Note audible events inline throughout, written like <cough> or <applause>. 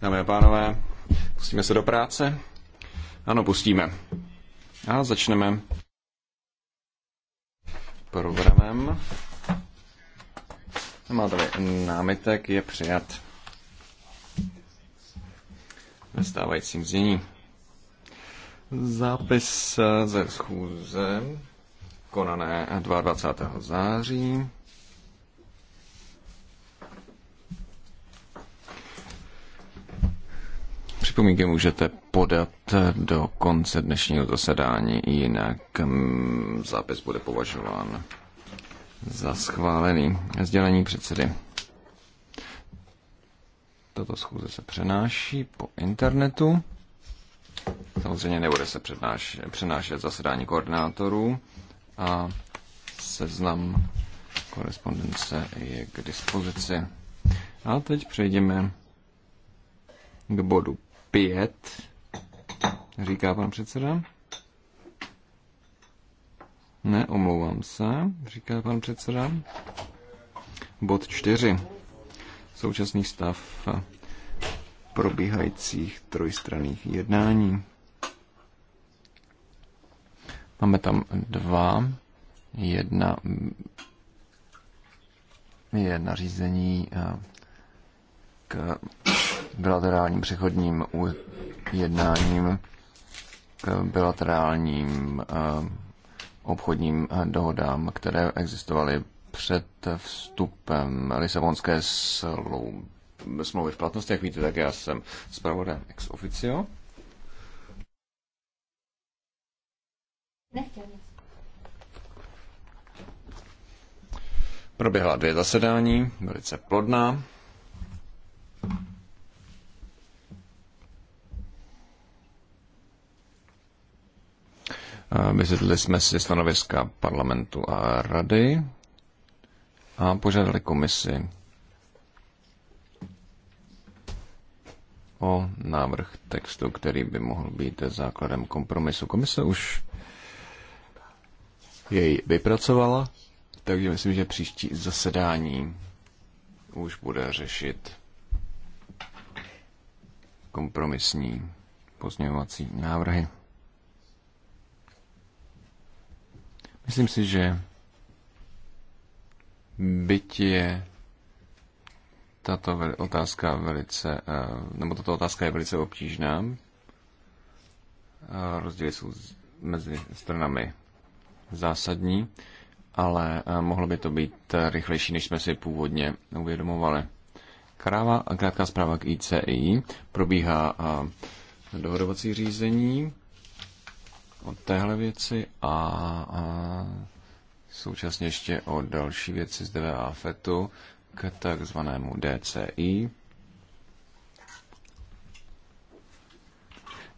Dámy a pánové, pustíme se do práce? Ano, pustíme. A začneme programem. Nemá tady námitek, je přijat ve stávajícím znění. Zápis ze schůze konané 22. září připomínky můžete podat do konce dnešního zasedání, jinak mm, zápis bude považován za schválený. Sdělení předsedy. Tato schůze se přenáší po internetu. Samozřejmě nebude se přenášet zasedání koordinátorů a seznam korespondence je k dispozici. A teď přejdeme k bodu Pět, říká pan předseda. Ne, omlouvám se, říká pan předseda. Bod čtyři. Současný stav probíhajících trojstranných jednání. Máme tam dva. Jedna je nařízení eh, k bilaterálním přechodním jednáním k bilaterálním eh, obchodním eh, dohodám, které existovaly před vstupem Lisabonské smlouvy v platnost. Jak víte, tak já jsem zpravodajem ex officio. Proběhla dvě zasedání, velice plodná. Vyzvedli jsme si stanoviska parlamentu a rady a požádali komisi o návrh textu, který by mohl být základem kompromisu. Komise už jej vypracovala, takže myslím, že příští zasedání už bude řešit kompromisní pozměňovací návrhy. Myslím si, že byť je tato otázka velice, eh, nebo tato otázka je velice obtížná, eh, rozdíly jsou mezi stranami zásadní, ale eh, mohlo by to být rychlejší, než jsme si původně uvědomovali. Kráva, krátká zpráva k ICI. Probíhá dohodovací řízení o téhle věci a, a současně ještě o další věci z DVA FETu k takzvanému DCI.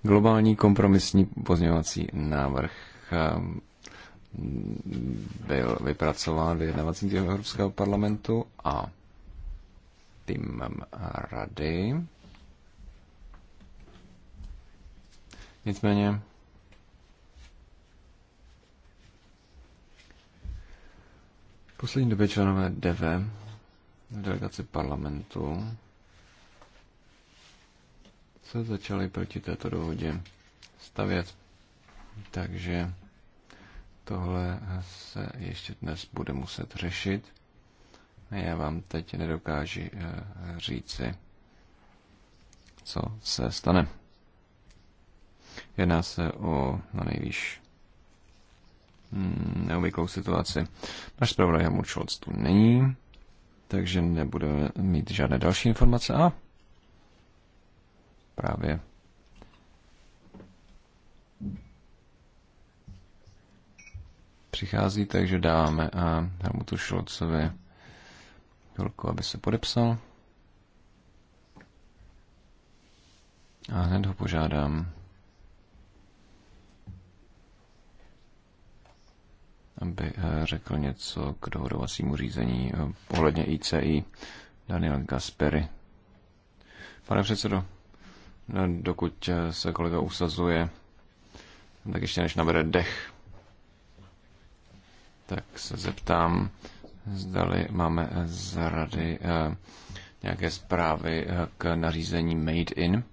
Globální kompromisní pozměňovací návrh ehm, byl vypracován vyjednavacím Evropského parlamentu a týmem rady. Nicméně poslední době členové DV v delegaci parlamentu se začali proti této dohodě stavět. Takže tohle se ještě dnes bude muset řešit. Já vám teď nedokážu eh, říci, co se stane. Jedná se o na no nejvýš Mm, neobvyklou situaci. Náš zpravodaj Helmut Scholz tu není, takže nebudeme mít žádné další informace a právě přichází, takže dáme a eh, Helmutu Šolcovi chvilku, aby se podepsal. A hned ho požádám aby eh, řekl něco k dohodovacímu řízení eh, ohledně ICI Daniel Gaspery. Pane předsedo, eh, dokud se kolega usazuje, tak ještě než nabere dech, tak se zeptám, zdali máme z rady nějaké zprávy k nařízení Made in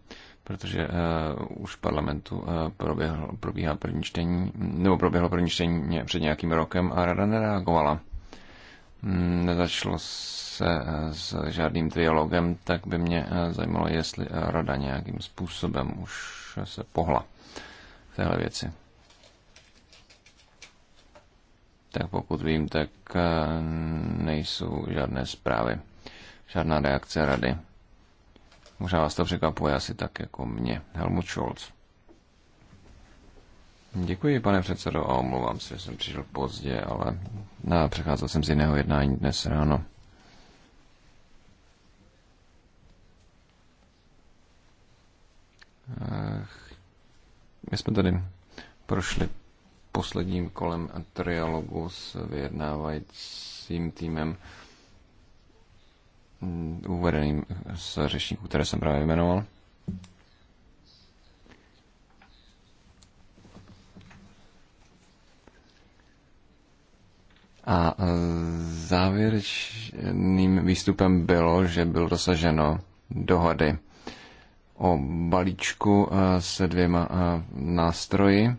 protože uh, už v parlamentu uh, proběhl, probíhá první čtení, nebo proběhlo první čtení před nějakým rokem a rada nereagovala. Hmm, nezačalo se eh, s žádným dialogem, tak by mě zajímalo, jestli rada nějakým způsobem už se pohla v téhle věci. Tak pokud vím, tak nejsou žádné zprávy, žádná reakce rady. Možná vás to překvapuje asi tak jako mě. Helmut Scholz. Děkuji, pane předsedo, a omlouvám se, že jsem přišel pozdě, ale no, přecházel jsem z jiného jednání dnes ráno. Ach, my jsme tady prošli posledním kolem trialogu s vyjednávajícím týmem Mm, uvedeným z řečníků, které jsem právě jmenoval. A e, závěrečným výstupem bylo, že bylo dosaženo dohody o balíčku e, se dvěma e, nástroji.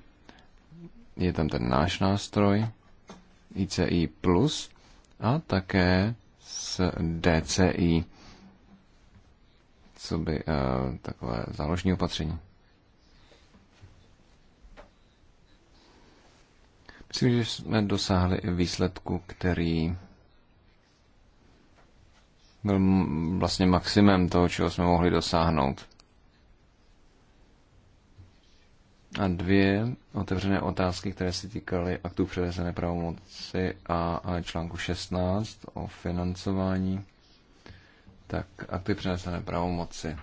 Je tam ten náš nástroj ICI+, a také s DCI, co by eh, takové záložní opatření. Myslím, že jsme dosáhli výsledku, který byl vlastně maximem toho, čeho jsme mohli dosáhnout. a dvě otevřené otázky, které se týkaly aktů přenesené pravomoci a článku 16 o financování. Tak akty přenesené pravomoci.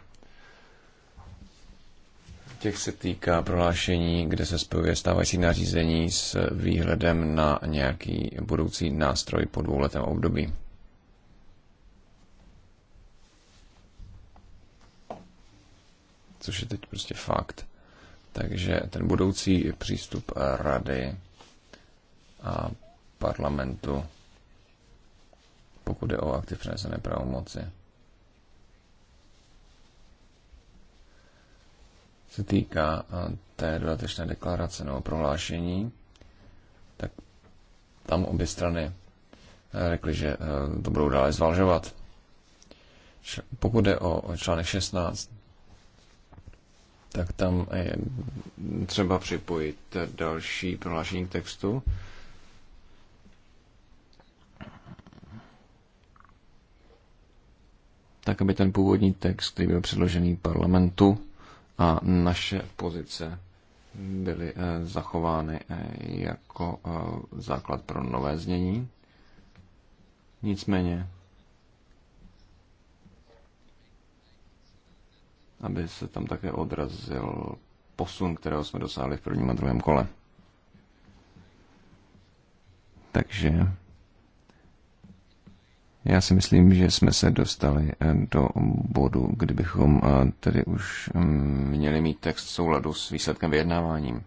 Těch se týká prohlášení, kde se spojuje stávající nařízení s výhledem na nějaký budoucí nástroj po dvouletém období. Což je teď prostě fakt. Takže ten budoucí přístup rady a parlamentu, pokud jde o aktiv přenesené pravomoci, se týká té dodatečné deklarace nebo prohlášení, tak tam obě strany e, řekly, že e, to budou dále zvažovat. Pokud jde o článek 16, tak tam je eh, třeba připojit další prohlášení k textu. Tak, aby ten původní text, který byl předložený parlamentu a naše pozice byly eh, zachovány eh, jako základ pro nové znění. Nicméně aby se tam také odrazil posun, kterého jsme dosáhli v prvním a druhém kole. Takže já si myslím, že jsme se dostali eh, do bodu, kdybychom eh, tedy už mm, měli mít text souladu s výsledkem vyjednáváním.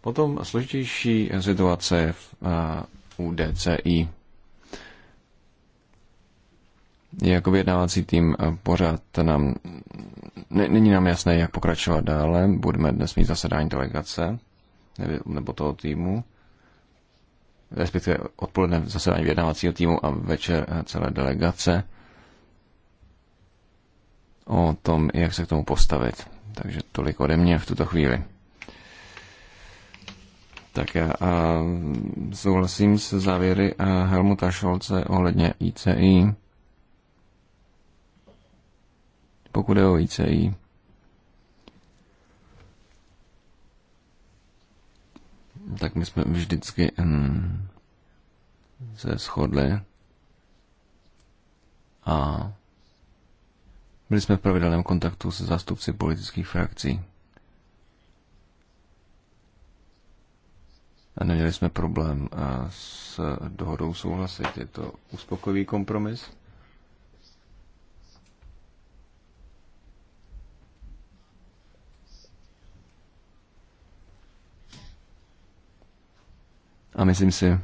Potom složitější situace v, eh, u DCI jako vyjednávací tým pořád nám, ne, není nám jasné, jak pokračovat dále. Budeme dnes mít zasedání delegace nebo toho týmu, respektive odpoledne zasedání vyjednávacího týmu a večer celé delegace o tom, jak se k tomu postavit. Takže tolik ode mě v tuto chvíli. Tak já a souhlasím se závěry Helmuta Šolce ohledně ICI. pokud je o ICI. Tak my jsme vždycky hm, se shodli a byli jsme v pravidelném kontaktu se zástupci politických frakcí. A neměli jsme problém eh, s dohodou souhlasit. Je to uspokojivý kompromis? A myslím si,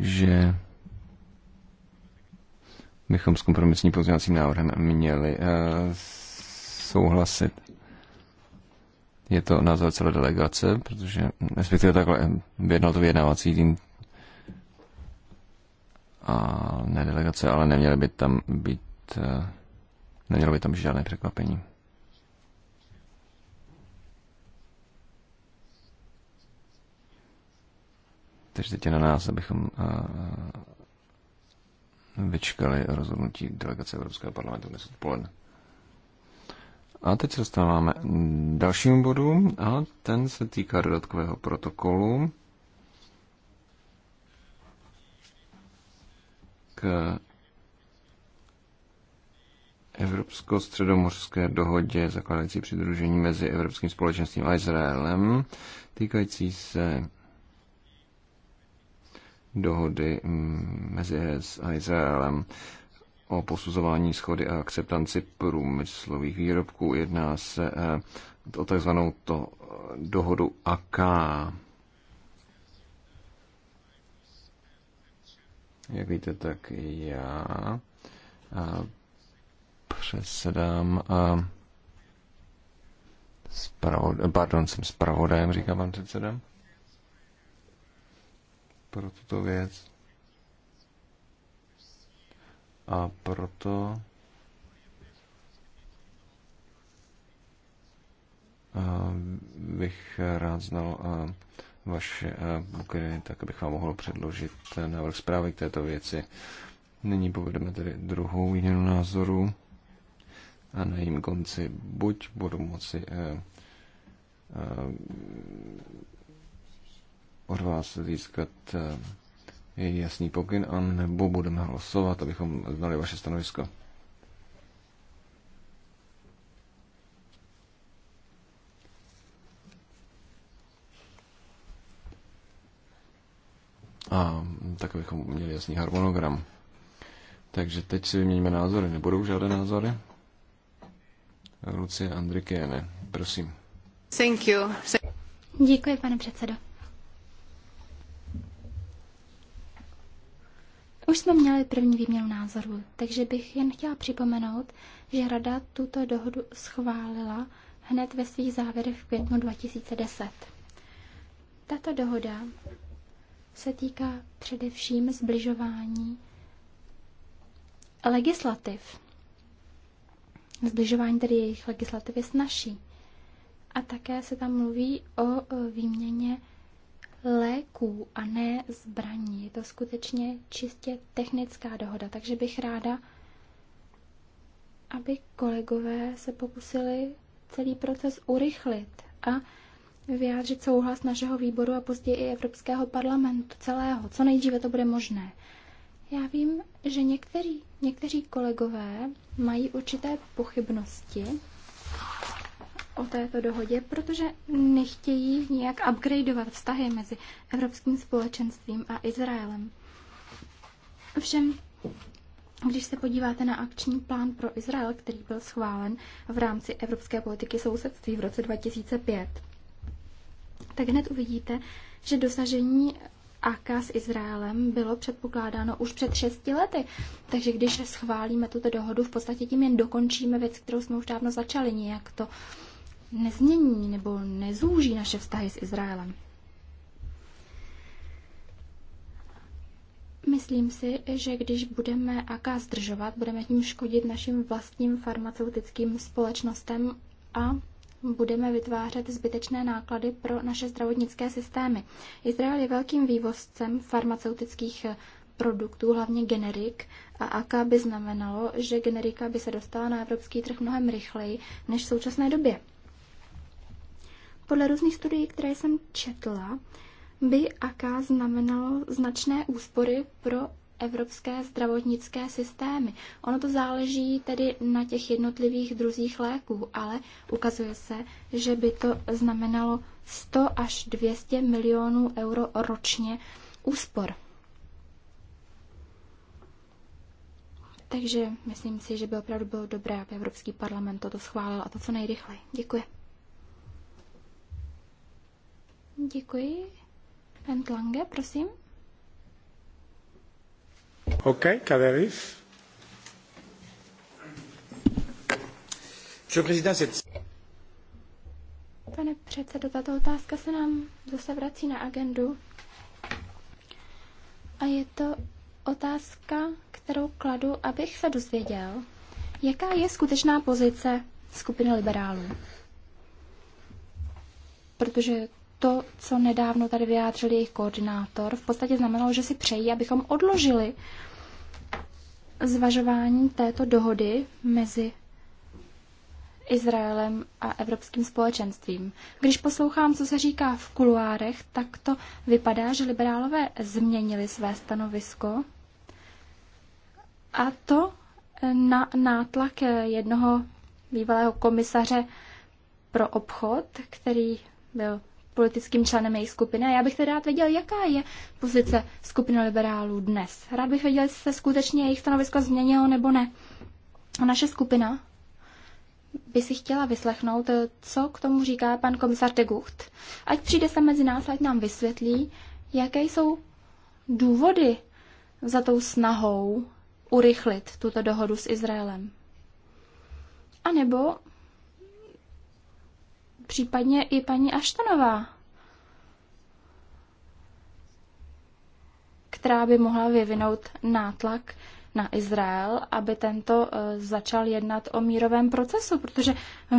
že bychom s kompromisním pozměňovacím návrhem měli uh, souhlasit. Je to názor celé delegace, protože respektive takhle eh, vyjednal to vyjednávací tým a ne delegace, ale neměly by tam být, uh, nemělo by tam žádné překvapení. Takže teď je na nás, abychom eh, vyčkali rozhodnutí delegace Evropského parlamentu dnes odpoledne. A teď se dostáváme dalším bodu a ten se týká dodatkového protokolu k Evropsko-středomořské dohodě zakládající přidružení mezi Evropským společenstvím a Izraelem, týkající se dohody mm, mezi ES a Izraelem o posuzování schody a akceptanci průmyslových výrobků. Jedná se eh, o takzvanou to eh, dohodu AK. Jak víte, tak já eh, přesedám a Spravod- pardon, jsem zpravodajem, Říkám vám předsedem pro tuto věc. A proto eh, bych rád znal eh, vaše eh, pokyny, tak abych vám mohl předložit návrh zprávy k této věci. Nyní povedeme tedy druhou jinou názoru a na jím konci buď budu moci od vás získat eh, jasný pokyn, anebo budeme hlasovat, abychom znali vaše stanovisko. A tak bychom měli jasný harmonogram. Takže teď si vyměníme názory. Nebudou žádné názory? Lucie Andrikiene, prosím. Thank you. Děkuji, pane předsedo. Už jsme měli první výměnu názorů, takže bych jen chtěla připomenout, že Rada tuto dohodu schválila hned ve svých závěrech v květnu 2010. Tato dohoda se týká především zbližování legislativ. Zbližování tedy jejich legislativy s naší. A také se tam mluví o výměně léků a ne zbraní. Je to skutečně čistě technická dohoda, takže bych ráda, aby kolegové se pokusili celý proces urychlit a vyjádřit souhlas našeho výboru a později i Evropského parlamentu celého. Co nejdříve to bude možné. Já vím, že některý, někteří kolegové mají určité pochybnosti o této dohodě, protože nechtějí nějak upgradeovat vztahy mezi Evropským společenstvím a Izraelem. Ovšem, když se podíváte na akční plán pro Izrael, který byl schválen v rámci Evropské politiky sousedství v roce 2005, tak hned uvidíte, že dosažení AK s Izraelem bylo předpokládáno už před šesti lety. Takže když schválíme tuto dohodu, v podstatě tím jen dokončíme věc, kterou jsme už dávno začali. Nějak to nezmění nebo nezúží naše vztahy s Izraelem. Myslím si, že když budeme AK zdržovat, budeme tím škodit našim vlastním farmaceutickým společnostem a budeme vytvářet zbytečné náklady pro naše zdravotnické systémy. Izrael je velkým vývozcem farmaceutických produktů, hlavně generik, a AK by znamenalo, že generika by se dostala na evropský trh mnohem rychleji než v současné době. Podle různých studií, které jsem četla, by AK znamenalo značné úspory pro evropské zdravotnické systémy. Ono to záleží tedy na těch jednotlivých druzích léků, ale ukazuje se, že by to znamenalo 100 až 200 milionů euro ročně úspor. Takže myslím si, že by opravdu bylo dobré, aby Evropský parlament toto schválil a to co nejrychleji. Děkuji. Děkuji. Pan Klange, prosím. OK, Kaderis. Pane předsedo, tato otázka se nám zase vrací na agendu. A je to otázka, kterou kladu, abych se dozvěděl, jaká je skutečná pozice skupiny liberálů. Protože to, co nedávno tady vyjádřil jejich koordinátor, v podstatě znamenalo, že si přejí, abychom odložili zvažování této dohody mezi Izraelem a Evropským společenstvím. Když poslouchám, co se říká v kuluárech, tak to vypadá, že liberálové změnili své stanovisko a to na nátlak jednoho bývalého komisaře pro obchod, který byl politickým členem její skupiny. A já bych tedy rád věděl, jaká je pozice skupiny liberálů dnes. Rád bych věděl, jestli se skutečně jejich stanovisko změnilo nebo ne. A naše skupina by si chtěla vyslechnout, co k tomu říká pan komisar de Gucht. Ať přijde se mezi nás, ať nám vysvětlí, jaké jsou důvody za tou snahou urychlit tuto dohodu s Izraelem. A nebo případně i paní Aštonová, která by mohla vyvinout nátlak na Izrael, aby tento eh, začal jednat o mírovém procesu, protože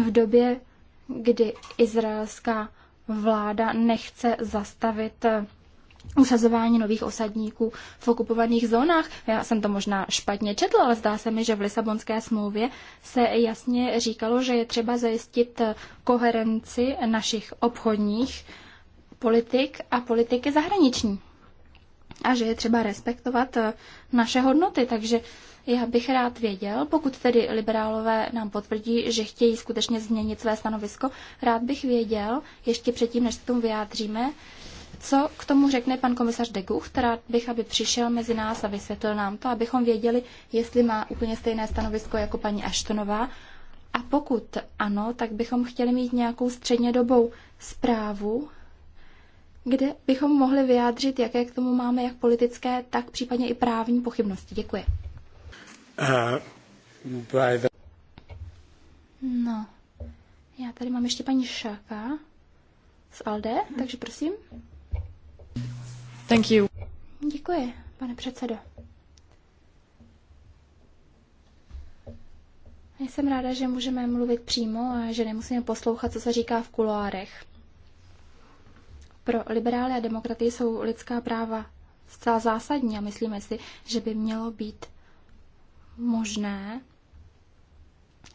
v době, kdy izraelská vláda nechce zastavit eh, usazování nových osadníků v okupovaných zónách. Já jsem to možná špatně četla, ale zdá se mi, že v Lisabonské smlouvě se jasně říkalo, že je třeba zajistit eh, koherenci našich obchodních politik a politiky zahraniční. A že je třeba respektovat eh, naše hodnoty. Takže já bych rád věděl, pokud tedy liberálové nám potvrdí, že chtějí skutečně změnit své stanovisko, rád bych věděl, ještě předtím, než se tomu vyjádříme, co k tomu řekne pan komisař de Gucht? která bych, aby přišel mezi nás a vysvětlil nám to, abychom věděli, jestli má úplně stejné stanovisko jako paní Ashtonová. A pokud ano, tak bychom chtěli mít nějakou středně dobou zprávu, kde bychom mohli vyjádřit, jaké k tomu máme jak politické, tak případně i právní pochybnosti. Děkuji. Uh, the... No, já tady mám ještě paní Šaka z Alde, takže prosím. Thank you. Děkuji, pane předsedo. Já jsem ráda, že můžeme mluvit přímo a že nemusíme poslouchat, co se říká v kuloárech. Pro liberály a demokraty jsou lidská práva zcela zásadní a myslíme si, že by mělo být možné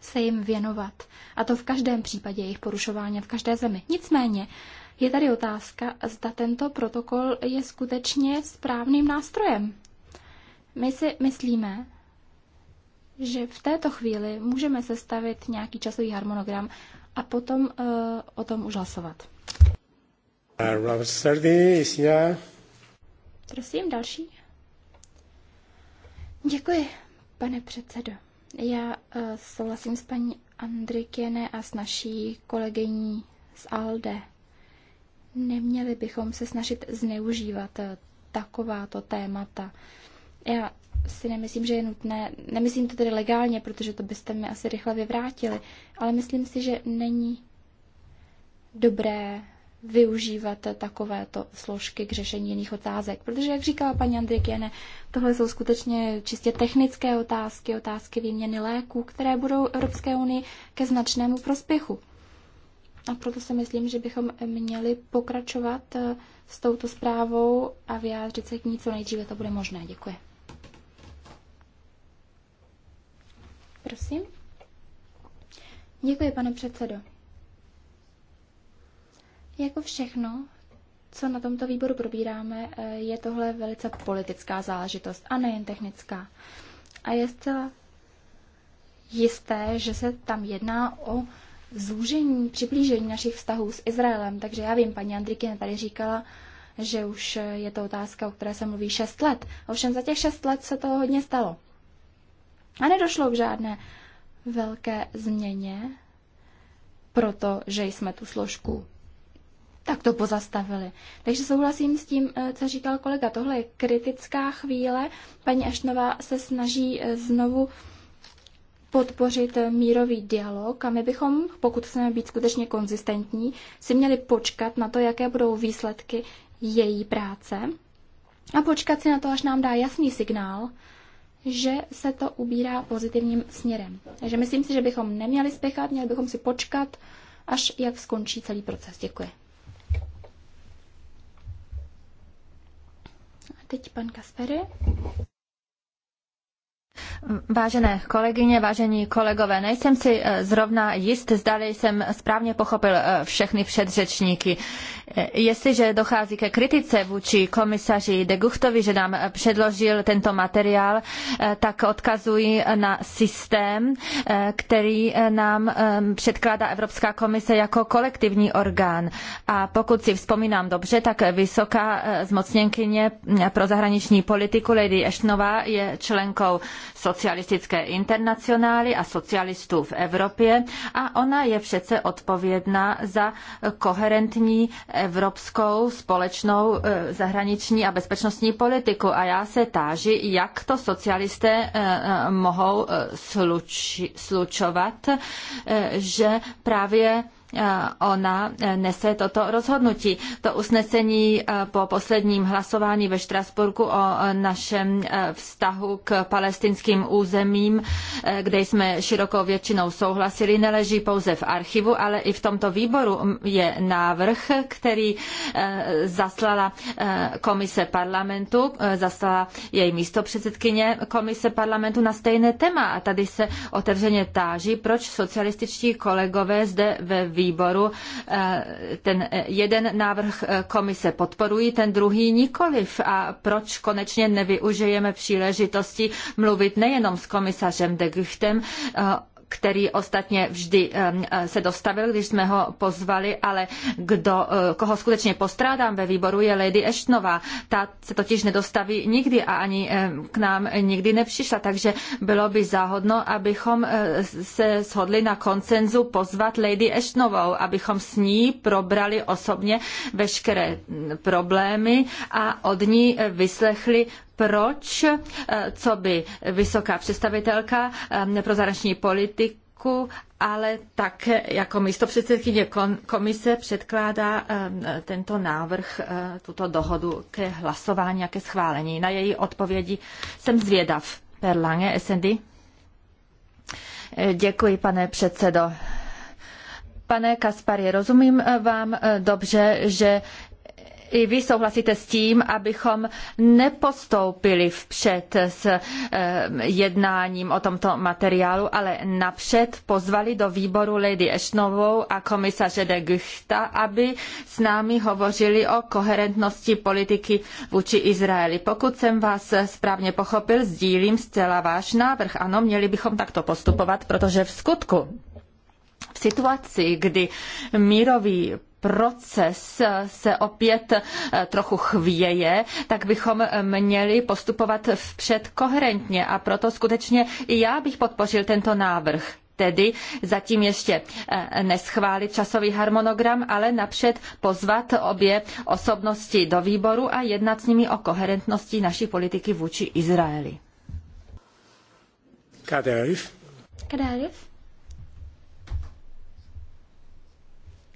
se jim věnovat. A to v každém případě jejich porušování v každé zemi. Nicméně, je tady otázka, zda tento protokol je skutečně správným nástrojem. My si myslíme, že v této chvíli můžeme sestavit nějaký časový harmonogram a potom uh, o tom už hlasovat. Uh, Prosím, další. Děkuji, pane předsedo. Já uh, souhlasím s paní Andrikiene a s naší kolegyní z ALDE. Neměli bychom se snažit zneužívat eh, takováto témata. Já si nemyslím, že je nutné, nemyslím to tedy legálně, protože to byste mi asi rychle vyvrátili, ale myslím si, že není dobré využívat takovéto složky k řešení jiných otázek. Protože, jak říkala paní Andrikiene, tohle jsou skutečně čistě technické otázky, otázky výměny léků, které budou Evropské unii ke značnému prospěchu. A proto si myslím, že bychom měli pokračovat eh, s touto zprávou a vyjádřit se k ní co nejdříve to bude možné. Děkuji. Prosím. Děkuji, pane předsedo. Jako všechno, co na tomto výboru probíráme, eh, je tohle velice politická záležitost a nejen technická. A je zcela jisté, že se tam jedná o zúžení, přiblížení našich vztahů s Izraelem. Takže já vím, paní Andrikina tady říkala, že už je to otázka, o které se mluví šest let. Ovšem za těch šest let se toho hodně stalo. A nedošlo k žádné velké změně, protože jsme tu složku tak to pozastavili. Takže souhlasím s tím, eh, co říkal kolega. Tohle je kritická chvíle. Paní Ašnová se snaží eh, znovu podpořit mírový dialog a my bychom, pokud chceme být skutečně konzistentní, si měli počkat na to, jaké budou výsledky její práce a počkat si na to, až nám dá jasný signál, že se to ubírá pozitivním směrem. Takže myslím si, že bychom neměli spěchat, měli bychom si počkat, až jak skončí celý proces. Děkuji. A teď pan Kaspery. Vážené kolegyně, vážení kolegové, nejsem si eh, zrovna jist, zdali jsem správně pochopil eh, všechny předřečníky. Eh, jestliže dochází ke kritice vůči komisaři de Guchtovi, že nám předložil tento materiál, tak odkazuji na systém, který nám ehm, předkládá Evropská komise jako kolektivní orgán. A pokud si vzpomínám dobře, tak vysoká zmocněnkyně mm, pro zahraniční politiku Lady Ashtonová je členkou socialistické internacionály a socialistů v Evropě a ona je přece odpovědná za koherentní evropskou společnou eh, zahraniční a bezpečnostní politiku. A já se táži, jak to socialisté eh, eh, mohou sluč, slučovat, že právě ona e, nese toto rozhodnutí. To usnesení e, po posledním hlasování ve Štrasburku o e, našem vztahu k palestinským územím, kde jsme širokou většinou souhlasili, neleží pouze v archivu, ale i v tomto výboru je návrh, který zaslala komise parlamentu, zaslala její místo předsedkyně komise parlamentu na stejné téma. A tady se otevřeně táží, proč socialističtí kolegové zde ve výboru výboru. Eh, ten jeden návrh eh, komise podporují, ten druhý nikoliv. A proč konečně nevyužijeme příležitosti mluvit nejenom s komisařem de Guchtem eh, který ostatně vždy eh, se dostavil, když jsme ho pozvali, ale kdo, eh, koho skutečně postrádám ve výboru, je Lady Ashtonová. Ta se totiž nedostaví nikdy a ani k nám nikdy nepřišla, takže bylo by záhodno, abychom eh, se shodli na koncenzu pozvat Lady Ashtonovou, abychom s ní probrali osobně veškeré mm, problémy a od ní vyslechli proč, eh, co by vysoká představitelka eh, pro zahraniční politiku, ale tak jako místo předsedkyně komise předkládá eh, tento návrh, tuto dohodu ke hlasování a ke schválení. Na její odpovědi jsem zvědav. Perlange, SND. Děkuji, pane předsedo. Pane Kaspari, rozumím vám dobře, že i vy souhlasíte s tím, abychom nepostoupili vpřed s eh, jednáním o tomto materiálu, ale napřed pozvali do výboru Lady Ashtonovou a komisaře de Guchta, aby s námi hovořili o koherentnosti politiky vůči Izraeli. Pokud jsem vás správně pochopil, sdílím zcela váš návrh. Ano, měli bychom takto postupovat, protože v skutku v situaci, kdy mírový proces se opět eh, trochu chvěje, tak bychom eh, měli postupovat vpřed koherentně a proto skutečně i já bych podpořil tento návrh tedy zatím ještě eh, neschválit časový harmonogram, ale napřed pozvat obě osobnosti do výboru a jednat s nimi o koherentnosti naší politiky vůči Izraeli. Kadev. Kadev.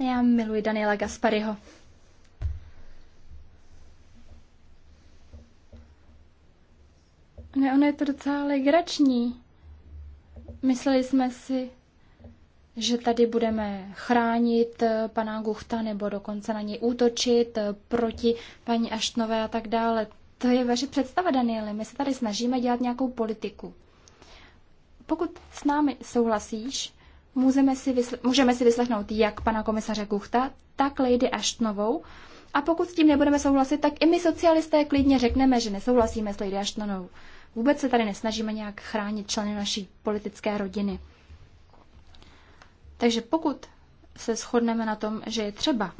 Já miluji Daniela Gaspariho. Ne, ono je to docela legrační. Mysleli jsme si, že tady budeme chránit eh, pana Guchta nebo dokonce na něj útočit eh, proti paní Aštnové a tak dále. To je vaše představa, Danieli. My se tady snažíme dělat nějakou politiku. Pokud s námi souhlasíš, Můžeme si, vysle- můžeme si vyslechnout jak pana komisaře Kuchta, tak Lady Ashtonovou. A pokud s tím nebudeme souhlasit, tak i my socialisté klidně řekneme, že nesouhlasíme s Lady Ashtonovou. Vůbec se tady nesnažíme nějak chránit členy naší politické rodiny. Takže pokud se shodneme na tom, že je třeba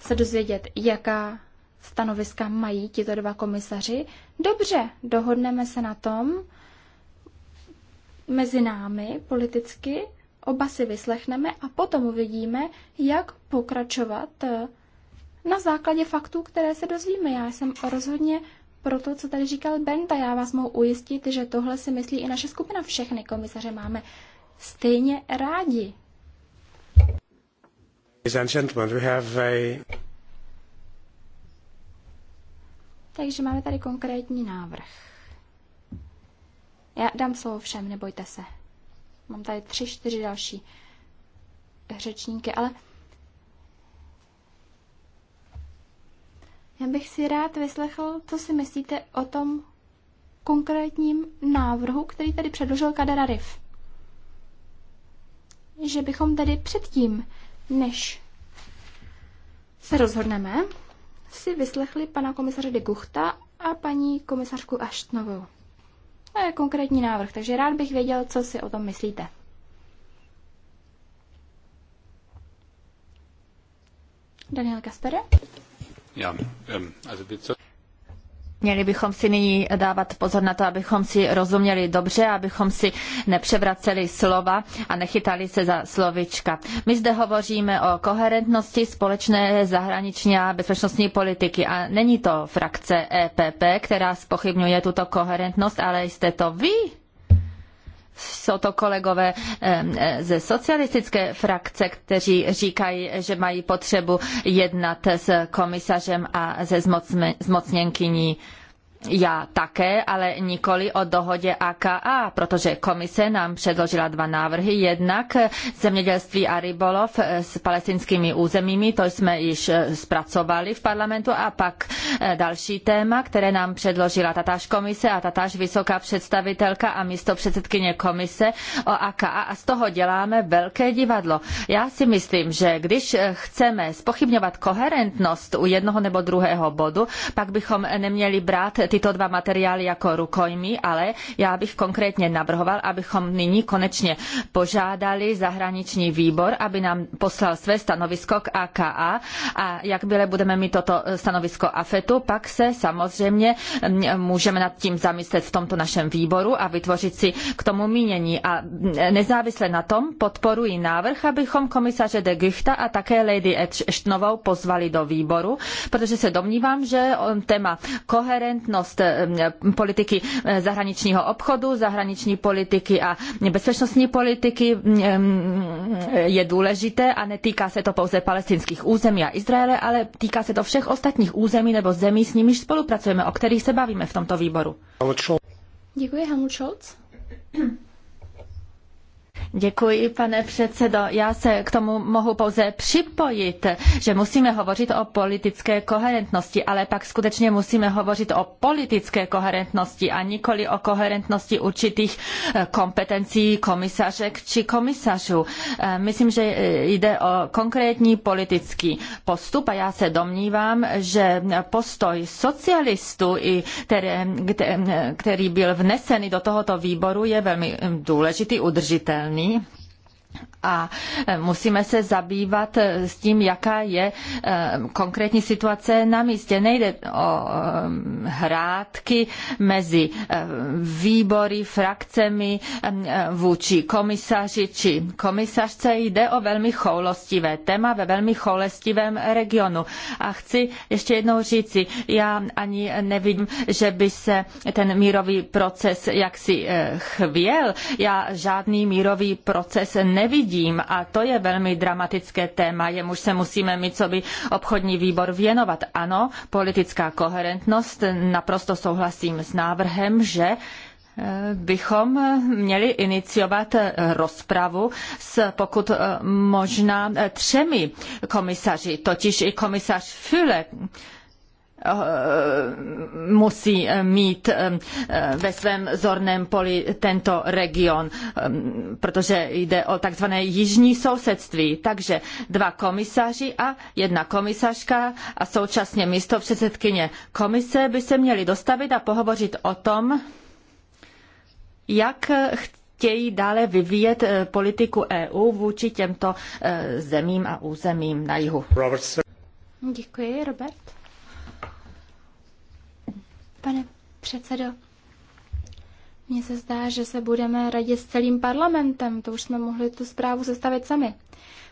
se dozvědět, jaká stanoviska mají tito dva komisaři, dobře, dohodneme se na tom mezi námi politicky, Oba si vyslechneme a potom uvidíme, jak pokračovat eh, na základě faktů, které se dozvíme. Já jsem rozhodně pro to, co tady říkal Benta, já vás mohu ujistit, že tohle si myslí i naše skupina. Všechny komisaře máme stejně rádi. Takže máme tady konkrétní návrh. Já dám slovo všem, nebojte se. Mám tady tři, čtyři další řečníky, ale já bych si rád vyslechl, co si myslíte o tom konkrétním návrhu, který tady předložil Kadera Riff. Že bychom tady předtím, než se rozhodneme, si vyslechli pana komisaře de Guchta a paní komisařku Aštnovou konkrétní návrh, takže rád bych věděl, co si o tom myslíte. Daniel Kaspere? Ja, ähm, also wir Měli bychom si nyní dávat pozor na to, abychom si rozuměli dobře, abychom si nepřevraceli slova a nechytali se za slovička. My zde hovoříme o koherentnosti společné zahraniční a bezpečnostní politiky a není to frakce EPP, která spochybňuje tuto koherentnost, ale jste to vy, jsou to kolegové ze socialistické frakce, kteří říkají, že mají potřebu jednat s komisařem a se zmocněnkyní já také, ale nikoli o dohodě AKA, protože komise nám předložila dva návrhy. Jednak zemědělství a rybolov s palestinskými územími, to jsme již eh, zpracovali v parlamentu, a pak eh, další téma, které nám předložila tatáž komise a tatáž vysoká představitelka a místo předsedkyně komise o AKA a z toho děláme velké divadlo. Já si myslím, že když eh, chceme spochybňovat koherentnost u jednoho nebo druhého bodu, pak bychom neměli brát tyto dva materiály jako rukojmí, ale já bych konkrétně navrhoval, abychom nyní konečně požádali zahraniční výbor, aby nám poslal své stanovisko k AKA a jakmile budeme mít toto e, stanovisko AFETu, pak se samozřejmě můžeme nad tím zamyslet v tomto našem výboru a vytvořit si k tomu mínění. A nezávisle na tom podporuji návrh, abychom komisaře de Guchta a také Lady Eštnovou pozvali do výboru, protože se domnívám, že téma koherentnost soudržnost eh, politiky eh, zahraničního obchodu, zahraniční politiky a bezpečnostní politiky eh, je důležité a netýká se to pouze palestinských území a Izraele, ale týká se to všech ostatních území nebo zemí, s nimiž spolupracujeme, o kterých se bavíme v tomto výboru. Děkuji, Helmut Scholz. Děkuji, pane předsedo. Já se k tomu mohu pouze připojit, že musíme hovořit o politické koherentnosti, ale pak skutečně musíme hovořit o politické koherentnosti a nikoli o koherentnosti určitých eh, kompetencí komisařek či komisařů. Eh, myslím, že eh, jde o konkrétní politický postup a já se domnívám, že postoj socialistů, který byl vnesený do tohoto výboru, je velmi mm, důležitý, udržitelný zvolený a e, musíme se zabývat e, s tím, jaká je e, konkrétní situace na místě. Nejde o hrátky mezi výbory, frakcemi vůči komisaři či komisařce. Jde o velmi choulostivé téma ve velmi choulostivém regionu. A chci ještě jednou říci, já ani nevidím, že by se ten mírový proces jaksi chvěl. Já žádný mírový proces ne nevidím a to je velmi dramatické téma, jemuž se musíme my, co by obchodní výbor věnovat. Ano, politická koherentnost, naprosto souhlasím s návrhem, že eh, bychom měli iniciovat eh, rozpravu s pokud eh, možná třemi komisaři, totiž i komisař Füle, Eh, musí eh, mít eh, ve svém zorném poli tento region, protože jde o takzvané jižní sousedství. Takže dva komisaři a jedna komisařka a současně místo předsedkyně komise by se měli dostavit a pohovořit o tom, jak chtějí dále vyvíjet politiku EU vůči těmto zemím a územím na jihu. Robert. Děkuji, Robert. Pane předsedo, mně se zdá, že se budeme radit s celým parlamentem, to už jsme mohli tu zprávu sestavit sami.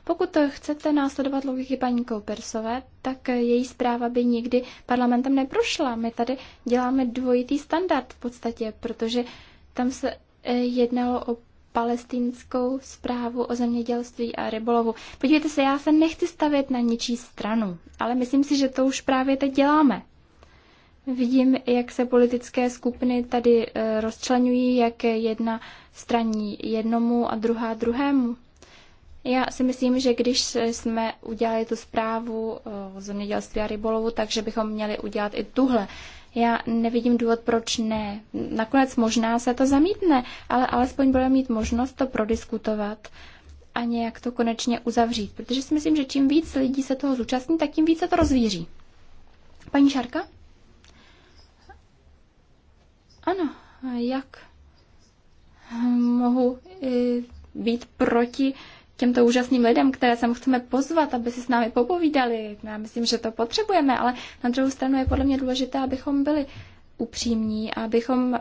Pokud chcete následovat logiky paní Koupersové, tak její zpráva by nikdy parlamentem neprošla. My tady děláme dvojitý standard v podstatě, protože tam se eh, jednalo o palestinskou zprávu o zemědělství a rybolovu. Podívejte se, já se nechci stavět na ničí stranu, ale myslím si, že to už právě teď děláme. Vidím, jak se politické skupiny tady eh, rozčlenují, jak jedna straní jednomu a druhá druhému. Já si myslím, že když jsme udělali tu zprávu eh, o zemědělství a rybolovu, takže bychom měli udělat i tuhle. Já nevidím důvod, proč ne. Nakonec možná se to zamítne, ale alespoň budeme mít možnost to prodiskutovat a nějak to konečně uzavřít. Protože si myslím, že čím víc lidí se toho zúčastní, tak tím více to rozvíří. Paní Šarka? Ano, jak mohu e, být proti těmto úžasným lidem, které sem chceme pozvat, aby si s námi popovídali. Já myslím, že to potřebujeme, ale na druhou stranu je podle mě důležité, abychom byli upřímní a abychom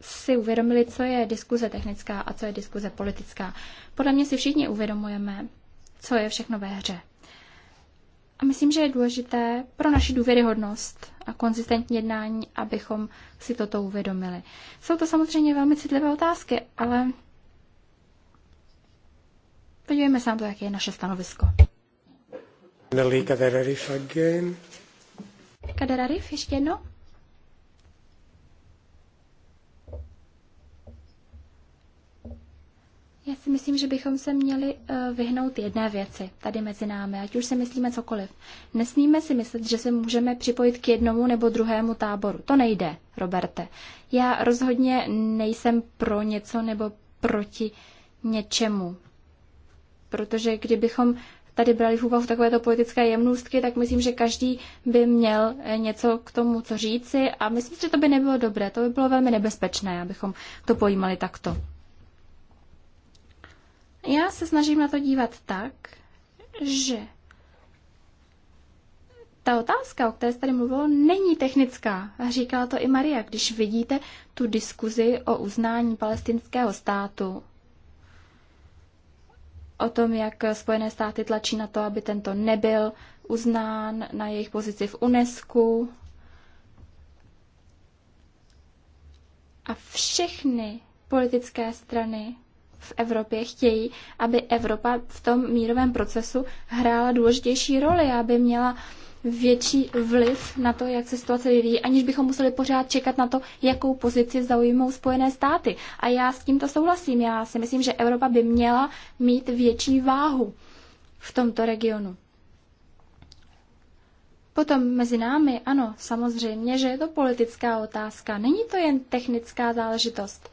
si uvědomili, co je diskuze technická a co je diskuze politická. Podle mě si všichni uvědomujeme, co je všechno ve hře. A myslím, že je důležité pro naši důvěryhodnost a konzistentní jednání, abychom si toto uvědomili. Jsou to samozřejmě velmi citlivé otázky, ale podívejme se na to, jaké je naše stanovisko. Kaderarif ještě jedno. Já si myslím, že bychom se měli eh, vyhnout jedné věci tady mezi námi, ať už si myslíme cokoliv. Nesmíme si myslet, že se můžeme připojit k jednomu nebo druhému táboru. To nejde, Roberte. Já rozhodně nejsem pro něco nebo proti něčemu. Protože kdybychom tady brali v úvahu takovéto politické jemnůstky, tak myslím, že každý by měl eh, něco k tomu, co říci a myslím, že to by nebylo dobré, to by bylo velmi nebezpečné, abychom to pojímali takto. Já se snažím na to dívat tak, že ta otázka, o které jste tady mluvilo, není technická. Říkala to i Maria, když vidíte tu diskuzi o uznání palestinského státu, o tom, jak Spojené státy tlačí na to, aby tento nebyl uznán na jejich pozici v UNESCO. A všechny politické strany v Evropě chtějí, aby Evropa v tom mírovém procesu hrála důležitější roli, aby měla větší vliv na to, jak se situace vyvíjí, aniž bychom museli pořád čekat na to, jakou pozici zaujmou Spojené státy. A já s tímto souhlasím. Já si myslím, že Evropa by měla mít větší váhu v tomto regionu. Potom mezi námi, ano, samozřejmě, že je to politická otázka. Není to jen technická záležitost.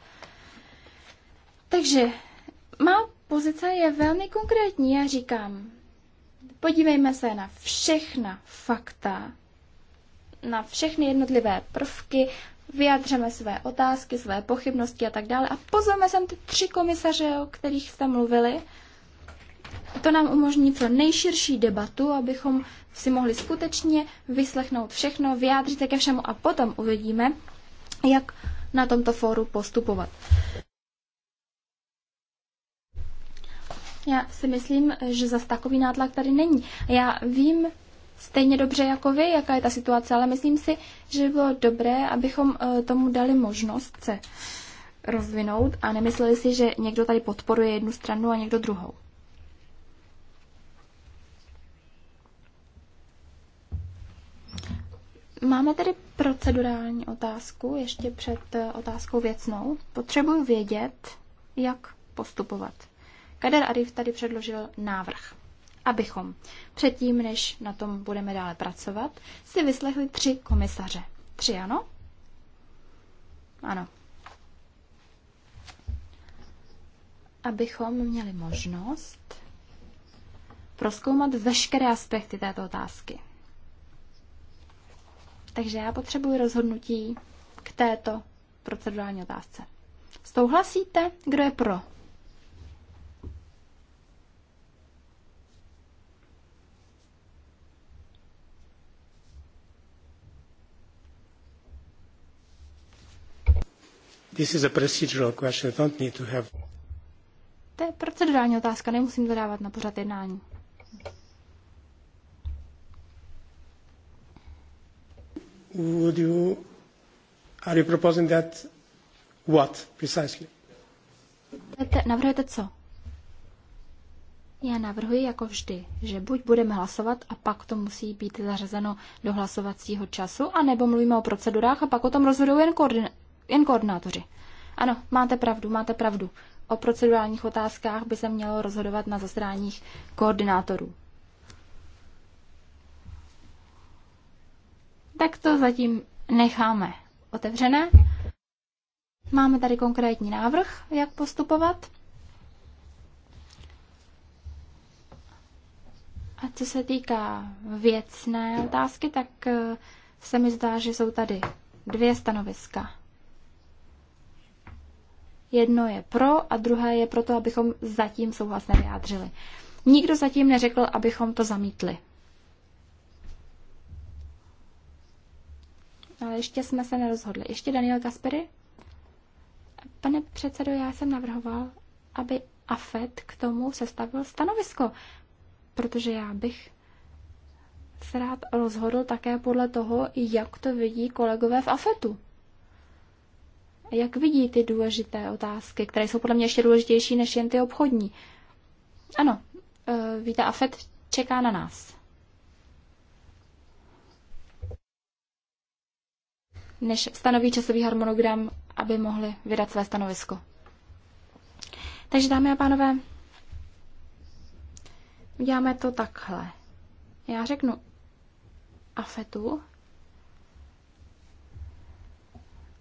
Takže má pozice je velmi konkrétní. Já říkám, podívejme se na všechna fakta, na všechny jednotlivé prvky, vyjadřeme své otázky, své pochybnosti a tak dále a pozveme sem ty tři komisaře, o kterých jste mluvili. To nám umožní co nejširší debatu, abychom si mohli skutečně vyslechnout všechno, vyjádřit se ke všemu a potom uvidíme, jak na tomto fóru postupovat. Já si myslím, že zas takový nátlak tady není. Já vím stejně dobře jako vy, jaká je ta situace, ale myslím si, že by bylo dobré, abychom eh, tomu dali možnost se rozvinout a nemysleli si, že někdo tady podporuje jednu stranu a někdo druhou. Máme tedy procedurální otázku ještě před eh, otázkou věcnou. Potřebuji vědět, jak postupovat. Kader Arif tady předložil návrh, abychom předtím, než na tom budeme dále pracovat, si vyslechli tři komisaře. Tři, ano? Ano. Abychom měli možnost proskoumat veškeré aspekty této otázky. Takže já potřebuji rozhodnutí k této procedurální otázce. Souhlasíte? Kdo je pro? This is a procedural question. I don't need to have... To je procedurální otázka, nemusím to dávat na pořad jednání. Would you... Are you proposing that what precisely? Navrhujete co? Já navrhuji jako vždy, že buď budeme hlasovat a pak to musí být zařazeno do hlasovacího času, anebo mluvíme o procedurách a pak o tom rozhodují jen koordin- jen koordinátoři. Ano, máte pravdu, máte pravdu. O procedurálních otázkách by se mělo rozhodovat na zasedáních koordinátorů. Tak to zatím necháme otevřené. Máme tady konkrétní návrh, jak postupovat. A co se týká věcné otázky, tak eh, se mi zdá, že jsou tady dvě stanoviska. Jedno je pro a druhé je proto, abychom zatím souhlas nevyjádřili. Nikdo zatím neřekl, abychom to zamítli. Ale ještě jsme se nerozhodli. Ještě Daniel Kaspery? Pane předsedo, já jsem navrhoval, aby AFET k tomu sestavil stanovisko, protože já bych se rád rozhodl také podle toho, jak to vidí kolegové v AFETu. Jak vidí ty důležité otázky, které jsou podle mě ještě důležitější než jen ty obchodní? Ano, eh, víte, AFET čeká na nás. Než stanoví časový harmonogram, aby mohli vydat své stanovisko. Takže, dámy a pánové, uděláme to takhle. Já řeknu AFETu,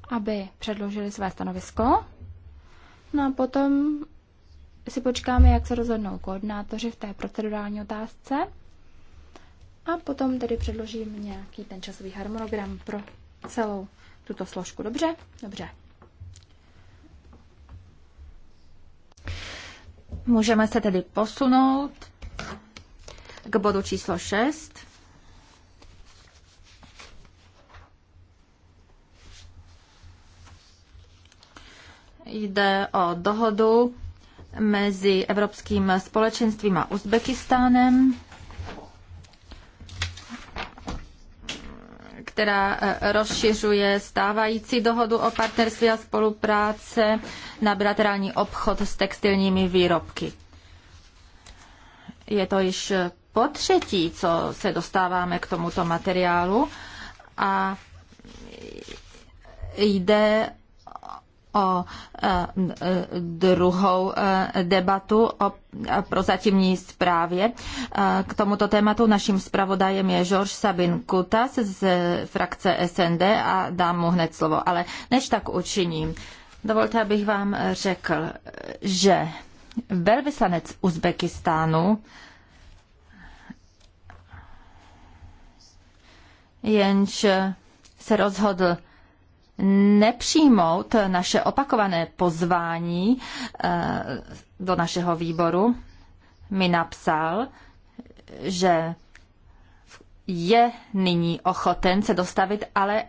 aby předložili své stanovisko. No a potom si počkáme, jak se rozhodnou koordinátoři v té procedurální otázce. A potom tedy předložím nějaký ten časový harmonogram pro celou tuto složku. Dobře? Dobře. Můžeme se tedy posunout k bodu číslo 6. Jde o dohodu mezi Evropským společenstvím a Uzbekistánem, která eh, rozšiřuje stávající dohodu o partnerství a spolupráce na bilaterální obchod s textilními výrobky. Je to již po třetí, co se dostáváme k tomuto materiálu a jde o e, e, druhou e, debatu o prozatímní zprávě. K tomuto tématu naším zpravodajem je George Sabin Kutas z frakce SND a dám mu hned slovo. Ale než tak učiním, dovolte, abych vám řekl, že velvyslanec Uzbekistánu jenž se rozhodl nepřijmout naše opakované pozvání eh, do našeho výboru, mi napsal, že je nyní ochoten se dostavit, ale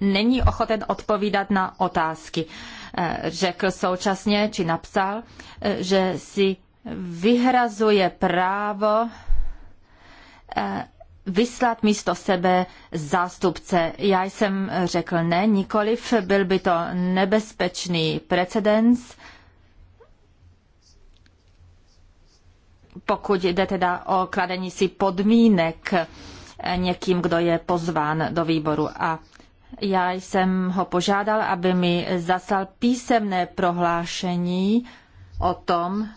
není ochoten odpovídat na otázky. Eh, řekl současně, či napsal, eh, že si vyhrazuje právo vyslat místo sebe zástupce. Já jsem řekl ne, nikoliv, byl by to nebezpečný precedens, pokud jde teda o kladení si podmínek někým, kdo je pozván do výboru. A já jsem ho požádal, aby mi zaslal písemné prohlášení o tom,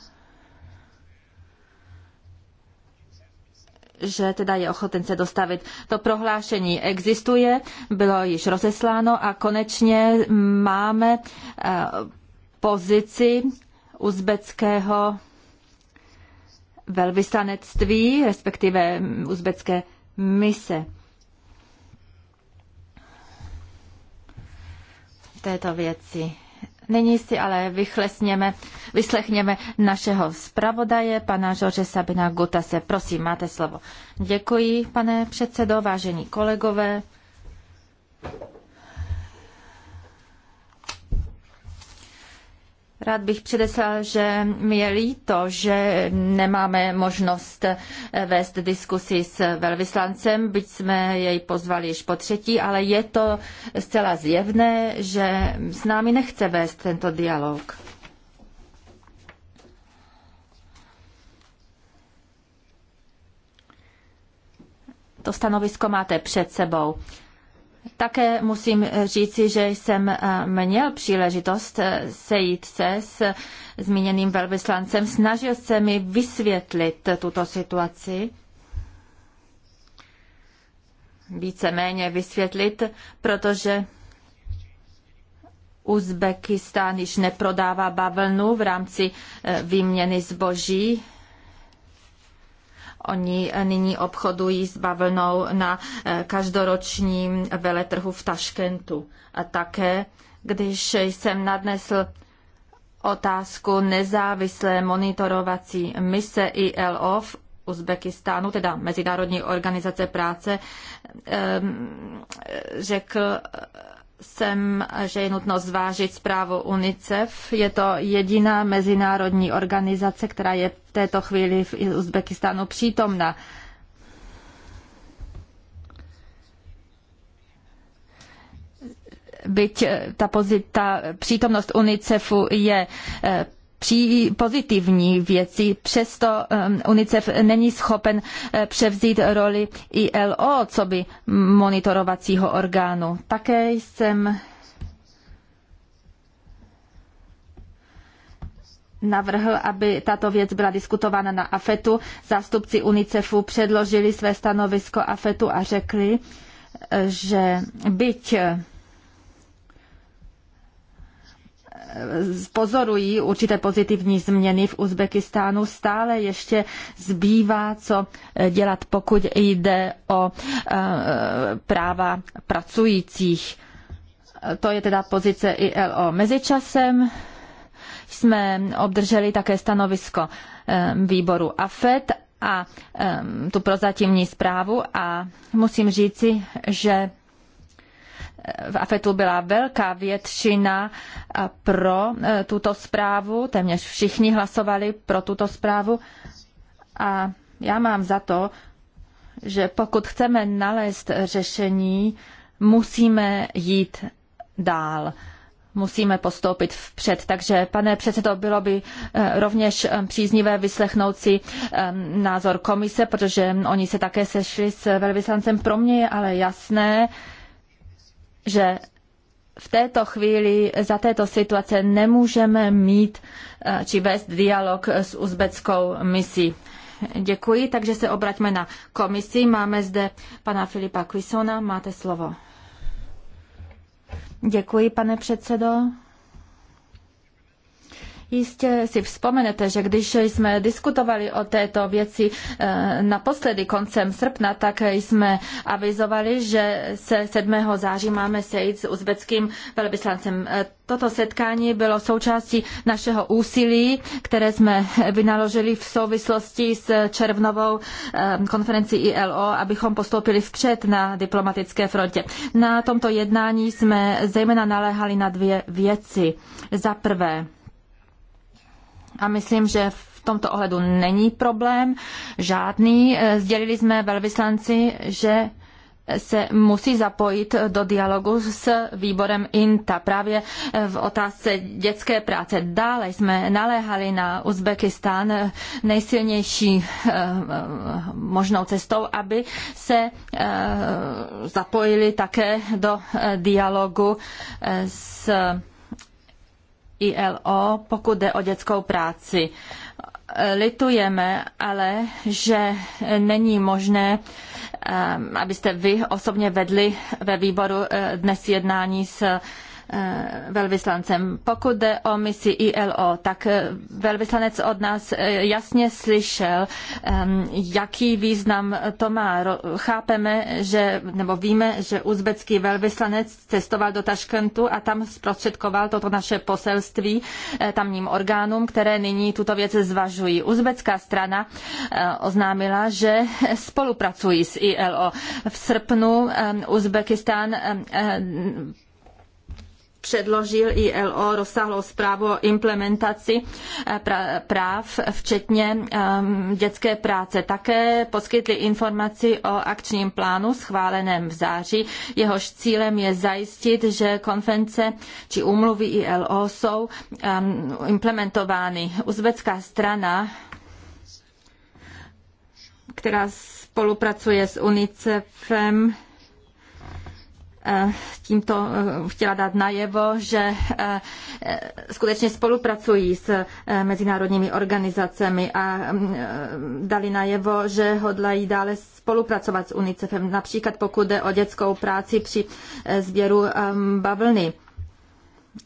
že teda je ochoten se dostavit. To prohlášení existuje, bylo již rozesláno a konečně máme eh, pozici uzbeckého velvyslanectví, respektive uzbecké mise. této věci. Nyní si ale vychlesněme, vyslechněme našeho zpravodaje, pana Žoře Sabina Gutase. Prosím, máte slovo. Děkuji, pane předsedo, vážení kolegové. Rád bych předeslal, že mi je líto, že nemáme možnost vést diskusi s velvyslancem, byť jsme jej pozvali již po třetí, ale je to zcela zjevné, že s námi nechce vést tento dialog. To stanovisko máte před sebou. Také musím říci, že jsem eh, měl příležitost eh, sejít se s zmíněným velvyslancem. Snažil se mi vysvětlit tuto situaci, víceméně vysvětlit, protože Uzbekistán již neprodává bavlnu v rámci eh, výměny zboží Oni nyní obchodují s bavlnou na eh, každoročním veletrhu v Taškentu. A také, když jsem nadnesl otázku nezávislé monitorovací mise ILO v Uzbekistánu, teda Mezinárodní organizace práce, ehm, řekl jsem, že je nutno zvážit zprávu UNICEF. Je to jediná mezinárodní organizace, která je v této chvíli v Uzbekistánu přítomna. Byť ta, pozit, ta přítomnost UNICEFu je eh, pří, pozitivní věci, přesto um, UNICEF není schopen eh, převzít roli ILO, co by monitorovacího orgánu. Také jsem navrhl, aby tato věc byla diskutována na AFETu. Zástupci UNICEFu předložili své stanovisko AFETu a řekli, eh, že byť pozorují určité pozitivní změny v Uzbekistánu. Stále ještě zbývá, co dělat, pokud jde o eh, práva pracujících. To je teda pozice ILO. Mezičasem jsme obdrželi také stanovisko eh, výboru AFET a e eh, tu prozatímní zprávu a musím říci, že v AFETu byla velká většina eh, pro eh, tuto zprávu, téměř všichni hlasovali pro tuto zprávu a já mám za to, že pokud chceme nalézt řešení, musíme jít dál musíme postoupit vpřed. Takže, pane předsedo, bylo by eh, rovněž příznivé vyslechnout si názor komise, protože oni se také sešli s velvyslancem. Pro mě je ale jasné, že v této chvíli za této situace nemůžeme mít eh, či vést dialog s uzbeckou misí. Děkuji, takže se obraťme na komisi. Máme zde pana Filipa Quisona, máte slovo. Děkuji, pane předsedo. Jistě si vzpomenete, že když jsme diskutovali o této věci eh, naposledy koncem srpna, tak jsme avizovali, že se 7. září máme sejít s uzbeckým velvyslancem. Eh, toto setkání bylo součástí našeho úsilí, které jsme vynaložili v souvislosti s červnovou eh, konferenci ILO, abychom postoupili vpřed na diplomatické frontě. Na tomto jednání jsme zejména naléhali na dvě věci. Za prvé, a myslím, že v tomto ohledu není problém žádný. Eh, sdělili jsme velvyslanci, že se musí zapojit do dialogu s výborem INTA právě eh, v otázce dětské práce. Dále jsme naléhali na Uzbekistán eh, nejsilnější možnou cestou, aby se zapojili také do dialogu s ILO, pokud jde o dětskou práci. Litujeme ale, že není možné, eh, abyste vy osobně vedli ve výboru eh, dnes jednání s Eh, velvyslancem. Pokud jde o misi ILO, tak eh, velvyslanec od nás eh, jasně slyšel, ehm, jaký význam to má. Chápeme, že, nebo víme, že uzbecký velvyslanec cestoval do Taškentu a tam zprostředkoval toto naše poselství tamním orgánům, které nyní tuto věc zvažují. Uzbecká strana oznámila, že spolupracují s ILO. V srpnu ehm, Uzbekistán ehm, předložil ILO rozsáhlou zprávu o implementaci eh, práv, včetně ehm, dětské práce. Také poskytli informaci o akčním plánu schváleném v září. Jehož cílem je zajistit, že konvence či úmluvy ILO jsou ehm, implementovány. Uzbecká strana která spolupracuje s UNICEFem, Eh, tímto eh, chtěla dát najevo, že eh, skutečně spolupracují s mezinárodními organizacemi a mm, dali najevo, že hodlají dále spolupracovat s UNICEFem, například pokud jde o dětskou práci při sběru bavlny.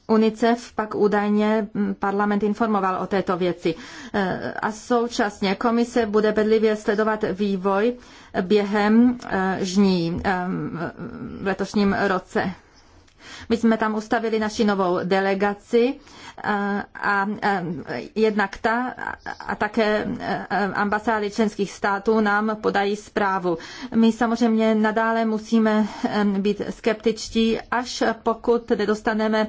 UNICEF pak údajně mm, parlament informoval o této věci. Eh, a současně komise bude bedlivě sledovat vývoj během eh, žní eh, v letošním roce. My jsme tam ustavili naši novou delegaci a, a jednak ta a také ambasády členských států nám podají zprávu. My samozřejmě nadále musíme být skeptičtí, až pokud nedostaneme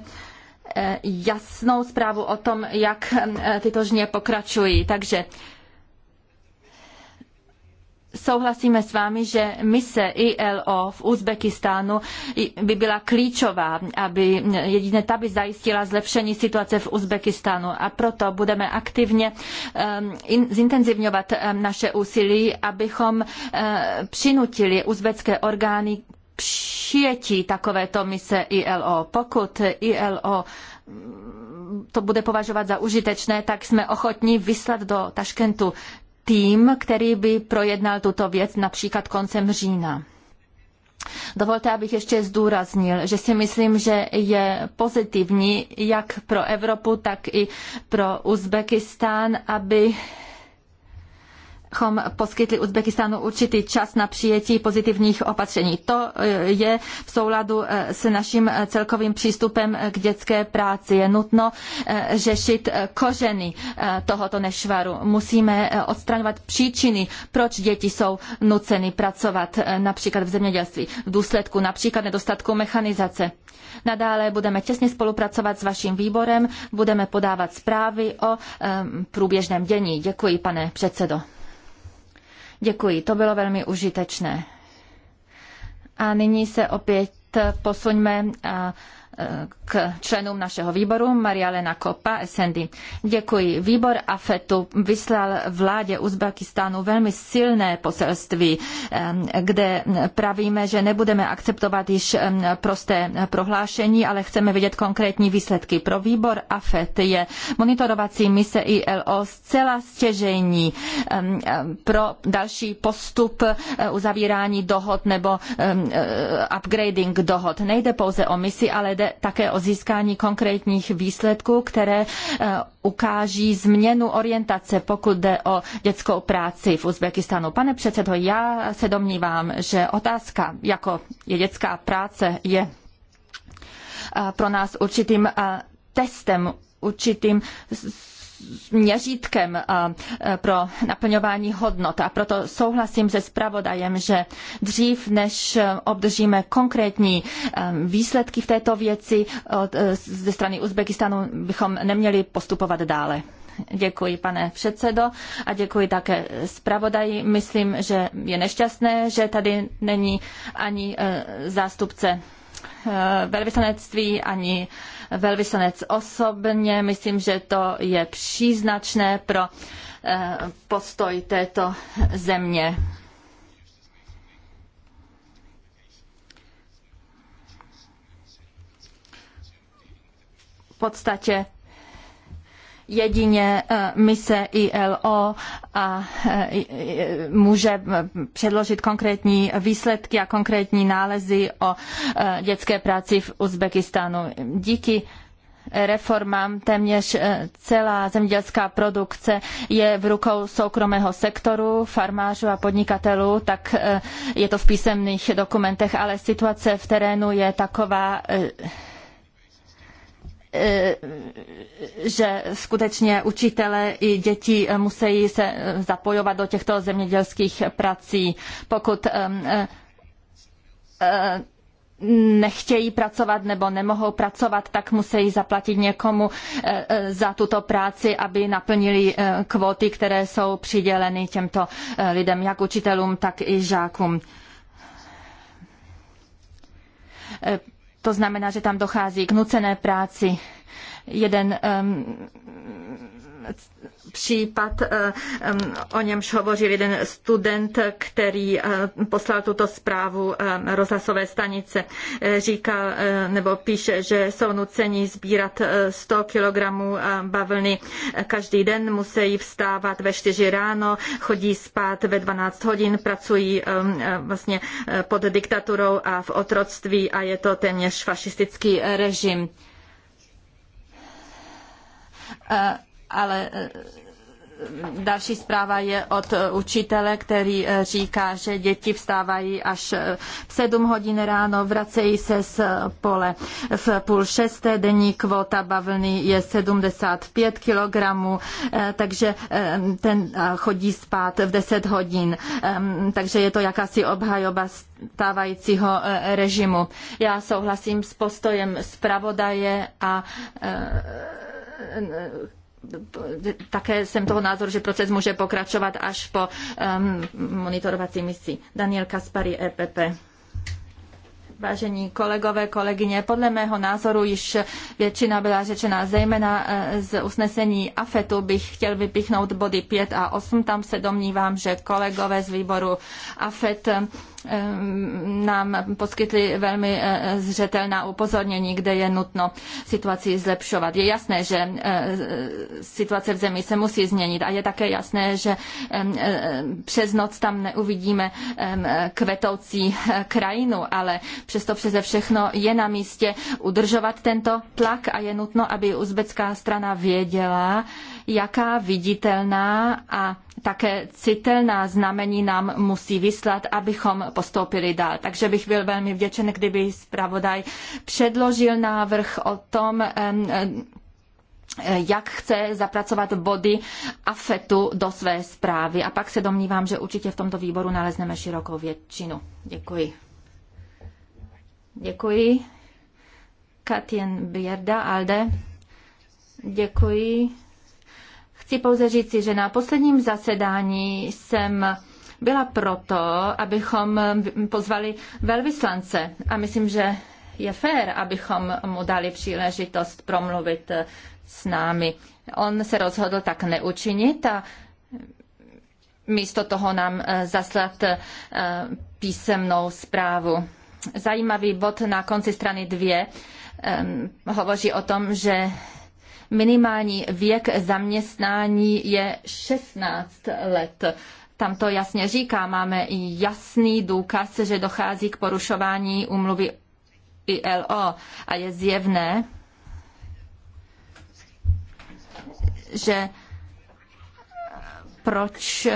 jasnou zprávu o tom, jak eh, tyto žně pokračují. Takže souhlasíme s vámi, že mise ILO v Uzbekistánu by byla klíčová, aby jedině ta by zajistila zlepšení situace v Uzbekistánu a proto budeme aktivně um, zintenzivňovat eh, naše úsilí, abychom uh, přinutili uzbecké orgány přijetí takovéto mise ILO. Pokud ILO mm, to bude považovat za užitečné, tak jsme ochotní vyslat do Taškentu tým, který by projednal tuto věc například koncem října. Dovolte, abych ještě zdůraznil, že si myslím, že je pozitivní jak pro Evropu, tak i pro Uzbekistán, aby abychom poskytli Uzbekistánu určitý čas na přijetí pozitivních opatření. To e, je v souladu e, s naším e, celkovým přístupem k dětské práci. Je nutno řešit kořeny tohoto nešvaru. Musíme odstraňovat příčiny, proč děti jsou nuceny pracovat například v zemědělství v důsledku například nedostatku mechanizace. Nadále budeme těsně spolupracovat s vaším výborem, budeme podávat zprávy o průběžném dění. Děkuji, pane předsedo. Děkuji, to bylo velmi užitečné. A nyní se opět posuňme a k členům našeho výboru Marialena Kopa, SND. Děkuji. Výbor AFETu vyslal vládě Uzbekistánu velmi silné poselství, kde pravíme, že nebudeme akceptovat již prosté prohlášení, ale chceme vidět konkrétní výsledky. Pro výbor AFET je monitorovací mise ILO zcela stěžejní pro další postup e, uzavírání dohod nebo e, upgrading dohod. Nejde pouze o misi, ale jde také o získání konkrétních výsledků, které eh, ukáží změnu orientace, pokud jde o dětskou práci v Uzbekistánu. Pane předsedo, já se domnívám, že otázka, jako je dětská práce, je eh, pro nás určitým eh, testem, určitým měřítkem eh, pro naplňování hodnot. A proto souhlasím se zpravodajem, že dřív, než obdržíme konkrétní eh, výsledky v této věci eh, ze strany Uzbekistánu, bychom neměli postupovat dále. Děkuji, pane předsedo, a děkuji také zpravodaji. Myslím, že je nešťastné, že tady není ani zástupce velvyslanectví, ani velvyslanec osobně. Myslím, že to je příznačné pro eh, postoj této země. V podstatě jedině eh, mise ILO a eh, může eh, předložit konkrétní výsledky a konkrétní nálezy o dětské práci v Uzbekistánu. Díky reformám téměř celá zemědělská produkce je v rukou soukromého sektoru, farmářů a podnikatelů, tak je to v písemných dokumentech, ale situace v terénu je taková, Eh, že skutečně učitele i děti eh, musí se eh, zapojovat do těchto zemědělských prací. Pokud nechtějí pracovat nebo nemohou pracovat, tak musí zaplatit někomu za tuto práci, aby naplnili kvóty, které jsou přiděleny těmto lidem, jak učitelům, tak i žákům to znamená, že tam dochází k nucené práci. Jeden um, případ, eh, o němž hovořil jeden student, který eh, poslal tuto zprávu eh, rozhlasové stanice. říká nebo píše, že jsou nuceni sbírat 100 kg bavlny každý den, musí vstávat ve 4 ráno, chodí spát ve 12 hodin, pracují vlastně pod diktaturou a v otroctví a je to téměř fašistický režim ale eh, další zpráva je od eh, učitele, který eh, říká, že děti vstávají až v 7 hodin ráno, vracejí se z pole v půl šesté, denní kvota bavlny je 75 kg, takže ten chodí spát v 10 hodin. Ehm, takže je to jakási obhajoba stávajícího režimu. Já souhlasím s postojem zpravodaje a také jsem toho názoru, že proces může pokračovat až po um, monitorovací misi. Daniel Kaspari, EPP. Vážení kolegové, kolegyně, podle mého názoru již většina byla řečena, zejména eh, z usnesení AFETu bych chtěl vypichnout body 5 a 8. Tam se domnívám, že kolegové z výboru AFET Ehm, nám poskytli velmi e, zřetelná upozornění, kde je nutno situaci zlepšovat. Je jasné, že e, situace v zemi se musí změnit a je také jasné, že ehm, e, přes noc tam neuvidíme ehm, kvetoucí krajinu, ale přesto přeze všechno je na místě udržovat tento tlak a je nutno, aby uzbecká strana věděla, jaká viditelná a také citelná znamení nám musí vyslat, abychom postoupili dál. Takže bych byl velmi vděčen, kdyby zpravodaj předložil návrh o tom, eh, jak chce zapracovat body AFETu do své zprávy. A pak se domnívám, že určitě v tomto výboru nalezneme širokou většinu. Děkuji. Děkuji. Katjen Bierda, Alde. Děkuji. Chci pouze říci, že na posledním zasedání jsem byla proto, abychom pozvali velvyslance a myslím, že je fér, abychom mu dali příležitost promluvit s námi. On se rozhodl tak neučinit a místo toho nám eh, zaslat eh, písemnou zprávu. Zajímavý bod na konci strany dvě ehm, hovoří o tom, že minimální věk zaměstnání je 16 let tam to jasně říká, máme jasný důkaz, že dochází k porušování umluvy ILO a je zjevné, že proč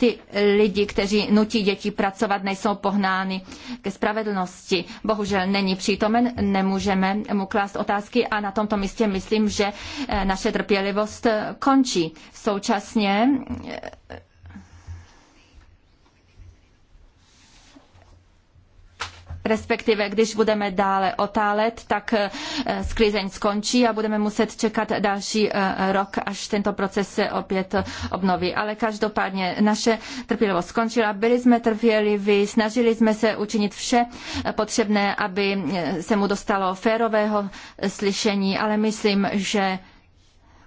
ty lidi, kteří nutí děti pracovat, nejsou pohnány ke spravedlnosti. Bohužel není přítomen, nemůžeme mu klást otázky a na tomto místě myslím, že naše trpělivost končí. Současně respektive když budeme dále otálet, tak eh, sklizeň skončí a budeme muset čekat další eh, rok, až tento proces se opět obnoví. Ale každopádně naše trpělivost skončila, byli jsme trpěliví, snažili jsme se učinit vše eh, potřebné, aby se mu dostalo férového slyšení, ale myslím, že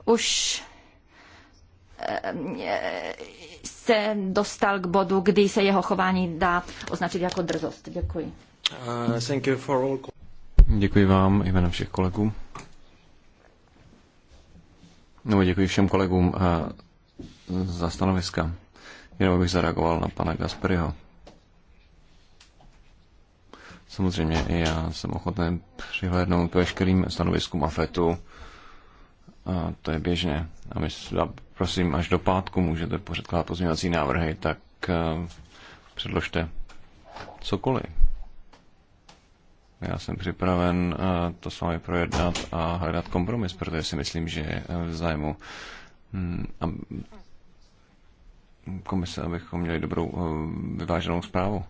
už se dostal k bodu, kdy se jeho chování dá označit jako drzost. Děkuji. Uh, thank you for all... Děkuji vám jménem všech kolegů. No, děkuji všem kolegům uh, za stanoviska. Jenom bych zareagoval na pana Gasperiho. Samozřejmě i já jsem ochoten přihlédnout k veškerým stanoviskům AFETu. A to je běžné. A my prosím, až do pátku můžete pořádkovat pozměňovací návrhy, tak uh, předložte cokoliv. Já jsem připraven eh, to s vámi projednat a hledat kompromis, protože si myslím, že je eh, v zájmu mm, komise, abychom měli dobrou eh, vyváženou zprávu.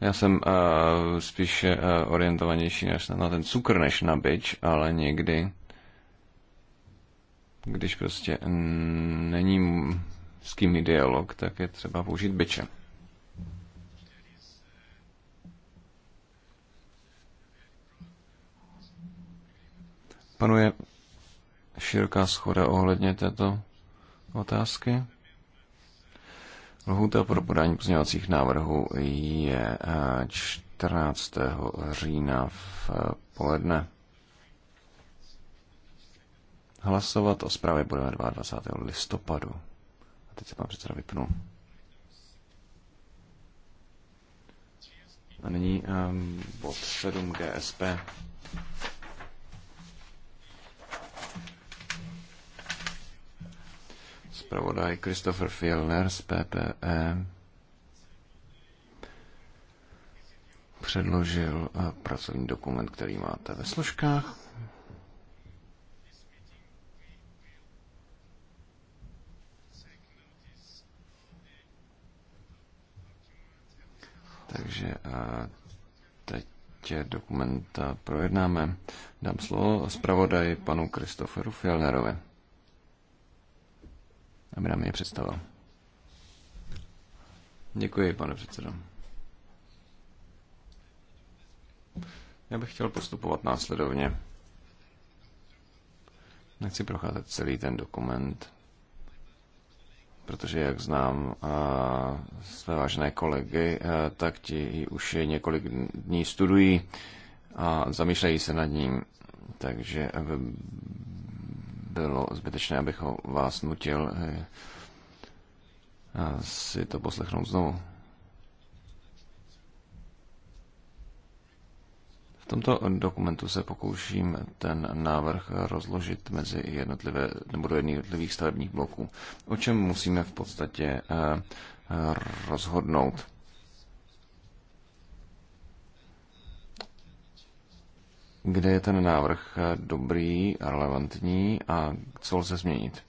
Já jsem uh, spíš uh, orientovanější než na, na ten cukr než na byč, ale někdy, když prostě není s kým dialog, tak je třeba použít byče. panuje široká schoda ohledně této otázky. Lhůta pro podání pozměňovacích návrhů je 14. Eh, října v eh, poledne. Hlasovat o zprávě budeme 22. listopadu. A teď se pan předseda vypnul. A nyní um, bod 7 GSP. zpravodaj Christopher Fielner z PPE předložil eh, pracovní dokument, který máte ve složkách. Takže eh, teď dokument eh, projednáme. Dám slovo zpravodaji panu Kristoferu Fielnerovi aby nám je představil. Děkuji, pane předsedo. Já bych chtěl postupovat následovně. Nechci procházet celý ten dokument, protože jak znám a své vážné kolegy, tak ti už několik dní studují a zamýšlejí se nad ním. Takže eh, bylo zbytečné, abych ho vás nutil eh, si to poslechnout znovu. V tomto dokumentu se pokouším ten návrh rozložit mezi jednotlivé, nebo do jednotlivých stavebních bloků, o čem musíme v podstatě eh, eh, rozhodnout. kde je ten návrh dobrý a relevantní a co lze změnit.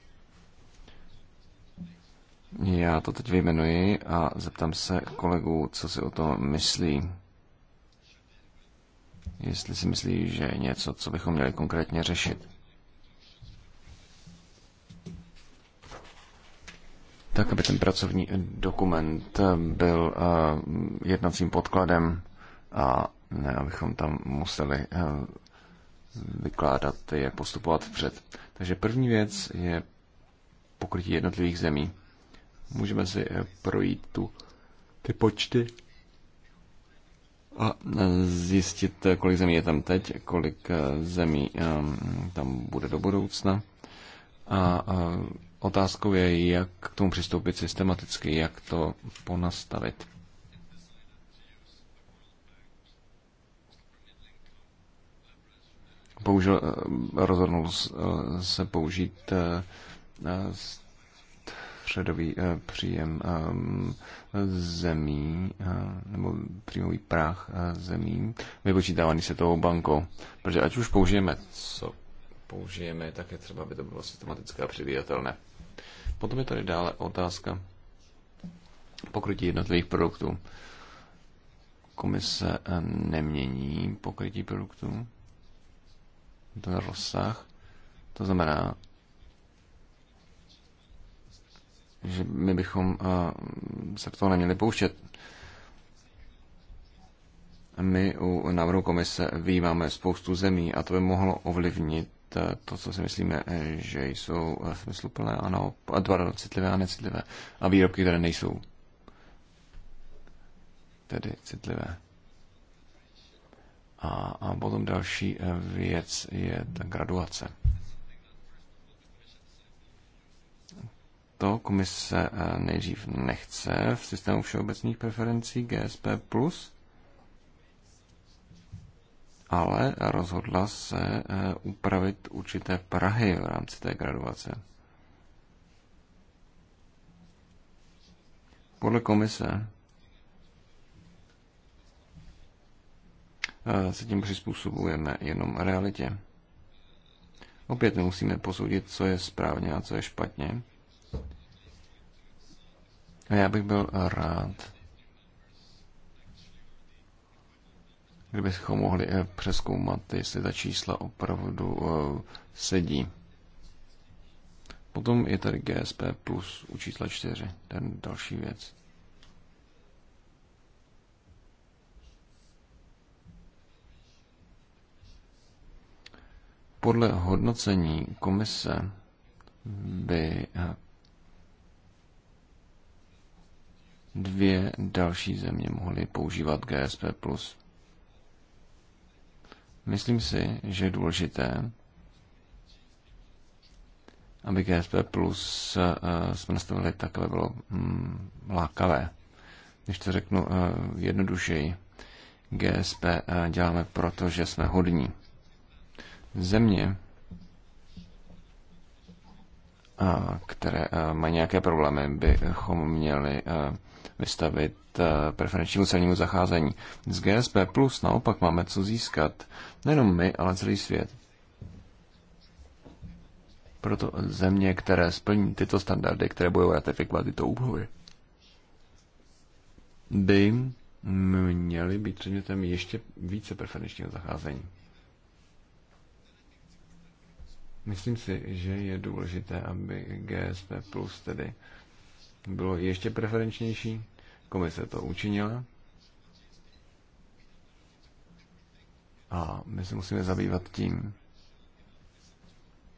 Já to teď vyjmenuji a zeptám se kolegů, co si o tom myslí. Jestli si myslí, že je něco, co bychom měli konkrétně řešit. Tak, aby ten pracovní dokument byl eh, jednacím podkladem a ne, abychom tam museli eh, vykládat, jak postupovat vpřed. Takže první věc je pokrytí jednotlivých zemí. Můžeme si eh, projít tu, ty počty a eh, zjistit, kolik zemí je tam teď, kolik zemí tam bude do budoucna. A otázkou je, jak k tomu přistoupit systematicky, jak to ponastavit. použil, eh, rozhodnul eh, se použít eh, středový příjem zemí nebo příjmový práh zemí vypočítávaný se toho bankou. Protože ať už použijeme, co použijeme, tak je třeba, aby to bylo systematické a předvídatelné. Potom je tady dále otázka pokrytí jednotlivých produktů. Komise nemění pokrytí produktů je rozsah. To znamená, že my bychom eh, se toho neměli pouštět. My u návrhu komise výjímáme spoustu zemí a to by mohlo ovlivnit eh, to, co si myslíme, eh, že jsou smysluplné a dva citlivé a necitlivé. A výrobky, které nejsou tedy citlivé. A, a potom další eh, věc je ta graduace. To komise eh, nejdřív nechce v systému všeobecných preferencí GSP+, ale rozhodla se eh, upravit určité Prahy v rámci té graduace. Podle komise se tím přizpůsobujeme jenom realitě. Opět musíme posoudit, co je správně a co je špatně. A já bych byl rád, kdybychom mohli eh, přeskoumat, jestli ta čísla opravdu eh, sedí. Potom je tady GSP plus u čísla 4, ten další věc. Podle hodnocení komise by eh, dvě další země mohly používat GSP+. Myslím si, že je důležité, aby GSP Plus eh, jsme nastavili tak, aby bylo hm, lákavé. Když to řeknu eh, jednodušeji, GSP děláme proto, že jsme hodní země, které mají nějaké problémy, bychom měli vystavit preferenčnímu celnímu zacházení. Z GSP Plus naopak máme co získat. Nejenom my, ale celý svět. Proto země, které splní tyto standardy, které budou ratifikovat tyto úmluvy, by měly být předmětem ještě více preferenčního zacházení. Myslím si, že je důležité, aby GSP Plus tedy bylo ještě preferenčnější. Komise to učinila. A my se musíme zabývat tím,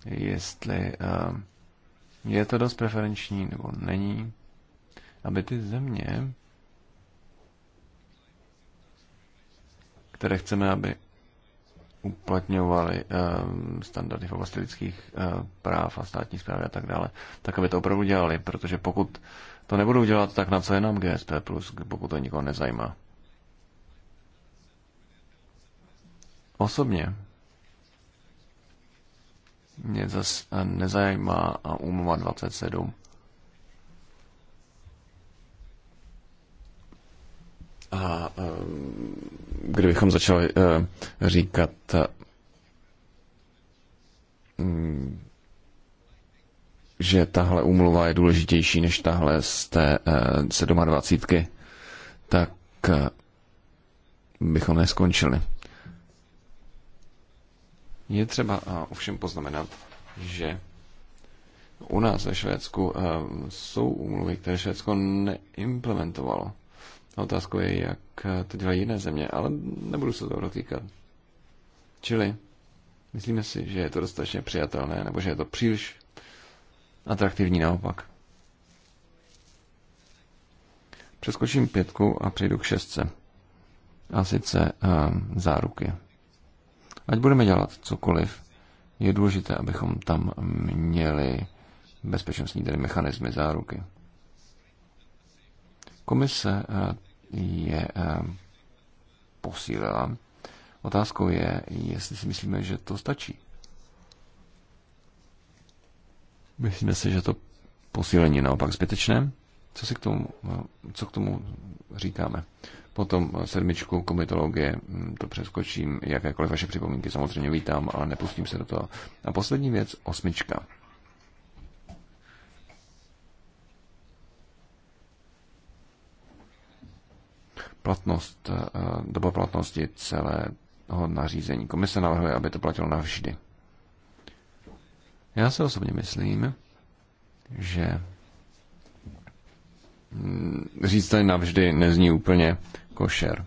jestli eh, je to dost preferenční nebo není, aby ty země, které chceme, aby uplatňovali ehm, standardy v oblasti lidských eh, práv a státní zprávy a tak dále, tak aby to opravdu dělali, protože pokud to nebudou dělat, tak na co je nám GSP+, pokud to nikoho nezajímá. Osobně mě zase eh, nezajímá a umova 27 A eh, kdybychom začali eh, říkat eh, mm, že tahle umluva je důležitější než tahle z té uh, 27, tak bychom neskončili. Je třeba uh, ovšem poznamenat, že u nás ve Švédsku jsou umluvy, které Švédsko neimplementovalo. A otázkou je, jak to dělají jiné země, ale nebudu se toho dotýkat. Čili myslíme si, že je to dostatečně přijatelné, nebo že je to příliš atraktivní naopak. Přeskočím pětku a přejdu k šestce. A sice um, záruky. Ať budeme dělat cokoliv, je důležité, abychom tam měli bezpečnostní tedy mechanismy záruky. Komise eh, je eh, posílila. Otázkou je, jestli si myslíme, že to stačí. Myslíme si, že to posílení naopak zbytečné? Co si k tomu, eh, co k tomu říkáme? Potom eh, sedmičku komitologie, hm, to přeskočím, jakékoliv vaše připomínky samozřejmě vítám, ale nepustím se do toho. A poslední věc, osmička. platnost, eh, doba platnosti celého nařízení. Komise navrhuje, aby to platilo navždy. Já se osobně myslím, že mm, říct tady navždy nezní úplně košer.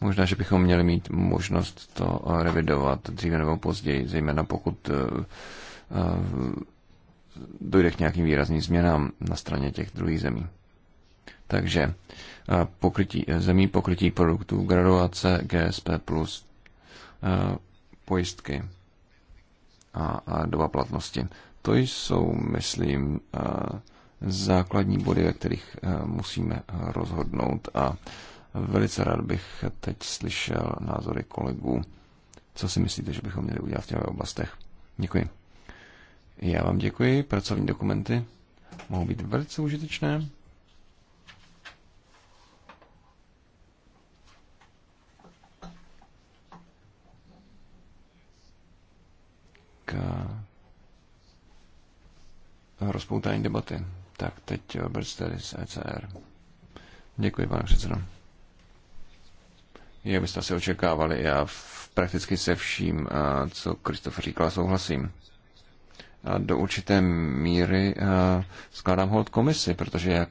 Možná, že bychom měli mít možnost to eh, revidovat dříve nebo později, zejména pokud eh, dojde k nějakým výrazným změnám na straně těch druhých zemí. Takže eh, pokrytí, eh, zemí pokrytí produktů, graduace, GSP+, plus eh, pojistky a doba platnosti. To jsou, myslím, základní body, ve kterých musíme rozhodnout a velice rád bych teď slyšel názory kolegů. Co si myslíte, že bychom měli udělat v těchto oblastech? Děkuji. Já vám děkuji. Pracovní dokumenty mohou být velice užitečné. k rozpoutání debaty. Tak, teď Robert eh, Stery z ECR. Děkuji, pane předsedo. Jak byste asi očekávali, já prakticky se vším, eh, co Kristof říkal, souhlasím do určité míry eh, skládám hold komisi, protože, jak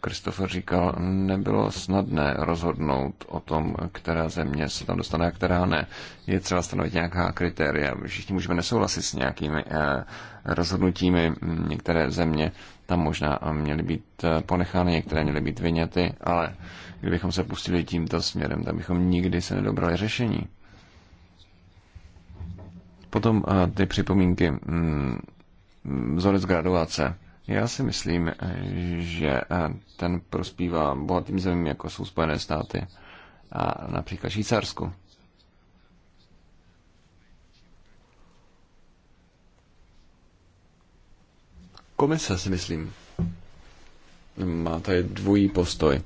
Kristofer eh, říkal, nebylo snadné rozhodnout o tom, která země se tam dostane a která ne. Je třeba stanovit nějaká kritéria. Všichni můžeme nesouhlasit s nějakými eh, rozhodnutími. Některé země tam možná měly být ponechány, některé měly být vyňaty, ale kdybychom se pustili tímto směrem, tak bychom nikdy se nedobrali řešení. Potom ty připomínky mm, vzorec graduace. Já si myslím, že ten prospívá bohatým zemím, jako jsou Spojené státy a například Švýcarsku. Komise si myslím, má tady dvojí postoj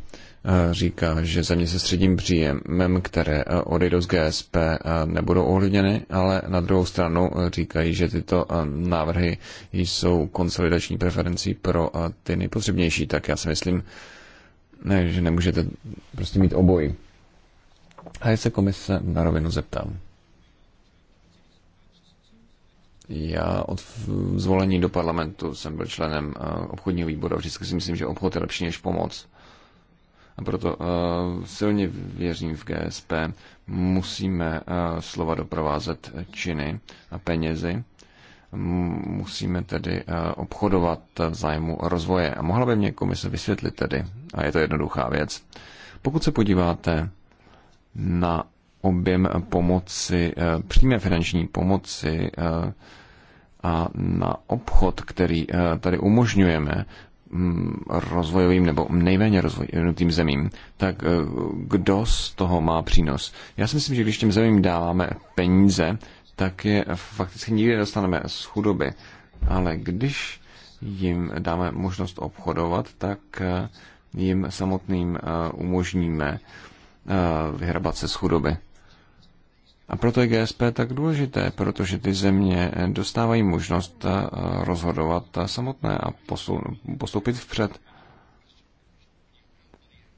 říká, že země se středním příjemem, které e, odejdou z GSP, e, nebudou ohledněny, ale na druhou stranu e, říkají, že tyto návrhy jsou konsolidační preferencí pro ty nejpotřebnější. Tak já si myslím, ne, že nemůžete prostě mít obojí. A já se komise na rovinu zeptám. Já od zvolení do parlamentu jsem byl členem obchodního výboru a vždycky si myslím, že obchod je lepší než pomoc. A proto eh, silně věřím v GSP. Musíme eh, slova doprovázet činy a penězi. Musíme tedy eh, obchodovat v zájmu rozvoje. A mohla by mě komise vysvětlit tedy, a je to jednoduchá věc, pokud se podíváte na objem pomoci, přímé finanční pomoci a na obchod, který tady umožňujeme, Mm, rozvojovým nebo nejméně rozvojovým zemím, tak eh, kdo z toho má přínos? Já si myslím, že když těm zemím dáváme peníze, tak je fakticky nikdy nedostaneme z chudoby. Ale když jim dáme možnost obchodovat, tak eh, jim samotným eh, umožníme vyhrabat se z chudoby. A proto je GSP tak důležité, protože ty země dostávají možnost eh, rozhodovat eh, samotné a postoupit vpřed.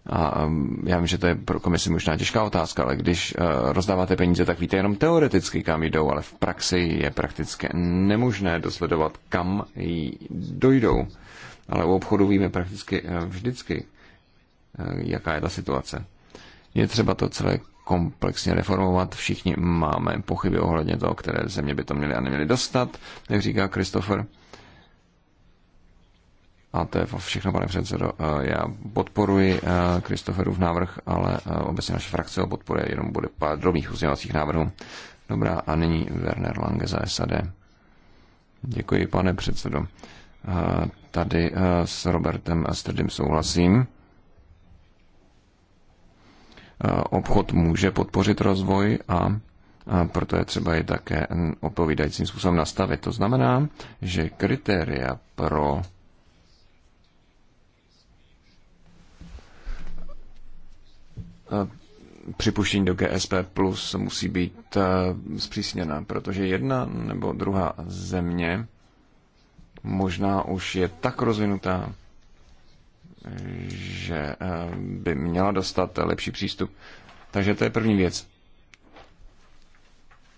A eh, já vím, že to je pro komisi možná těžká otázka, ale když rozdáváte peníze, tak víte jenom teoreticky, kam jdou, ale v praxi je prakticky nemožné dosledovat, kam dojdou. Ale u obchodu víme prakticky vždycky, jaká je ta situace. Je třeba to celé komplexně reformovat. Všichni máme pochyby ohledně toho, které země by to měly a neměly dostat, jak říká Christopher. A to je všechno, pane předsedo. Eh, já podporuji Kristoferův eh, návrh, ale eh, obecně naše frakce ho podporuje, jenom bude pár drobných uzněvacích návrhů. Dobrá, a nyní Werner Lange za SAD. Děkuji, pane předsedo. Tady s Robertem Astridem souhlasím. Eh, obchod může podpořit rozvoj a a proto je třeba je také odpovídajícím způsobem nastavit. To znamená, že kritéria pro eh, připuštění do GSP plus musí být eh, zpřísněna, protože jedna nebo druhá země možná už je tak rozvinutá, že eh, by měla dostat lepší přístup. Takže to je první věc.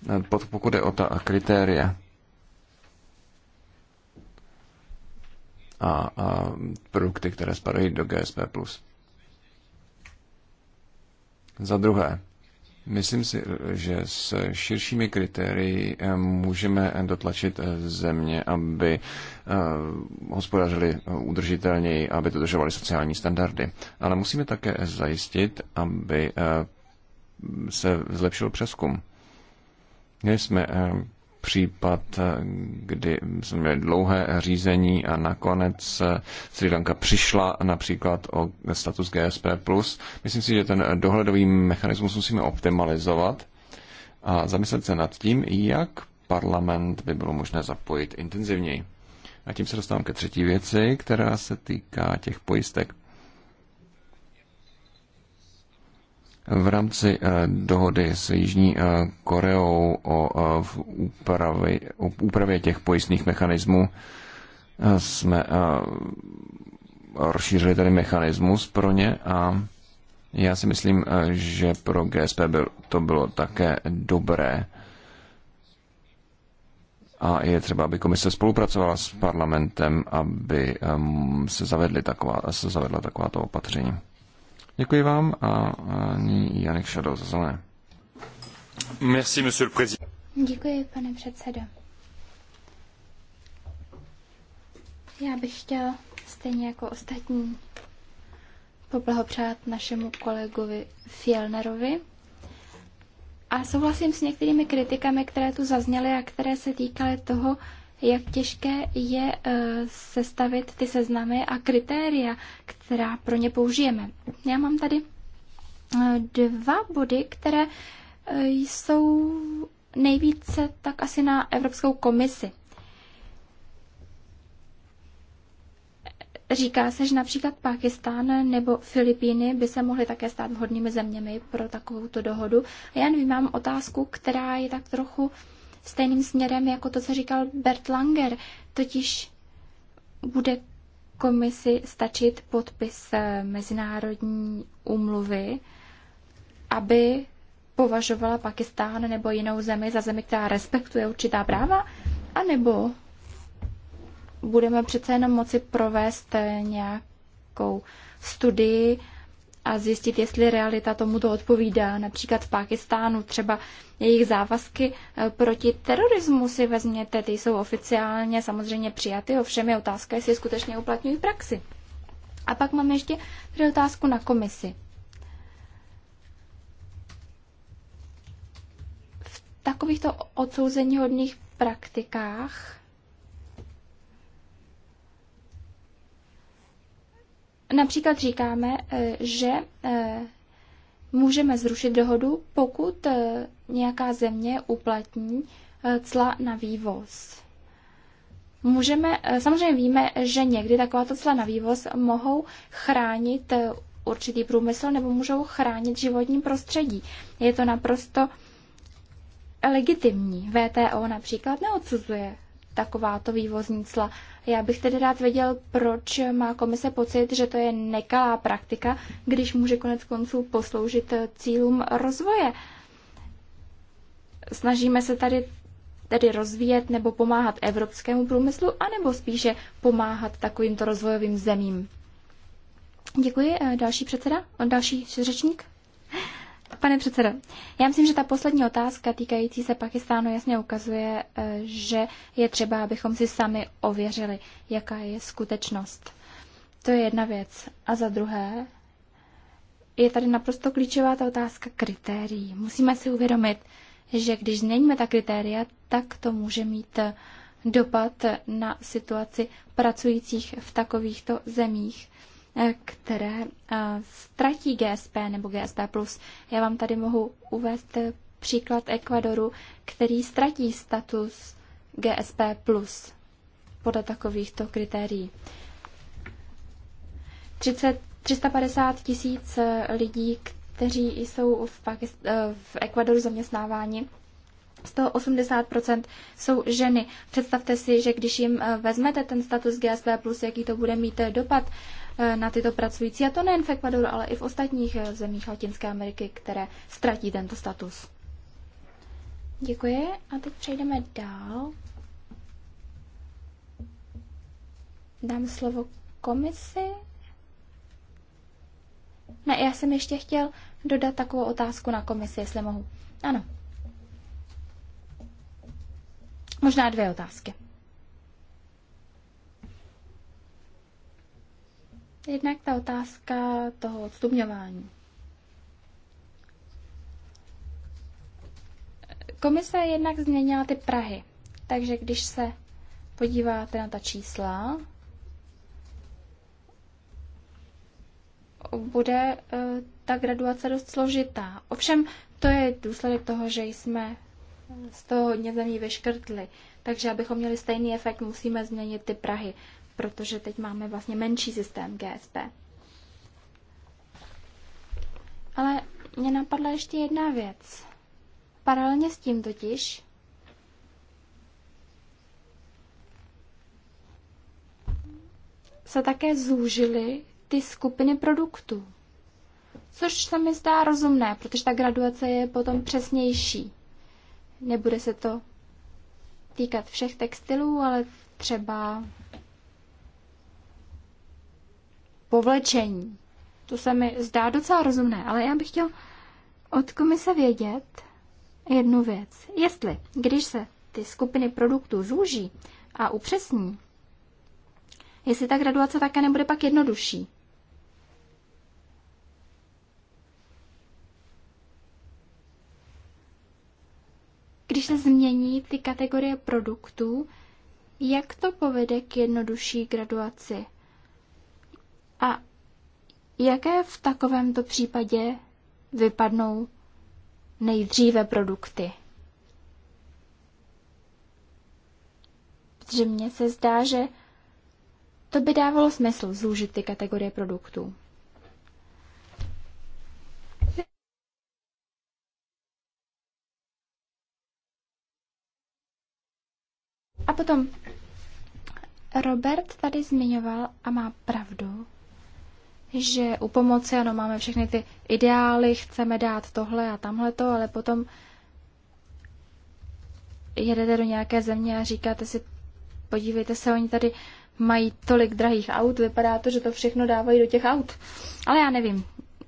Eh, pokud je o ta kritéria a, a produkty, které spadají do GSP+. Za druhé, Myslím si, že s širšími kritérii eh, můžeme dotlačit eh, země, aby eh, hospodařili udržitelněji, aby dodržovali sociální standardy. Ale musíme také zajistit, aby se zlepšil přeskum. Měli jsme případ, kdy jsme měli dlouhé řízení a nakonec eh, Sri Lanka přišla například o status GSP+. Myslím si, že ten dohledový mechanismus musíme optimalizovat a zamyslet se nad tím, jak parlament by bylo možné zapojit intenzivněji. A tím se dostávám ke třetí věci, která se týká těch pojistek. V rámci eh, dohody s Jižní eh, Koreou o eh, úpravě, úpravě těch pojistných mechanismů jsme rozšířili tady mechanismus pro ně a já si myslím, že pro GSP byl, to bylo také dobré. A je třeba, aby komise spolupracovala s parlamentem, aby se, zavedly taková, se zavedla takováto opatření. Děkuji vám a nyní Janek Šadov za zelené. Merci, monsieur le président. Děkuji, pane předsedo. Já bych chtěl stejně jako ostatní poblahopřát našemu kolegovi Fielnerovi. A souhlasím s některými kritikami, které tu zazněly a které se týkaly toho, jak těžké je eh, sestavit ty seznamy a kritéria, která pro ně použijeme. Já mám tady eh, dva body, které eh, jsou nejvíce tak asi na Evropskou komisi. Říká se, že například Pakistán nebo Filipíny by se mohly také stát vhodnými zeměmi pro takovouto dohodu. Já nevím, mám otázku, která je tak trochu uh, stejným směrem jako to, co říkal Bert Langer, totiž bude komisi stačit podpis eh, mezinárodní úmluvy, aby považovala Pakistán nebo jinou zemi za zemi, která respektuje určitá práva, anebo budeme přece jenom moci provést eh, nějakou studii a zjistit, jestli realita tomuto odpovídá. Například v Pákistánu třeba jejich závazky eh, proti terorismu si vezměte, ty jsou oficiálně samozřejmě přijaty, ovšem je otázka, jestli skutečně uplatňují praxi. A pak mám ještě tady otázku na komisi. V takovýchto odsouzení hodných praktikách Například říkáme, eh, že eh, můžeme zrušit dohodu, pokud eh, nějaká země uplatní cla na vývoz. Můžeme, samozřejmě víme, že někdy takováto cla na vývoz mohou chránit určitý průmysl nebo můžou chránit životní prostředí. Je to naprosto legitimní. VTO například neodsuzuje takováto vývozní cla. Já bych tedy rád věděl, proč má komise pocit, že to je nekalá praktika, když může konec konců posloužit eh, cílům rozvoje. Snažíme se tady tedy rozvíjet nebo pomáhat evropskému průmyslu, anebo spíše pomáhat takovýmto rozvojovým zemím. Děkuji. Eh, další předseda? Další řečník? Pane předsedo, já myslím, že ta poslední otázka týkající se Pakistánu jasně ukazuje, eh, že je třeba, abychom si sami ověřili, jaká je skutečnost. To je jedna věc. A za druhé, je tady naprosto klíčová ta otázka kritérií. Musíme si uvědomit, že když změníme ta kritéria, tak to může mít eh, dopad na situaci pracujících v takovýchto zemích které eh, ztratí GSP nebo GSP+. Já vám tady mohu uvést eh, příklad Ekvadoru, který ztratí status GSP+, podle takovýchto kritérií. 30, 350 tisíc eh, lidí, kteří jsou v, Pakist- v Ekvadoru zaměstnáváni, 80 jsou ženy. Představte si, že když jim vezmete ten status GSP+, jaký to bude mít dopad Eh, na tyto pracující, a to nejen v Ekvadoru, ale i v ostatních eh, zemích Latinské Ameriky, které ztratí tento status. Děkuji a teď přejdeme dál. Dám slovo komisi. Ne, já jsem ještě chtěl dodat takovou otázku na komisi, jestli mohu. Ano. Možná dvě otázky. Jednak ta otázka toho odstupňování. Komise jednak změnila ty Prahy. Takže když se podíváte na ta čísla, bude eh, ta graduace dost složitá. Ovšem, to je důsledek toho, že jsme z toho hodně zemí vyškrtli. Takže abychom měli stejný efekt, musíme změnit ty Prahy protože teď máme vlastně menší systém GSP. Ale mě napadla ještě jedna věc. Paralelně s tím totiž se také zúžily ty skupiny produktů. Což se mi zdá rozumné, protože ta graduace je potom přesnější. Nebude se to týkat všech textilů, ale třeba povlečení. To se mi zdá docela rozumné, ale já bych chtěl od komise vědět jednu věc. Jestli, když se ty skupiny produktů zúží a upřesní, jestli ta graduace také nebude pak jednodušší. Když se změní ty kategorie produktů, jak to povede k jednodušší graduaci? A jaké v takovémto případě vypadnou nejdříve produkty? Protože mně se zdá, že to by dávalo smysl zúžit ty kategorie produktů. A potom Robert tady zmiňoval a má pravdu, že u pomoci, ano, máme všechny ty ideály, chceme dát tohle a tamhleto, ale potom jedete do nějaké země a říkáte si, podívejte se, oni tady mají tolik drahých aut, vypadá to, že to všechno dávají do těch aut. Ale já nevím,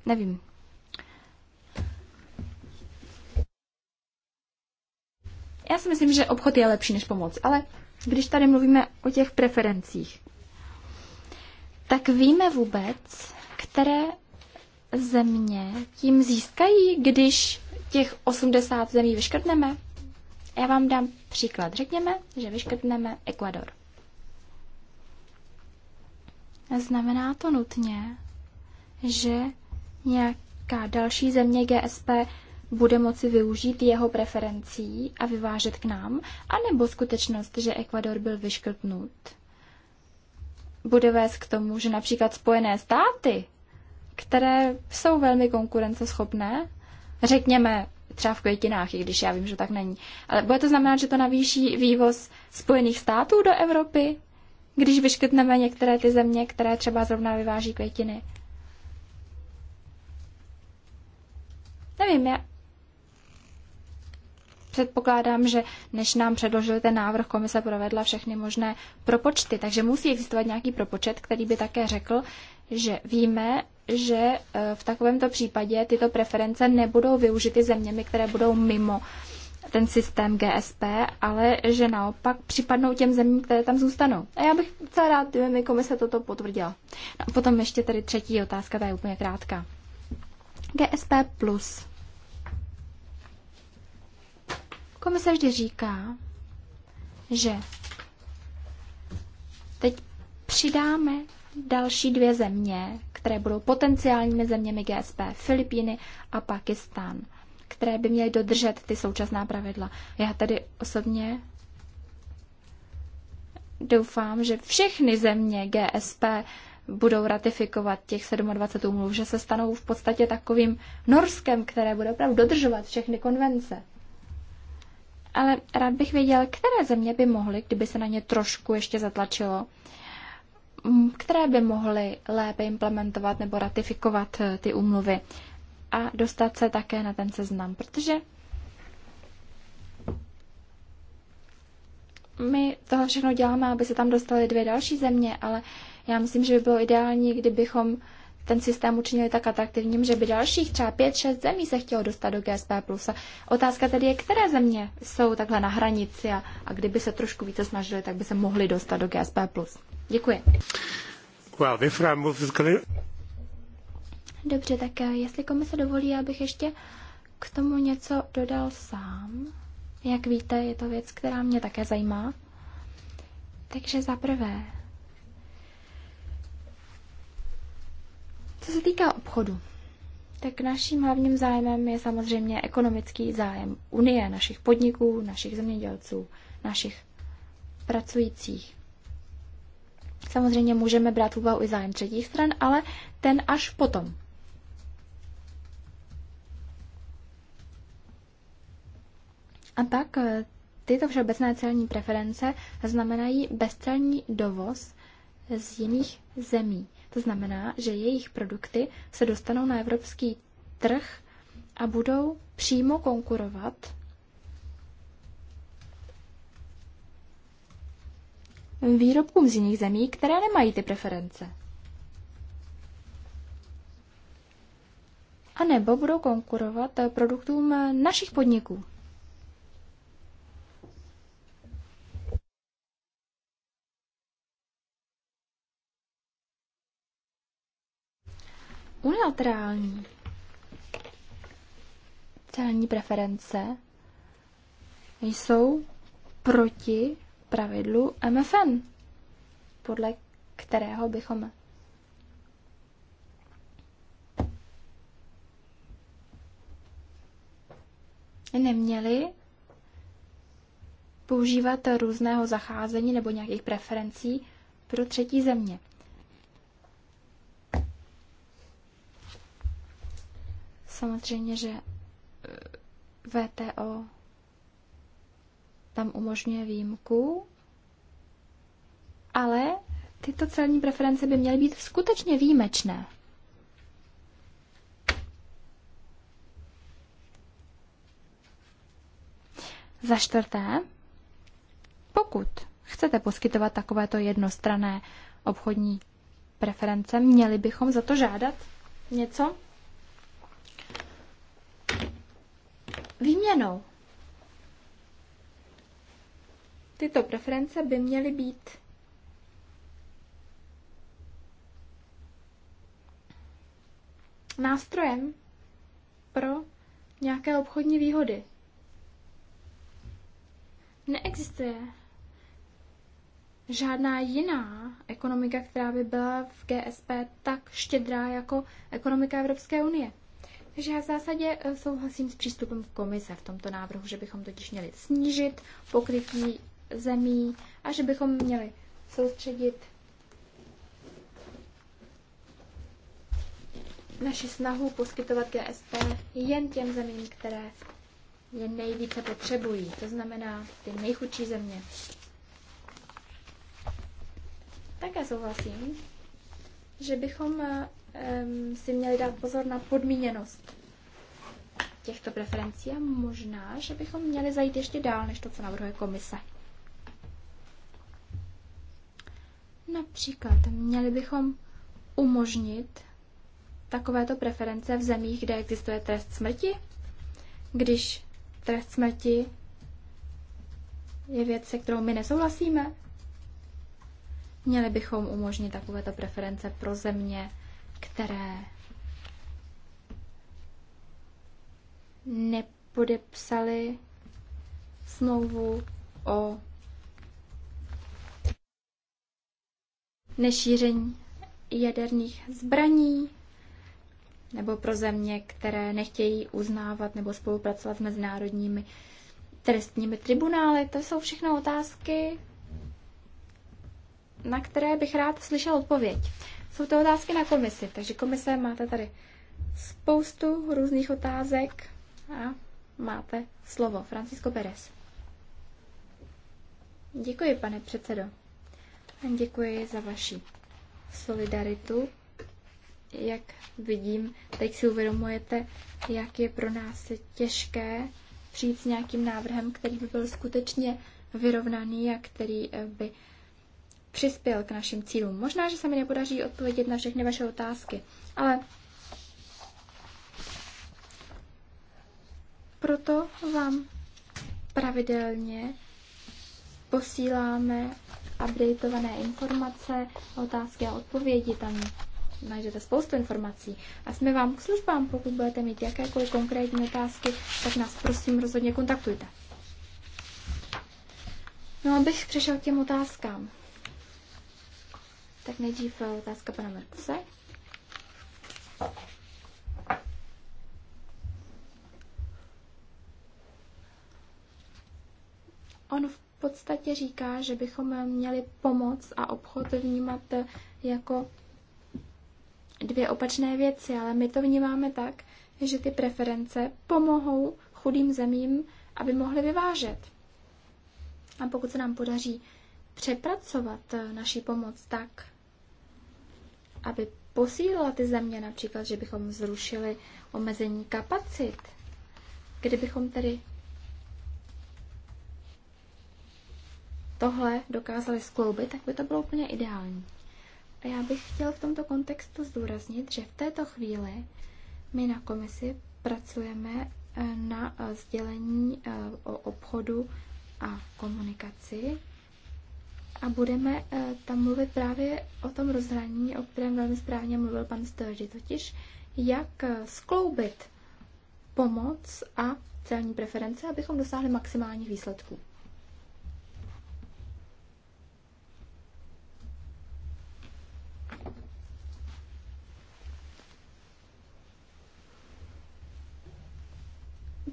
nevím. Já si myslím, že obchod je lepší než pomoc, ale když tady mluvíme o těch preferencích, tak víme vůbec, které země tím získají, když těch 80 zemí vyškrtneme? Já vám dám příklad. Řekněme, že vyškrtneme Ekvador. Znamená to nutně, že nějaká další země GSP bude moci využít jeho preferencí a vyvážet k nám, anebo skutečnost, že Ekvador byl vyškrtnut, bude vést k tomu, že například Spojené státy, které jsou velmi konkurenceschopné, řekněme třeba v květinách, i když já vím, že tak není, ale bude to znamenat, že to navýší vývoz Spojených států do Evropy, když vyškrtneme některé ty země, které třeba zrovna vyváží květiny. Nevím, já, předpokládám, že než nám předložili ten návrh, komise provedla všechny možné propočty, takže musí existovat nějaký propočet, který by také řekl, že víme, že e, v takovémto případě tyto preference nebudou využity zeměmi, které budou mimo ten systém GSP, ale že naopak připadnou těm zemím, které tam zůstanou. A já bych docela rád, kdyby mi komise toto potvrdila. No a potom ještě tady třetí otázka, ta je úplně krátká. GSP plus Komise vždy říká, že teď přidáme další dvě země, které budou potenciálními zeměmi GSP, Filipíny a Pakistan, které by měly dodržet ty současná pravidla. Já tady osobně doufám, že všechny země GSP budou ratifikovat těch 27 mluv, že se stanou v podstatě takovým Norskem, které bude opravdu dodržovat všechny konvence ale rád bych věděl, které země by mohly, kdyby se na ně trošku ještě zatlačilo, mm, které by mohly lépe implementovat nebo ratifikovat eh, ty úmluvy a dostat se také na ten seznam, protože my toho všechno děláme, aby se tam dostaly dvě další země, ale já myslím, že by bylo ideální, kdybychom ten systém učinili tak atraktivním, že by dalších třeba 5-6 zemí se chtělo dostat do GSP+. Otázka tedy je, které země jsou takhle na hranici a, a kdyby se trošku více snažili, tak by se mohli dostat do GSP+. Děkuji. Well, Dobře, tak eh, jestli komise dovolí, abych ještě k tomu něco dodal sám. Jak víte, je to věc, která mě také zajímá. Takže za prvé, Co se týká obchodu, tak naším hlavním zájmem je samozřejmě ekonomický zájem Unie, našich podniků, našich zemědělců, našich pracujících. Samozřejmě můžeme brát v úvahu i zájem třetích stran, ale ten až potom. A pak eh, tyto všeobecné celní preference znamenají bezcelní dovoz z jiných zemí. To znamená, že jejich produkty se dostanou na evropský trh a budou přímo konkurovat výrobkům z jiných zemí, které nemají ty preference. A nebo budou konkurovat produktům našich podniků. unilaterální. Celní preference jsou proti pravidlu MFN, podle kterého bychom neměli používat různého zacházení nebo nějakých preferencí pro třetí země. samozřejmě, že eh, VTO tam umožňuje výjimku, ale tyto celní preference by měly být skutečně výjimečné. Za čtvrté, pokud chcete poskytovat takovéto jednostrané obchodní preference, měli bychom za to žádat něco? výměnou. Tyto preference by měly být nástrojem pro nějaké obchodní výhody. Neexistuje žádná jiná ekonomika, která by byla v GSP tak štědrá jako ekonomika Evropské unie. Takže já v zásadě e, souhlasím s přístupem komise v tomto návrhu, že bychom totiž měli snížit pokrytí zemí a že bychom měli soustředit naši snahu poskytovat GSP jen těm zemím, které je nejvíce potřebují, to znamená ty nejchudší země. Také souhlasím, že bychom e, Ehm, si měli dát pozor na podmíněnost těchto preferencí a možná, že bychom měli zajít ještě dál, než to, co navrhuje komise. Například měli bychom umožnit takovéto preference v zemích, kde existuje trest smrti, když trest smrti je věc, se kterou my nesouhlasíme. Měli bychom umožnit takovéto preference pro země, které nepodepsali smlouvu o nešíření jaderných zbraní nebo pro země, které nechtějí uznávat nebo spolupracovat s mezinárodními trestními tribunály. To jsou všechno otázky, na které bych rád slyšel odpověď. Jsou to otázky na komisi, takže komise máte tady spoustu různých otázek a máte slovo. Francisco Perez. Děkuji, pane předsedo. Děkuji za vaši solidaritu. Jak vidím, teď si uvědomujete, jak je pro nás těžké přijít s nějakým návrhem, který by byl skutečně vyrovnaný a který by přispěl k našim cílům. Možná, že se mi nepodaří odpovědět na všechny vaše otázky, ale proto vám pravidelně posíláme updateované informace, otázky a odpovědi. Tam najdete spoustu informací. A jsme vám k službám, pokud budete mít jakékoliv konkrétní otázky, tak nás prosím rozhodně kontaktujte. No abych přešel k těm otázkám. Tak nejdřív eh, otázka pana Merkuse. On v podstatě říká, že bychom měli pomoc a obchod vnímat jako dvě opačné věci, ale my to vnímáme tak, že ty preference pomohou chudým zemím, aby mohly vyvážet. A pokud se nám podaří přepracovat eh, naši pomoc tak, aby posílila ty země, například, že bychom zrušili omezení kapacit. Kdybychom tedy tohle dokázali skloubit, tak by to bylo úplně ideální. A já bych chtěl v tomto kontextu zdůraznit, že v této chvíli my na komisi pracujeme eh, na eh, sdělení eh, o obchodu a komunikaci a budeme eh, tam mluvit právě o tom rozhraní, o kterém velmi správně mluvil pan Sturdy, totiž jak eh, skloubit pomoc a celní preference, abychom dosáhli maximálních výsledků.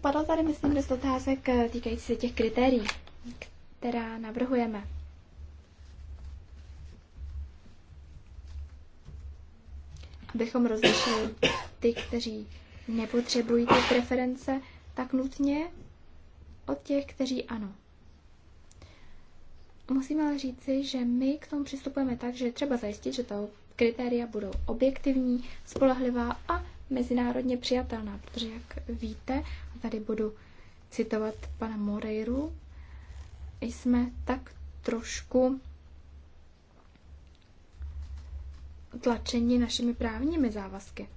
Padlo tady, myslím, dost otázek eh, týkající se těch kritérií, která navrhujeme. abychom rozlišili ty, kteří nepotřebují ty preference tak nutně, od těch, kteří ano. Musím ale říci, že my k tomu přistupujeme tak, že třeba zajistit, že to kritéria budou objektivní, spolehlivá a mezinárodně přijatelná, protože jak víte, a tady budu citovat pana Moreiru, jsme tak trošku tlačeni našimi právními závazky.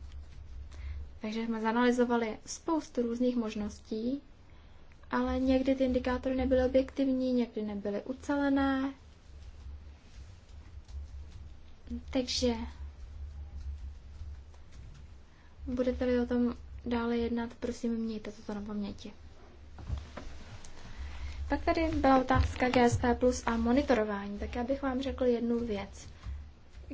Takže jsme zanalizovali spoustu různých možností, ale někdy ty indikátory nebyly objektivní, někdy nebyly ucelené. Takže budete-li o tom dále jednat, prosím, mějte toto na paměti. Pak tady byla otázka GSP plus a monitorování. Tak já bych vám řekl jednu věc.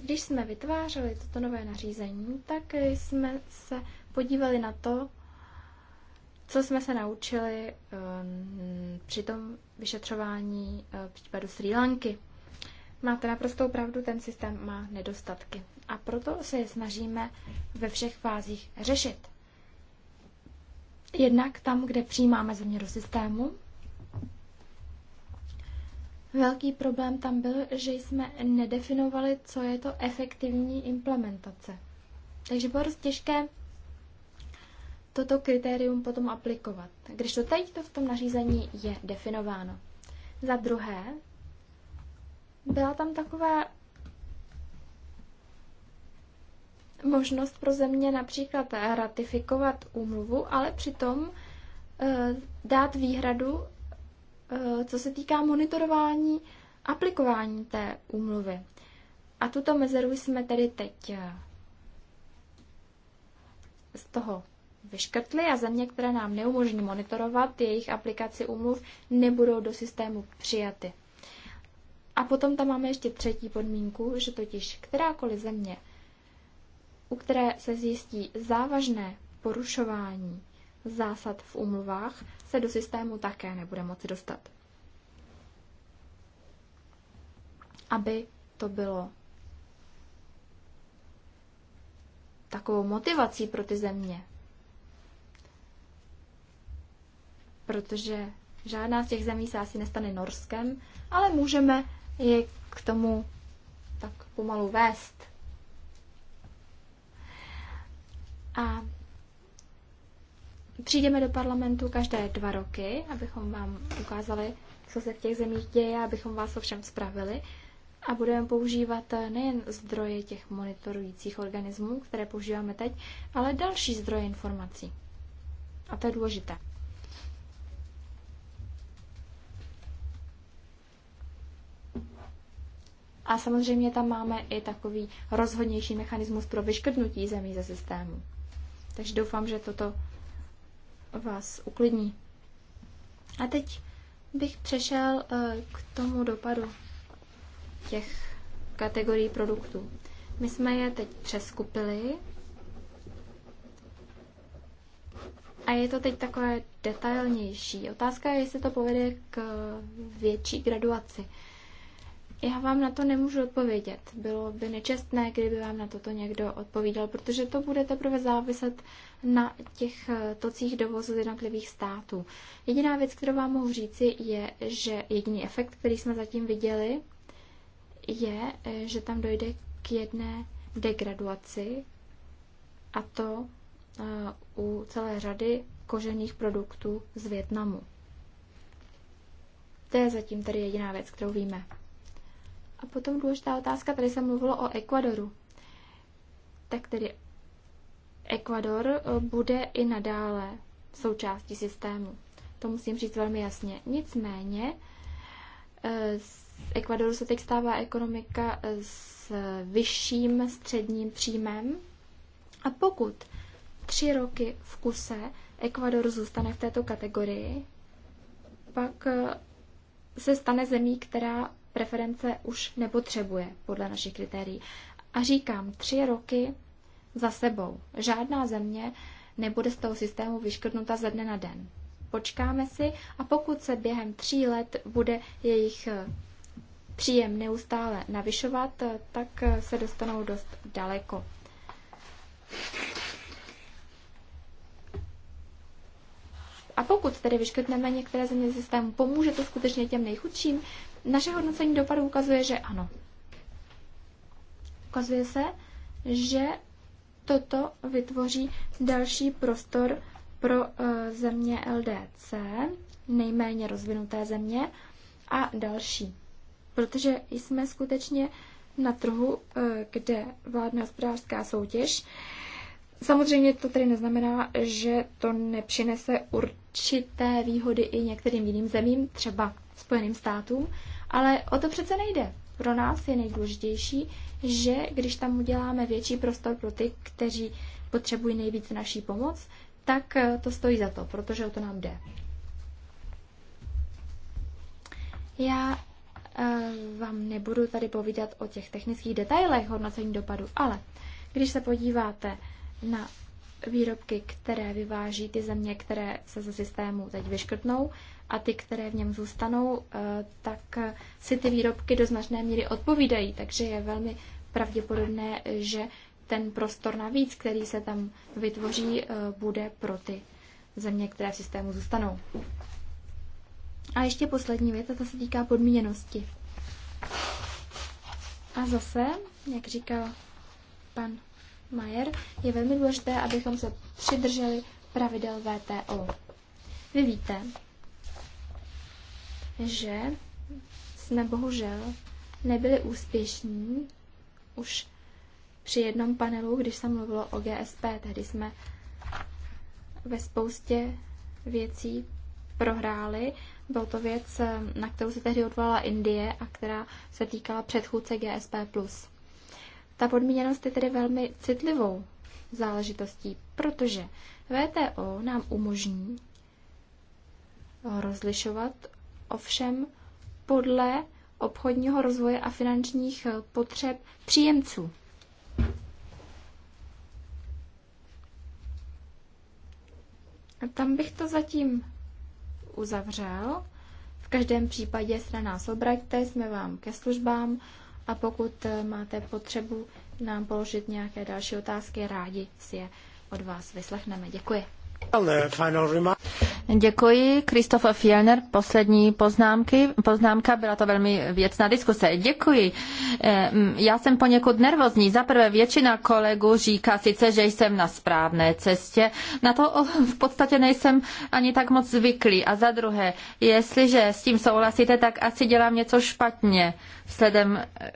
Když jsme vytvářeli toto nové nařízení, tak jsme se podívali na to, co jsme se naučili ehm, při tom vyšetřování eh, případu Sri Lanky. Máte naprostou pravdu, ten systém má nedostatky. A proto se je snažíme ve všech fázích řešit. Jednak tam, kde přijímáme změnu systému, Velký problém tam byl, že jsme nedefinovali, co je to efektivní implementace. Takže bylo dost těžké toto kritérium potom aplikovat. Když to teď to v tom nařízení je definováno. Za druhé, byla tam taková možnost pro země například ratifikovat úmluvu, ale přitom eh, dát výhradu Eh, co se týká monitorování aplikování té úmluvy. A tuto mezeru jsme tedy teď eh, z toho vyškrtli a země, které nám neumožní monitorovat jejich aplikaci úmluv, nebudou do systému přijaty. A potom tam máme ještě třetí podmínku, že totiž kterákoliv země, u které se zjistí závažné porušování zásad v umluvách se do systému také nebude moci dostat. Aby to bylo takovou motivací pro ty země. Protože žádná z těch zemí se asi nestane Norskem, ale můžeme je k tomu tak pomalu vést. A Přijdeme do parlamentu každé dva roky, abychom vám ukázali, co se v těch zemích děje, abychom vás o všem spravili a budeme používat eh, nejen zdroje těch monitorujících organismů, které používáme teď, ale další zdroje informací. A to je důležité. A samozřejmě tam máme i takový rozhodnější mechanismus pro vyškrtnutí zemí ze systému. Takže doufám, že toto vás uklidní. A teď bych přešel eh, k tomu dopadu těch kategorií produktů. My jsme je teď přeskupili a je to teď takové detailnější. Otázka je, jestli to povede k eh, větší graduaci. Já vám na to nemůžu odpovědět. Bylo by nečestné, kdyby vám na toto někdo odpovídal, protože to bude teprve záviset na těch eh, tocích dovozu z jednotlivých států. Jediná věc, kterou vám mohu říci, je, že jediný efekt, který jsme zatím viděli, je, eh, že tam dojde k jedné degraduaci a to eh, u celé řady kožených produktů z Větnamu. To je zatím tady jediná věc, kterou víme. A potom důležitá otázka, tady se mluvilo o Ekvadoru. Tak tedy Ekvador eh, bude i nadále součástí systému. To musím říct velmi jasně. Nicméně eh, z Ekvadoru se teď stává ekonomika eh, s vyšším středním příjmem a pokud tři roky v kuse Ekvador zůstane v této kategorii, pak se stane zemí, která preference už nepotřebuje podle našich kritérií. A říkám, tři roky za sebou. Žádná země nebude z toho systému vyškrtnuta ze dne na den. Počkáme si a pokud se během tří let bude jejich eh, příjem neustále navyšovat, eh, tak eh, se dostanou dost daleko. A pokud tedy vyškrtneme některé země systému, pomůže to skutečně těm nejchudším? Naše hodnocení dopadu ukazuje, že ano. Ukazuje se, že toto vytvoří další prostor pro eh, země LDC, nejméně rozvinuté země a další. Protože jsme skutečně na trhu, eh, kde vládne hospodářská soutěž. Samozřejmě to tedy neznamená, že to nepřinese určité výhody i některým jiným zemím, třeba Spojeným státům, ale o to přece nejde. Pro nás je nejdůležitější, že když tam uděláme větší prostor pro ty, kteří potřebují nejvíc naší pomoc, tak eh, to stojí za to, protože o to nám jde. Já eh, vám nebudu tady povídat o těch technických detailech hodnocení dopadu, ale když se podíváte na výrobky, které vyváží ty země, které se ze systému teď vyškrtnou a ty, které v něm zůstanou, eh, tak si ty výrobky do značné míry odpovídají. Takže je velmi pravděpodobné, že ten prostor navíc, který se tam vytvoří, eh, bude pro ty země, které v systému zůstanou. A ještě poslední věc, a ta se týká podmíněnosti. A zase, jak říkal pan Majer, je velmi důležité, abychom se přidrželi pravidel VTO. Vy víte, že jsme bohužel nebyli úspěšní už při jednom panelu, když se mluvilo o GSP. Tehdy jsme ve spoustě věcí prohráli. Byl to věc, na kterou se tehdy odvolala Indie a která se týkala předchůdce GSP+. Ta podmíněnost je tedy velmi citlivou záležitostí, protože VTO nám umožní rozlišovat ovšem podle obchodního rozvoje a finančních eh, potřeb příjemců. A tam bych to zatím uzavřel. V každém případě se na nás obraťte, jsme vám ke službám a pokud eh, máte potřebu nám položit nějaké další otázky, rádi si je od vás vyslechneme. Děkuji. Děkuji. Kristof Fielner, poslední poznámky. Poznámka byla to velmi věcná diskuse. Děkuji. Eh, já jsem poněkud nervózní. Za prvé většina kolegů říká sice, že jsem na správné cestě. Na to v podstatě nejsem ani tak moc zvyklý. A za druhé, jestliže s tím souhlasíte, tak asi dělám něco špatně. Vzhledem eh,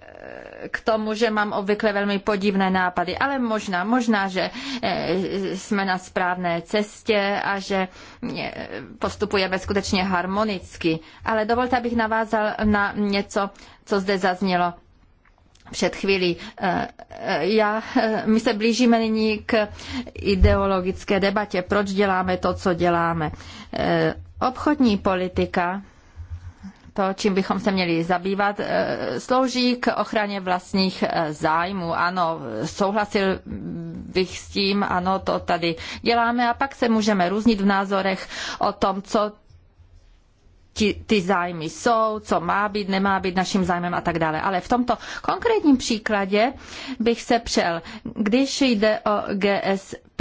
k tomu, že mám obvykle velmi podivné nápady. Ale možná, možná, že eh, jsme na správné cestě a že postupujeme skutečně harmonicky. Ale dovolte, abych navázal na něco, co zde zaznělo před chvílí. Eh, eh, já, eh, my se blížíme nyní k ideologické debatě, proč děláme to, co děláme. Obchodní politika to, čím bychom se měli zabývat, eh, slouží k ochraně vlastních eh, zájmů. Ano, souhlasil bych s tím, ano, to tady děláme a pak se můžeme různit v názorech o tom, co ti, ty zájmy jsou, co má být, nemá být naším zájmem a tak dále. Ale v tomto konkrétním příkladě bych se přel, když jde o GSP,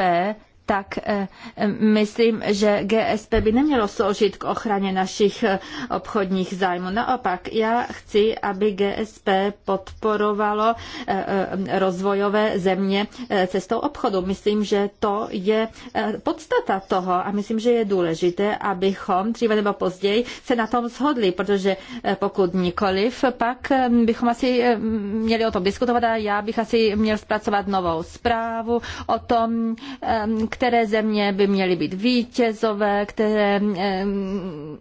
tak eh, eh, myslím, že GSP by nemělo sloužit k ochraně našich eh, obchodních zájmů. Naopak, já chci, aby GSP podporovalo rozvojové země cestou obchodu. Myslím, že to je podstata toho a myslím, že je důležité, abychom dříve nebo později se na tom shodli, protože pokud nikoliv, pak bychom asi měli o tom diskutovat a já bych asi měl zpracovat novou zprávu o tom, které země by měly být vítězové, které,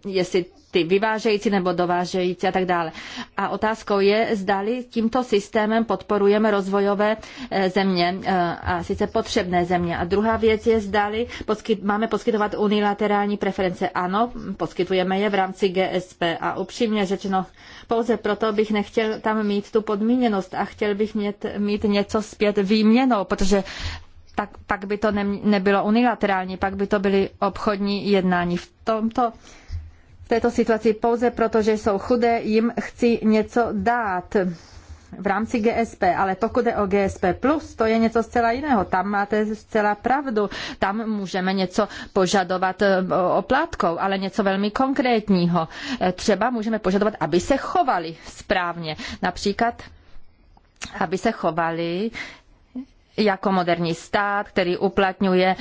jestli ty vyvážející nebo dovážející a tak dále. A otázkou je, zdali tímto systémem podporujeme rozvojové eh, země eh, a sice potřebné země. A druhá věc je, zdali poskyt, máme poskytovat unilaterální preference. Ano, poskytujeme je v rámci GSP a upřímně řečeno, pouze proto bych nechtěl tam mít tu podmíněnost a chtěl bych mít, mít něco zpět výměnou, protože tak pak by to ne, nebylo unilaterální, pak by to byly obchodní jednání. V tomto v této situaci pouze proto, že jsou chudé, jim chci něco dát v rámci GSP, ale pokud je o GSP+, plus to je něco zcela jiného. Tam máte zcela pravdu. Tam můžeme něco požadovat eh, oplátkou, ale něco velmi konkrétního. Eh, třeba můžeme požadovat, aby se chovali správně. Například aby se chovali jako moderní stát, který uplatňuje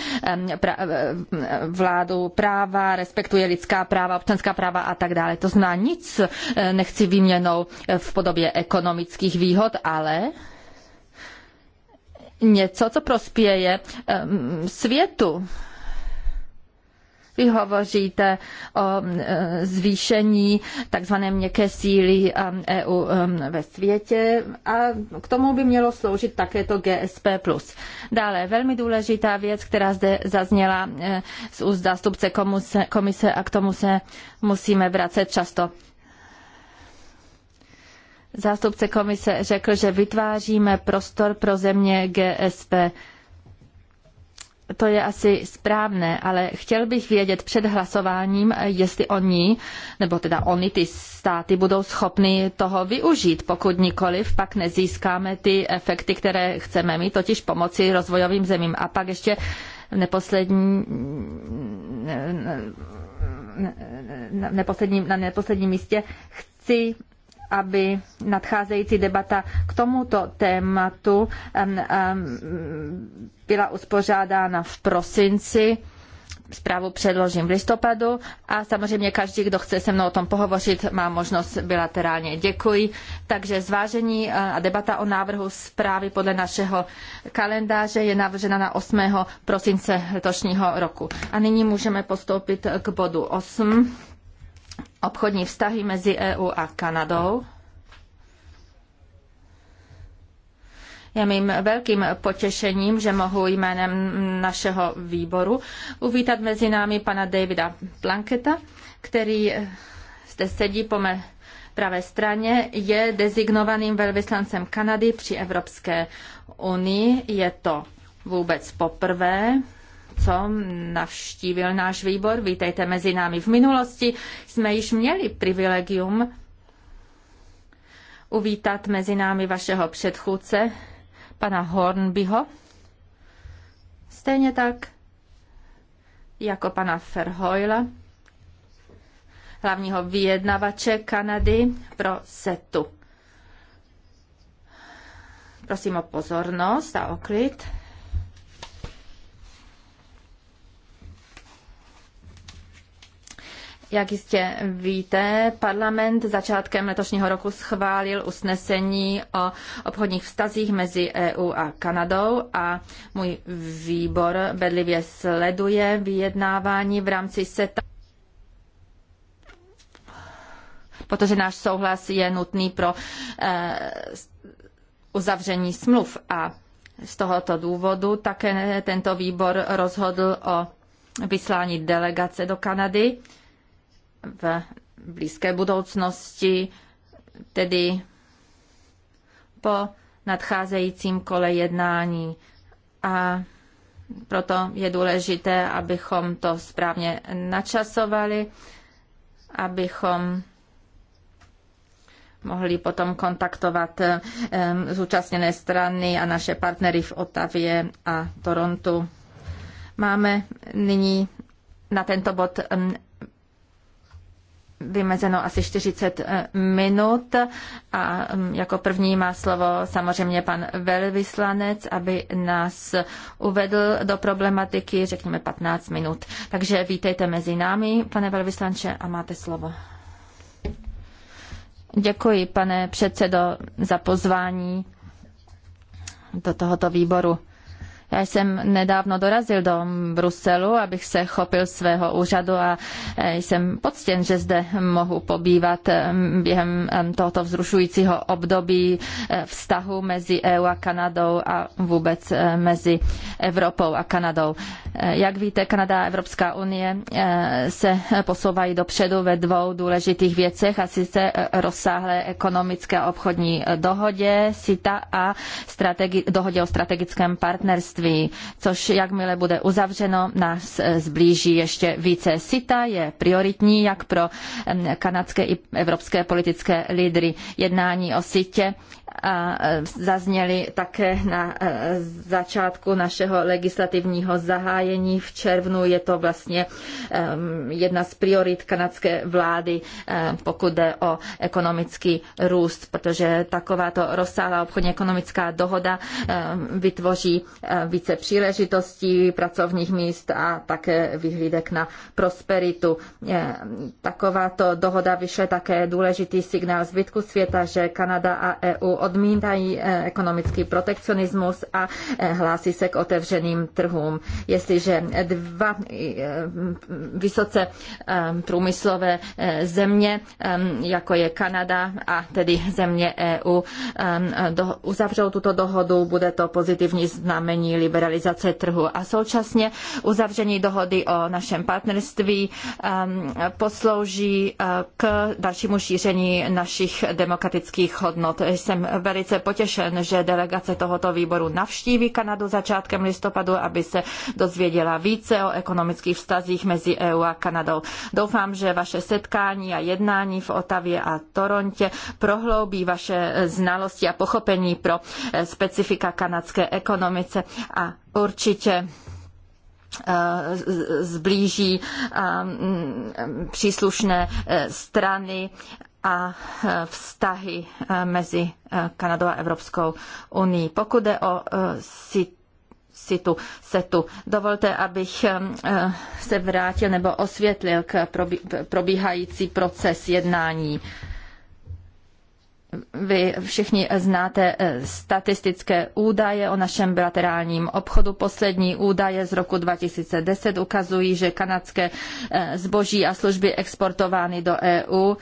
vládu práva, respektuje lidská práva, občanská práva a tak dále. To zná nic, eh, nechci výměnou eh, v podobě ekonomických výhod, ale něco, co prospěje světu vy hovoříte o e, zvýšení takzvané měkké síly um, EU um, ve světě a k tomu by mělo sloužit také to GSP+. Dále velmi důležitá věc, která zde zazněla e, z úst zástupce komise a k tomu se musíme vracet často. Zástupce komise řekl, že vytváříme prostor pro země GSP to je asi správné, ale chtěl bych vědět před hlasováním, jestli oni, nebo teda oni, ty státy, budou schopni toho využít. Pokud nikoliv, pak nezískáme ty efekty, které chceme mít, totiž pomoci rozvojovým zemím. A pak ještě v neposlední neposledním, na neposledním místě chci aby nadcházející debata k tomuto tématu byla uspořádána v prosinci zprávu předložím v listopadu a samozřejmě každý, kdo chce se mnou o tom pohovořit, má možnost bilaterálně. Děkuji. Takže zvážení eh, a debata o návrhu zprávy podle našeho kalendáře je navržena na 8. prosince letošního roku. A nyní můžeme postoupit k bodu 8 obchodní vztahy mezi EU a Kanadou. Je mým velkým potěšením, že mohu jménem našeho výboru uvítat mezi námi pana Davida Planketa, který eh, zde sedí po mé pravé straně, je dezignovaným velvyslancem Kanady při Evropské unii. Je to vůbec poprvé co navštívil náš výbor. Vítejte mezi námi. V minulosti jsme již měli privilegium uvítat mezi námi vašeho předchůdce, pana Hornbyho. Stejně tak jako pana Ferhoyla, hlavního vyjednavače Kanady pro SETu. Prosím o pozornost a o klid. Jak jistě víte, parlament začátkem letošního roku schválil usnesení o obchodních vztazích mezi EU a Kanadou a můj výbor bedlivě sleduje vyjednávání v rámci SETA. protože náš souhlas je nutný pro eh, uzavření smluv a z tohoto důvodu také tento výbor rozhodl o vyslání delegace do Kanady v blízké budoucnosti, tedy po nadcházejícím kole jednání. A proto je důležité, abychom to správně načasovali, abychom mohli potom kontaktovat zúčastněné strany a naše partnery v Otavě a Torontu. Máme nyní na tento bod vymezeno asi 40 eh, minut a mm, jako první má slovo samozřejmě pan velvyslanec, aby nás uvedl do problematiky, řekněme 15 minut. Takže vítejte mezi námi, pane velvyslanče, a máte slovo. Děkuji, pane předsedo, za pozvání do tohoto výboru. Já jsem nedávno dorazil do Bruselu, abych se chopil svého úřadu a e, jsem poctěn, že zde mohu pobývat e, během e, tohoto vzrušujícího období vztahu mezi EU a Kanadou a vůbec mezi Evropou a Kanadou. Jak víte, Kanada a Evropská unie se posouvají dopředu ve dvou důležitých věcech, a sice rozsáhlé ekonomické a obchodní dohodě SITA a dohodě o strategickém partnerství partnerství, což jakmile bude uzavřeno, nás eh, zblíží ještě více. SITA je prioritní jak pro kanadské i evropské politické lídry. Jednání o SITě E, zazněly také na e, začátku našeho legislativního zahájení v červnu. Je to vlastně e, jedna z priorit kanadské vlády, pokud jde o ekonomický růst, protože takováto rozsáhlá obchodně ekonomická dohoda vytvoří více příležitostí, pracovních míst a také vyhlídek na prosperitu. Takováto dohoda vyšle také důležitý signál zbytku světa, že Kanada a EU odmítají eh, ekonomický protekcionismus a eh, hlásí se k otevřeným trhům. Jestliže dva eh, mm, vysoce průmyslové země, jako je Kanada a tedy země EU, uzavřou tuto dohodu, bude to pozitivní znamení liberalizace trhu. A současně uzavření dohody o našem partnerství poslouží k dalšímu šíření našich demokratických hodnot. Jsem velice potěšen, že delegace tohoto výboru navštíví Kanadu začátkem listopadu, aby se dozvěděla více o ekonomických vztazích mezi EU a Kanadou. Doufám, že vaše setkání a jednání v Otavě a Torontě prohloubí vaše znalosti a pochopení pro eh, specifika kanadské ekonomice a určitě eh, zblíží eh, příslušné strany a e, vztahy e, mezi e, Kanadou a Evropskou unii. Pokud jde o situ, setu, dovolte, abych se vrátil nebo osvětlil k probíhající proces jednání. Vy všichni znáte statistické údaje o našem bilaterálním obchodu. Poslední údaje z roku 2010 ukazují, že kanadské zboží a služby exportovány do EU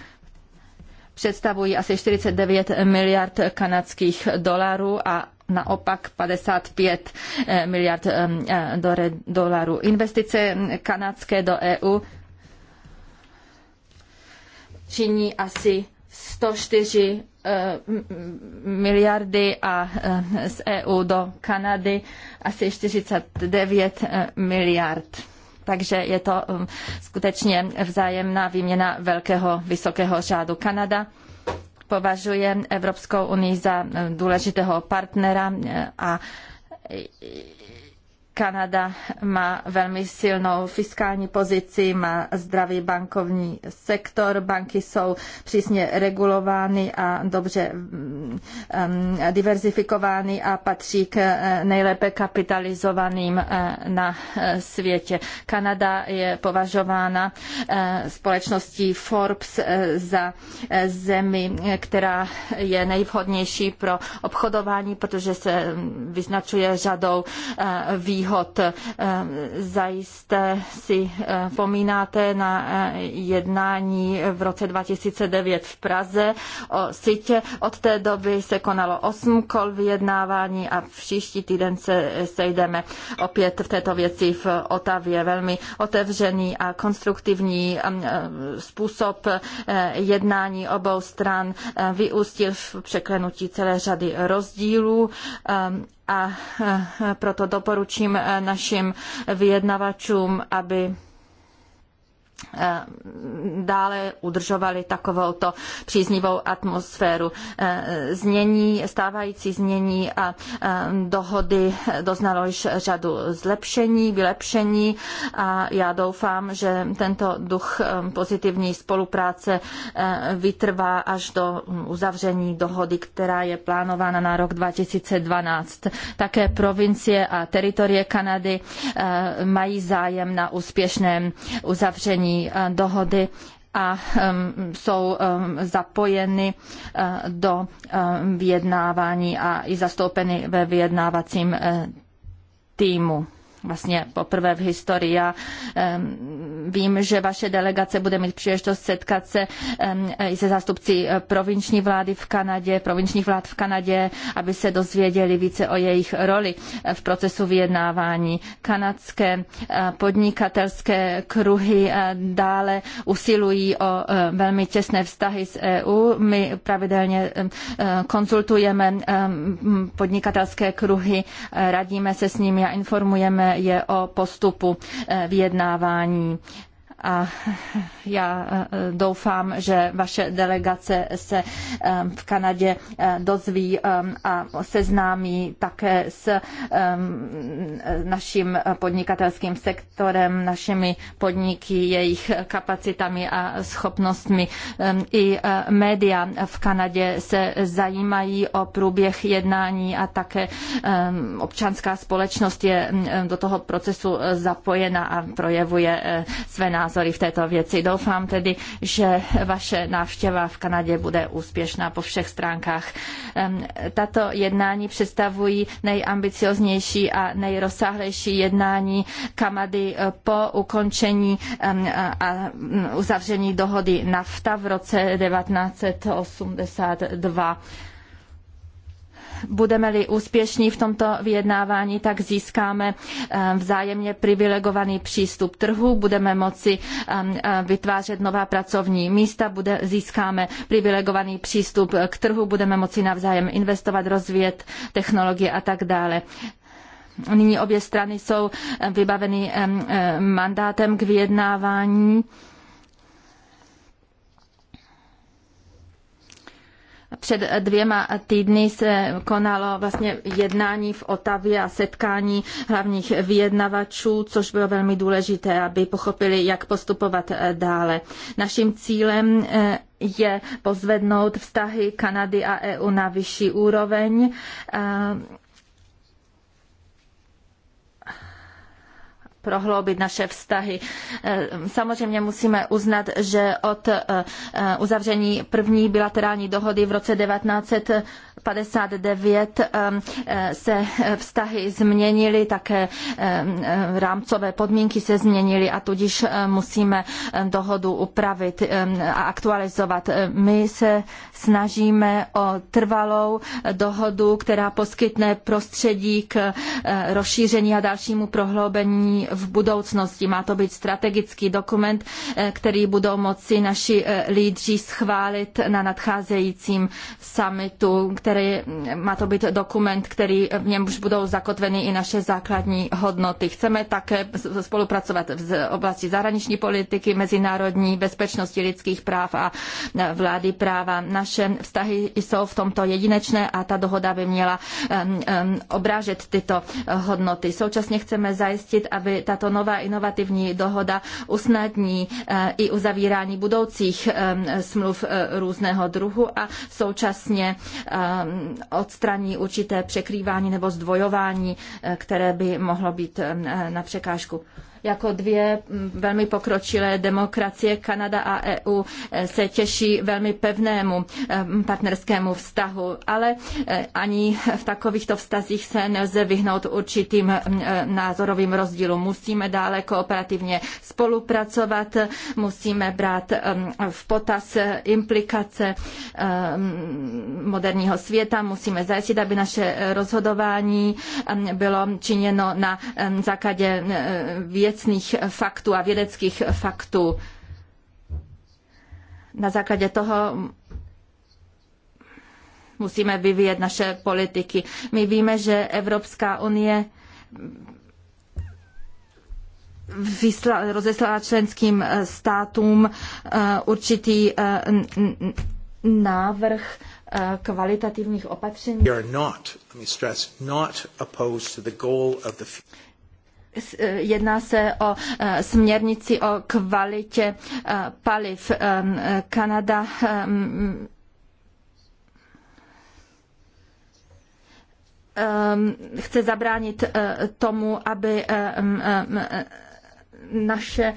představují asi 49 miliard kanadských dolarů a naopak 55 eh, miliard eh, dolarů. Investice mm, kanadské do EU činí asi 104 eh, miliardy a z EU do Kanady asi 49 miliard. Takže je to um, skutečně vzájemná výměna velkého, vysokého řádu. Kanada považuje Evropskou unii za um, důležitého partnera uh, a Kanada má velmi silnou fiskální pozici, má zdravý bankovní sektor, banky jsou přísně regulovány a dobře mm, mm, diverzifikovány a patří k eh, nejlépe kapitalizovaným eh, na eh, světě. Kanada je považována společností Forbes za zemi, která je nejvhodnější pro obchodování, protože se mm, vyznačuje řadou výhod výhod. Eh, zajisté si eh, pomínáte na eh, jednání v roce 2009 v Praze o sítě. Od té doby se konalo osm kol vyjednávání a příští týden se sejdeme opět v této věci v Otavě. Velmi otevřený a konstruktivní způsob jednání obou stran vyústil v překlenutí celé řady rozdílů a proto doporučím e, našim vyjednavačům, aby Eh, dále udržovali takovouto příznivou atmosféru. Eh, znění, stávající znění a eh, dohody doznalo již řadu zlepšení, vylepšení a já doufám, že tento duch pozitivní spolupráce vytrvá až do uzavření dohody, která je plánována na rok 2012. Také provincie a teritorie Kanady mají zájem na úspěšném uzavření mezinárodní eh, dohody a jsou zapojeny eh, do vyjednávání a i zastoupeny ve vyjednávacím eh, týmu vlastně poprvé v historii. Já vím, že vaše delegace bude mít příležitost setkat se i se zástupci eh, provinční vlády v Kanadě, provinčních vlád v Kanadě, aby se dozvěděli více o jejich roli eh, v procesu vyjednávání. Kanadské eh, podnikatelské kruhy dále usilují o velmi těsné vztahy s EU. My pravidelně konzultujeme podnikatelské kruhy, radíme se s nimi a informujeme je o postupu eh, vyjednávání a já eh, doufám, že vaše delegace se eh, v Kanadě eh, dozví a seznámí také s naším podnikatelským sektorem, našimi podniky, jejich kapacitami a schopnostmi. I média v Kanadě se zajímají o průběh jednání a také občanská společnost je do toho procesu zapojena a projevuje své názory názory v této věci. Doufám tedy, že vaše návštěva v Kanadě bude úspěšná po všech stránkách. Tato jednání představují nejambicioznější a nejrozsáhlejší jednání Kanady eh, po ukončení a uzavření dohody NAFTA v roce 1982 budeme-li úspěšní v tomto vyjednávání, tak získáme eh, vzájemně privilegovaný přístup trhu, budeme moci eh, eh, vytvářet nová pracovní místa, bude, získáme privilegovaný přístup k trhu, budeme moci navzájem investovat, rozvíjet technologie a tak dále. Nyní obě strany jsou vybaveny mandátem k vyjednávání Před dvěma týdny se konalo vlastně jednání v Otavě a setkání hlavních vyjednavačů, což bylo velmi důležité, aby pochopili, jak postupovat eh, dále. Naším cílem eh, je pozvednout vztahy Kanady a EU na vyšší úroveň eh, prohloubit naše vztahy. Eh, samozřejmě musíme uznat, že od eh, eh, uzavření první bilaterální dohody v roce 19 59 ehm, eh, se vztahy změnily, také ehm, eh, rámcové podmínky se změnily a tudíž eh, musíme dohodu upravit ehm, a aktualizovat. My se snažíme o trvalou dohodu, která poskytne prostředí k rozšíření a dalšímu prohloubení v budoucnosti. Má to být strategický dokument, který budou moci naši lídři schválit na nadcházejícím summitu, které má to být dokument, který v němž budou zakotveny i naše základní hodnoty. Chceme také spolupracovat v oblasti zahraniční politiky, mezinárodní bezpečnosti lidských práv a e, vlády práva. Naše vztahy jsou v tomto jedinečné a ta dohoda by měla obrážet tyto hodnoty. Současně chceme zajistit, aby tato nová inovativní dohoda usnadní e, i uzavírání budoucích smluv e, různého druhu a současně Um, odstraní určité překrývání nebo zdvojování, eh, které by mohlo být eh, na překážku jako dvě mm, velmi pokročilé demokracie, Kanada a EU eh, se těší velmi pevnému eh, partnerskému vztahu, ale eh, ani v takovýchto vztazích se nelze vyhnout určitým názorovým rozdílům. Musíme dále kooperativně spolupracovat, musíme brát v potaz implikace moderního světa, musíme zajistit, aby naše rozhodování bylo činěno na základě věd věcných faktů a vědeckých faktů. Na základě toho musíme vyvíjet naše politiky. My víme, že Evropská unie vysla, rozeslala členským eh, státům eh, určitý eh, návrh kvalitativních opatření. Eh, jedná se o eh, směrnici o kvalitě eh, paliv. Ehm, Kanada ehm, ehm, chce zabránit tomu, aby naše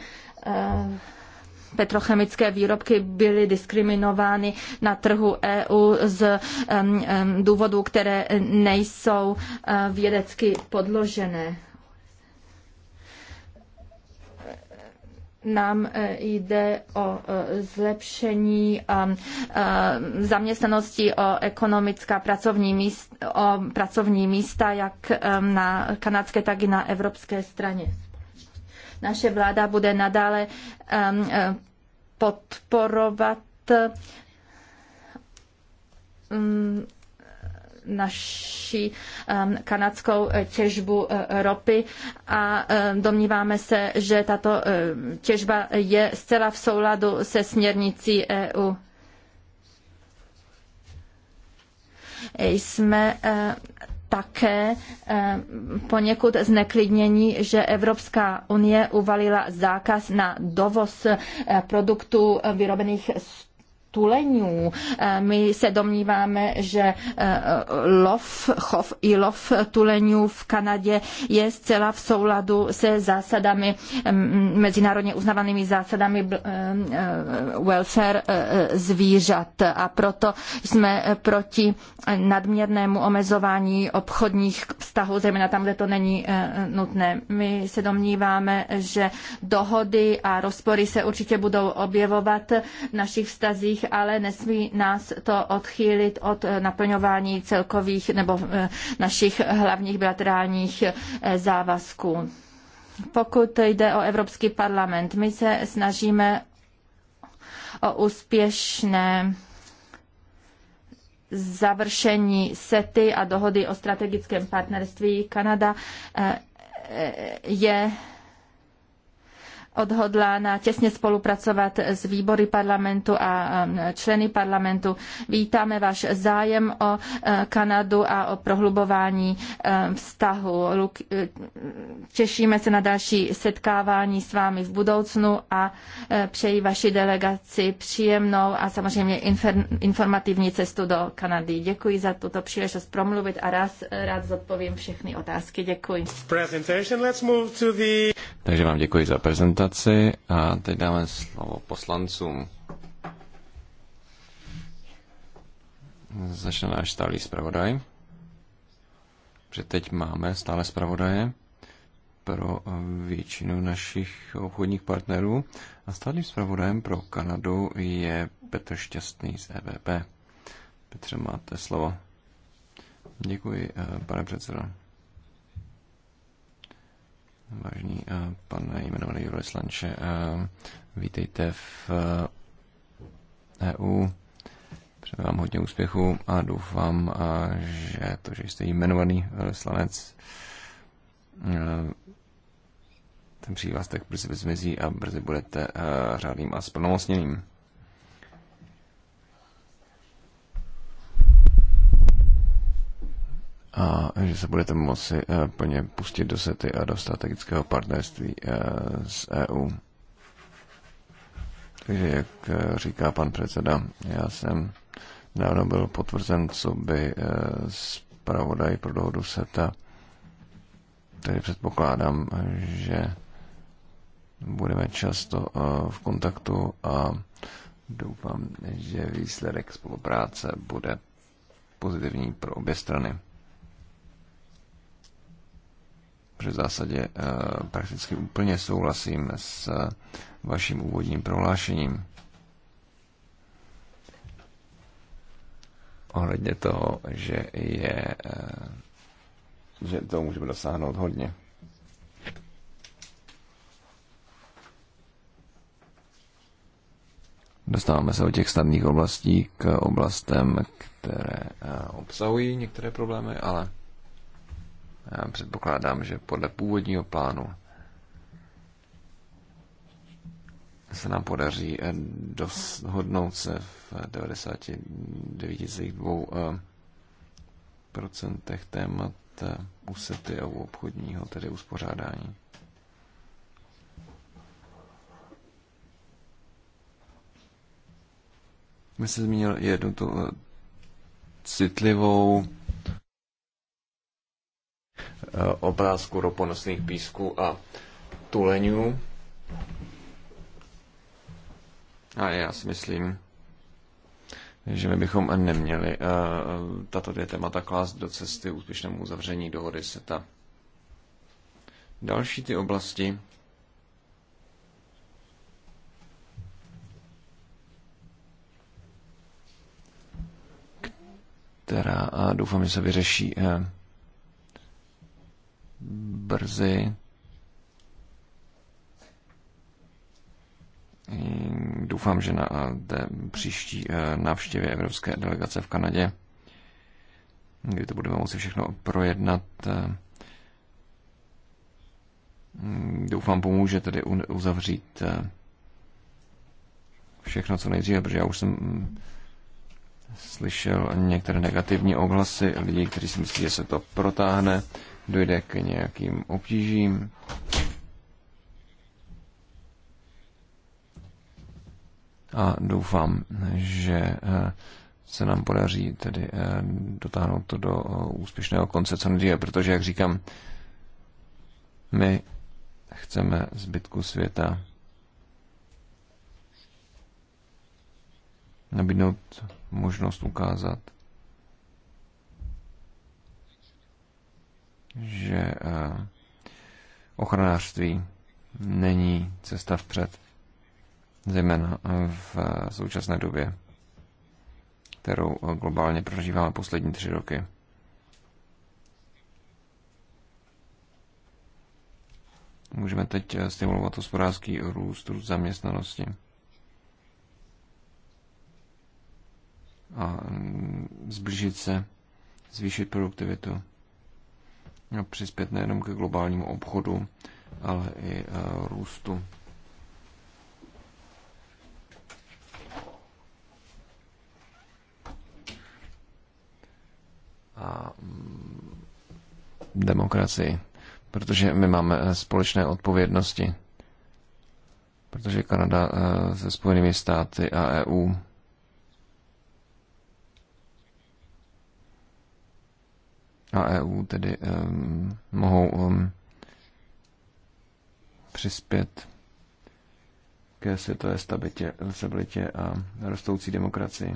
petrochemické výrobky byly diskriminovány na trhu EU z důvodů, které nejsou vědecky podložené. nám eh, jde o eh, zlepšení um, eh, zaměstnanosti, o ekonomická pracovní místa, o pracovní místa jak na kanadské, tak i na evropské straně. Naše vláda bude nadále podporovat naší ehm, kanadskou eh, těžbu eh, ropy a ehm, domníváme se, že tato eh, těžba je zcela v souladu se směrnicí EU. Jsme také poněkud zneklidnění, že Evropská unie uvalila zákaz na dovoz produktů vyrobených z tuleňů. Eh, my se domníváme, že eh, lov, chov i lov tuleňů v Kanadě je zcela v souladu se zásadami, mezinárodně uznávanými zásadami eh, welfare zvířat. A proto jsme proti nadměrnému omezování obchodních vztahů, zejména tam, kde to není nutné. My se domníváme, že dohody a rozpory se určitě budou objevovat v našich vztazích dalších, ale nesmí nás to odchýlit od eh, naplňování celkových nebo eh, našich hlavních bilaterálních eh, závazků. Pokud jde o Evropský parlament, my se snažíme o úspěšné završení sety a dohody o strategickém partnerství Kanada je odhodlána těsně spolupracovat s výbory parlamentu a um, členy parlamentu. Vítáme váš zájem o uh, Kanadu a o prohlubování um, vztahu. Uh, těšíme se na další setkávání s vámi v budoucnu a uh, přeji vaši delegaci příjemnou a samozřejmě informativní cestu do Kanady. Děkuji za tuto příležitost promluvit a raz, rád zodpovím všechny otázky. Děkuji. Takže vám děkuji za prezentaci prezentaci a teď dáme slovo poslancům. Začne náš stálý zpravodaj, že teď máme stále zpravodaje pro většinu našich obchodních partnerů a stálým zpravodajem pro Kanadu je Petr Šťastný z EVP. Petře, máte slovo. Děkuji, eh, pane předsedo. Vážný eh, pane jmenovaný uh, vítejte v EU. Eh, e Přeji vám hodně úspěchu a doufám, že to, že jste jmenovaný velvyslanec, ten tak brzy zmizí a brzy budete řádným a splnomocněným. a že se budete moci eh, plně pustit do SETy a do strategického partnerství eh, s EU. Takže jak eh, říká pan předseda, já jsem dávno byl potvrzen, co by zpravodaj pro dohodu SETA. Tedy předpokládám, že budeme často v kontaktu a doufám, že výsledek spolupráce bude pozitivní pro obě strany. protože v zásadě eh, prakticky úplně souhlasím s eh, vaším úvodním prohlášením. Ohledně toho, že je eh, že to můžeme dosáhnout hodně. Dostáváme se od těch snadných oblastí k oblastem, které obsahují některé problémy, ale já předpokládám, že podle původního plánu se nám podaří eh, dohodnout se v 99,2 eh, témat u eh, sety a u obchodního, tedy uspořádání. My se zmínil jednu tu citlivou Eh, obrázku roponosných písků a tuleňů. A já si myslím, že my bychom neměli uh, tato dvě témata klást do cesty úspěšnému uzavření dohody SETA. Další ty oblasti, která a doufám, že se vyřeší eh, brzy. Doufám, že na té příští eh, návštěvě Evropské delegace v Kanadě, kdy to budeme moci všechno projednat, eh, doufám pomůže tedy uzavřít eh, všechno co nejdříve, protože já už jsem mm, slyšel některé negativní ohlasy lidí, kteří si myslí, že se to protáhne dojde k nějakým obtížím. A doufám, že eh, se nám podaří tedy eh, dotáhnout to do eh, úspěšného konce co nejdříve, protože, jak říkám, my chceme zbytku světa nabídnout možnost ukázat, že eh, ochranářství není cesta vpřed, zejména v eh, současné době, kterou eh, globálně prožíváme poslední tři roky. Můžeme teď stimulovat hospodářský růst, růst zaměstnanosti. A mm, zblížit se, zvýšit produktivitu přispět nejenom ke globálnímu obchodu, ale i e, růstu. A mm, demokracii, protože my máme e, společné odpovědnosti, protože Kanada e, se Spojenými státy a EU a EU tedy um, mohou um, přispět ke světové stabilitě, stabilitě a rostoucí demokracii.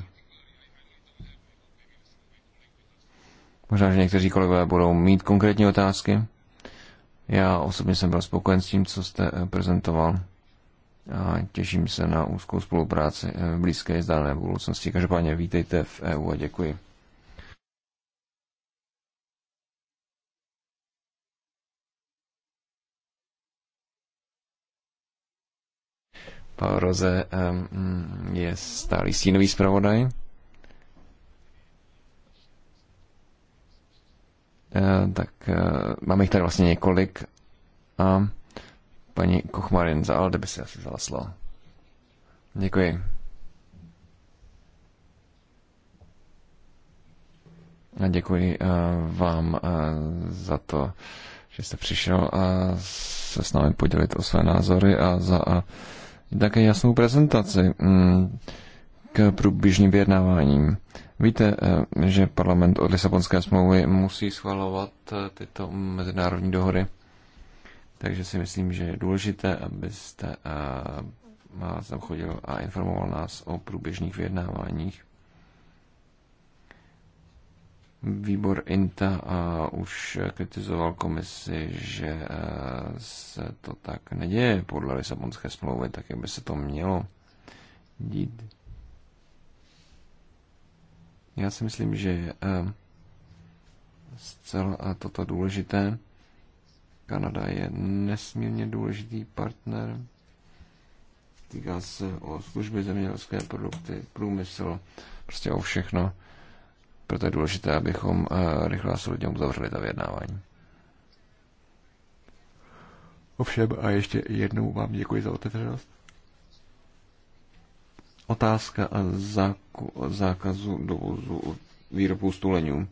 Možná, že někteří kolegové budou mít konkrétní otázky. Já osobně jsem byl spokojen s tím, co jste eh, prezentoval a těším se na úzkou spolupráci eh, v blízké zdálené budoucnosti. Každopádně vítejte v EU a děkuji. Roze je stálý stínový zpravodaj. E, tak e, máme jich tady vlastně několik a paní Kochmarin za Alde by se asi vzala slovo. Děkuji. A děkuji e, vám za to, že jste přišel a se s námi podělit o své názory a za také jasnou prezentaci mm, k průběžným vyjednáváním. Víte, eh, že parlament od Lisabonské smlouvy musí schvalovat eh, tyto mezinárodní dohody, takže si myslím, že je důležité, abyste eh, vás tam a informoval nás o průběžných vyjednáváních. Výbor INTA eh, už kritizoval komisi, že eh, se to tak neděje podle Lisabonské smlouvy, tak jak by se to mělo dít. Já si myslím, že je eh, zcela toto důležité. Kanada je nesmírně důležitý partner. Týká se o služby zemědělské produkty, průmysl, prostě o všechno proto je důležité, abychom eh, rychle a solidně uzavřeli ta vyjednávání. Ovšem, a ještě jednou vám děkuji za otevřenost. Otázka záku, zákazu dovozu výrobů stuleňů.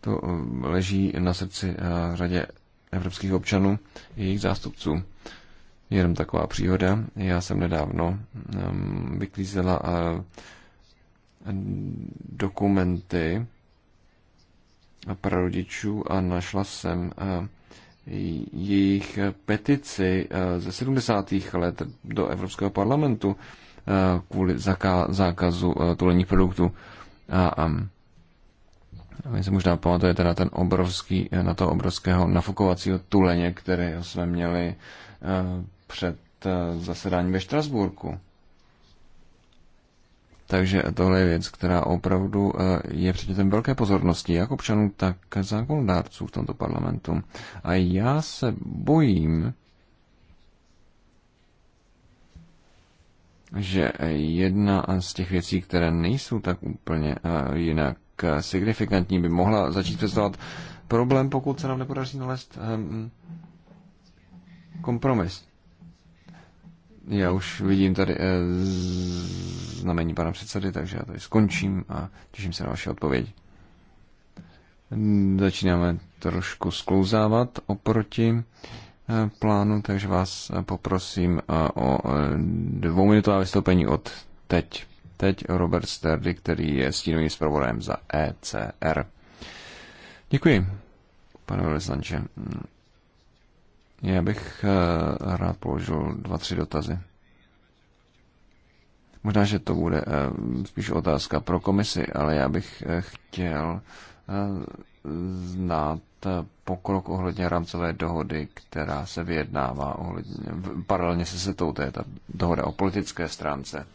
To eh, leží na srdci eh, řadě evropských občanů i jejich zástupců. Jenom taková příhoda. Já jsem nedávno ehm, vyklízela dokumenty prarodičů a našla jsem eh, jejich petici eh, ze 70. let do Evropského parlamentu eh, kvůli zákazu tuleních produktů. A, a vy se možná pamatujete na, ten obrovský, na toho obrovského nafukovacího tuleně, který jsme měli před zasedáním ve Štrasburku. Takže tohle je věc, která opravdu eh, je předmětem velké pozornosti, jak občanů, tak zákonodárců v tomto parlamentu. A já se bojím, že jedna z těch věcí, které nejsou tak úplně eh, jinak eh, signifikantní, by mohla začít představovat problém, pokud se nám nepodaří nalézt ehm, kompromis. Já už vidím tady eh, znamení pana předsedy, takže já tady skončím a těším se na vaše odpověď. Začínáme trošku sklouzávat oproti eh, plánu, takže vás eh, poprosím o dvouminutové vystoupení od teď. Teď Robert Sterdy, který je stínovým zpravodajem za ECR. Děkuji, pane velvyslanče. Já bych eh, rád položil dva, tři dotazy. Možná, že to bude eh, spíš otázka pro komisi, ale já bych eh, chtěl znát pokrok ohledně rámcové dohody, která se vyjednává ohledně, paralelně se se to je ta dohoda o politické stránce.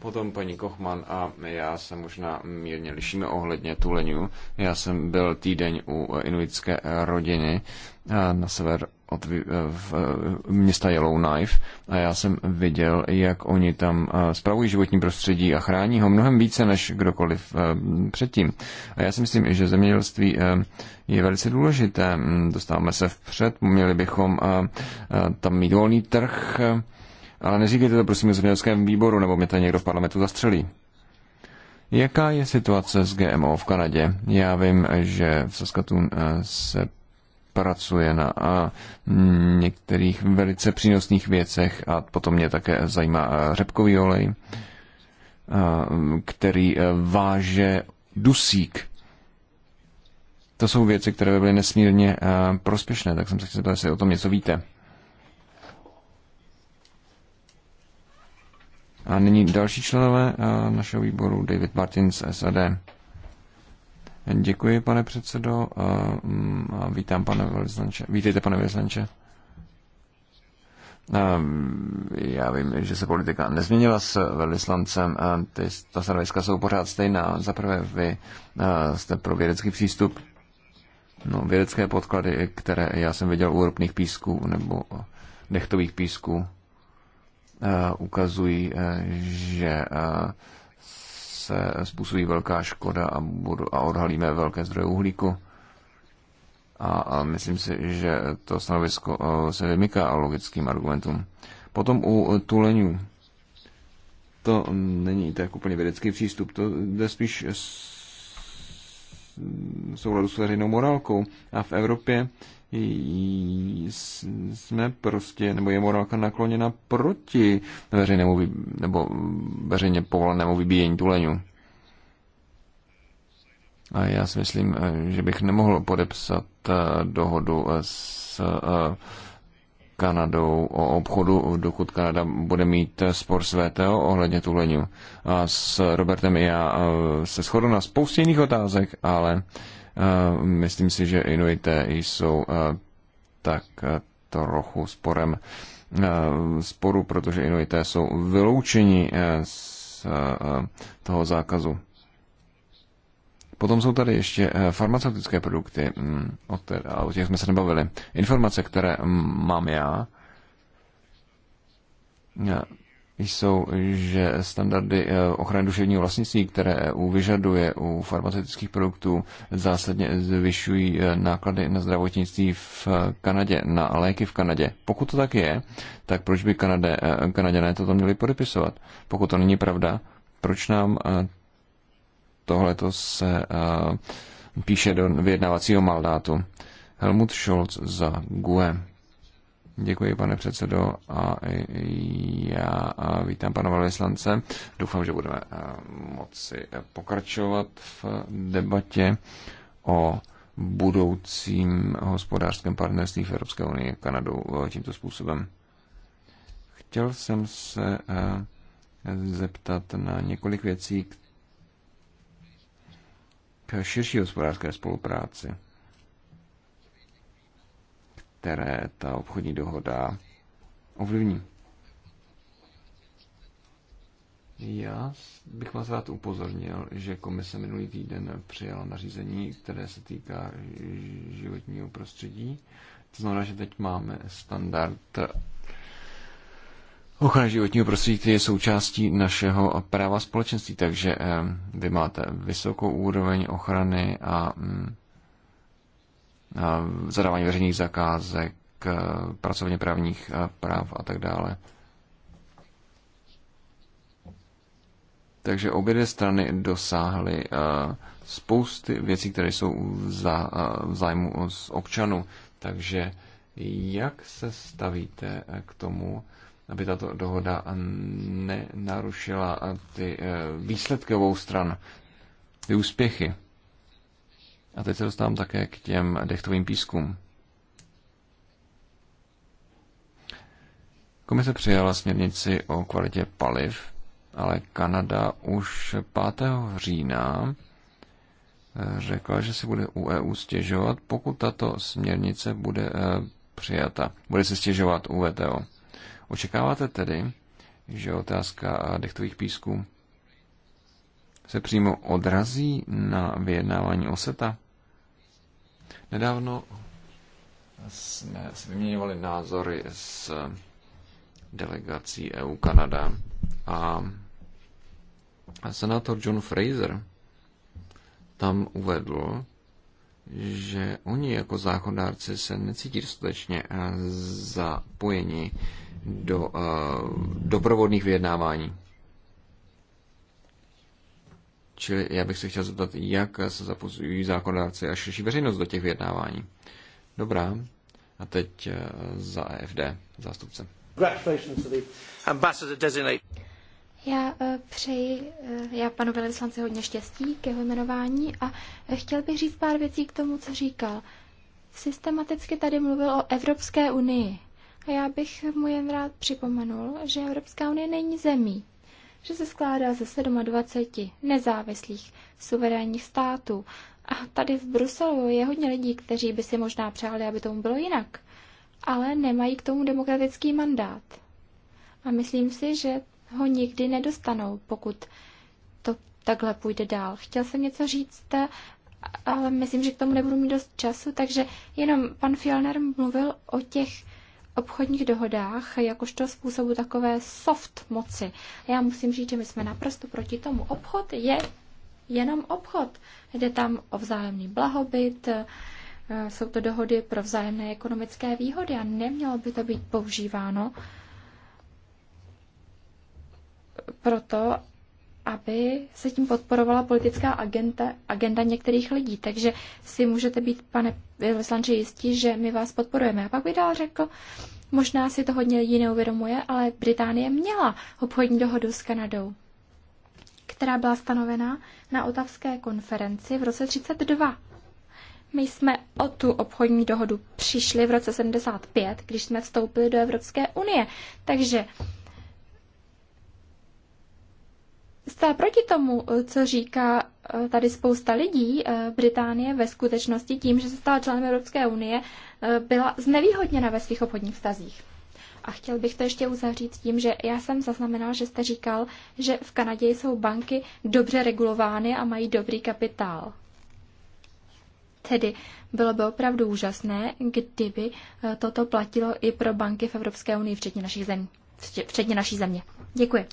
Potom paní Kochman a já se možná mírně lišíme ohledně Tuleňů. Já jsem byl týden u inuitské rodiny na sever od, eh, v, eh, města Yellowknife a já jsem viděl, jak oni tam eh, spravují životní prostředí a chrání ho mnohem více než kdokoliv předtím. A já si myslím, že zemědělství je velice důležité. Mm, dostáváme se vpřed, měli bychom tam mít volný trh, ale neříkejte to prosím v zemědělském výboru, nebo mě to někdo v parlamentu zastřelí. Jaká je situace s GMO v Kanadě? Já vím, že v Saskatoon se pracuje na a mm, některých velice přínosných věcech a potom mě také zajímá řepkový olej, který e, váže dusík. To jsou věci, které by byly nesmírně e, prospěšné, tak jsem se chtěl zeptat, jestli o tom něco víte. A nyní další členové e, našeho výboru, David Martin z SAD. Děkuji, pane předsedo. A mm, vítám, pane Vyslanče. Vítejte, pane Vyslanče. Já vím, že se politika nezměnila s velvyslancem. Ty, ta stanoviska jsou pořád stejná. Za prvé, vy jste pro vědecký přístup. No, vědecké podklady, které já jsem viděl u ropných písků nebo dechtových písků, ukazují, e, že se způsobí velká škoda a, budu, a odhalíme velké zdroje uhlíku. A, a myslím si, že to stanovisko eh, se vymyká logickým argumentům. Potom u tuleňů. To není tak úplně vědecký přístup, to jde spíš s souladu s veřejnou morálkou. A v Evropě jsme prostě, nebo je morálka nakloněna proti veřejnému, nebo veřejně povolenému vybíjení tuleňu. A já si myslím, že bych nemohl podepsat eh, dohodu eh, s eh, Kanadou o obchodu, dokud Kanada bude mít spor s VTO ohledně tuleňu. A s Robertem i já se shodu na spoustě jiných otázek, ale uh, Eh, myslím si, že Inuité jsou eh, tak eh, trochu sporem sporu, protože Inuité jsou vyloučeni z toho zákazu. Potom jsou tady ještě farmaceutické produkty, mm, o, které, o těch jsme se nebavili. Informace, které mm, mám já, jsou, že standardy eh, ochrany duševního vlastnictví, které EU vyžaduje u farmaceutických produktů, zásadně zvyšují eh, náklady na zdravotnictví v eh, Kanadě, na léky v Kanadě. Pokud to tak je, tak proč by Kanadě Kanaděné toto měli podepisovat? Pokud to není pravda, proč nám tohle se píše do vyjednávacího mandátu? Helmut Scholz za GUE. Děkuji, pane předsedo, a já vítám pana Valeslance. Doufám, že budeme eh, moci eh, pokračovat v debatě o budoucím hospodářském partnerství v Evropské unii Kanadu eh, tímto způsobem. Chtěl jsem se zeptat na několik věcí k širší hospodářské spolupráci které ta obchodní dohoda ovlivní. Já bych vás rád upozornil, že komise minulý týden přijala nařízení, které se týká životního prostředí. To znamená, že teď máme standard ochrany životního prostředí, který je součástí našeho práva společenství. Takže eh, vy máte vysokou úroveň ochrany a mm, zadávání veřejných zakázek, pracovně právních práv a tak dále. Takže obě dvě strany dosáhly spousty věcí, které jsou v, zájmu z občanů. Takže jak se stavíte k tomu, aby tato dohoda nenarušila ty e, výsledky obou stran, ty úspěchy? A teď se dostávám také k těm dechtovým pískům. Komise přijala směrnici o kvalitě paliv, ale Kanada už 5. října eh, řekla, že si bude u EU stěžovat, pokud tato směrnice bude eh, přijata. Bude se stěžovat u VTO. Očekáváte tedy, že otázka dechtových písků se přímo odrazí na vyjednávání OSETA? Nedávno jsme si vyměňovali názory s delegací EU Kanada a senátor John Fraser tam uvedl, že oni jako zákonodárci se necítí dostatečně eh, zapojeni do uh, doprovodných vyjednávání. Čili já bych se chtěl zeptat, jak se zapojují zákonodárci a širší veřejnost do těch vyjednávání. Dobrá. A teď eh, za EFD zástupce. Já eh, přeji, eh, já panu velvyslanci hodně štěstí k jeho jmenování a chtěl bych říct pár věcí k tomu, co říkal. Systematicky tady mluvil o Evropské unii. A já bych mu jen rád připomenul, že Evropská unie není zemí že se skládá ze 27 nezávislých suverénních států. A tady v Bruselu je hodně lidí, kteří by si možná přáli, aby tomu bylo jinak, ale nemají k tomu demokratický mandát. A myslím si, že ho nikdy nedostanou, pokud to takhle půjde dál. Chtěl jsem něco říct, ale myslím, že k tomu nebudu mít dost času, takže jenom pan Fjellner mluvil o těch obchodních dohodách jakožto způsobu takové soft moci. já musím říct, že my jsme naprosto proti tomu. Obchod je jenom obchod. Jde tam o vzájemný blahobyt, eh, jsou to dohody pro vzájemné ekonomické výhody a nemělo by to být používáno proto, aby se tím podporovala politická agenda, agenda některých lidí. Takže si můžete být, pane vyslanče, jistí, že my vás podporujeme. A pak by dál řekl, možná si to hodně lidí neuvědomuje, ale Británie měla obchodní dohodu s Kanadou, která byla stanovena na otavské konferenci v roce 32. My jsme o tu obchodní dohodu přišli v roce 75, když jsme vstoupili do Evropské unie. Takže Stá proti tomu, eh, co říká eh, tady spousta lidí, eh, Británie ve skutečnosti tím, že se stala členem Evropské unie, byla znevýhodněna ve svých obchodních vztazích. A chtěl bych to ještě uzavřít tím, že já jsem zaznamenal, že jste říkal, že v Kanadě jsou banky dobře regulovány a mají dobrý kapitál. Tedy bylo by opravdu úžasné, kdyby toto platilo i pro banky v Evropské unii, včetně naší země. Včetně naší země. Děkuji.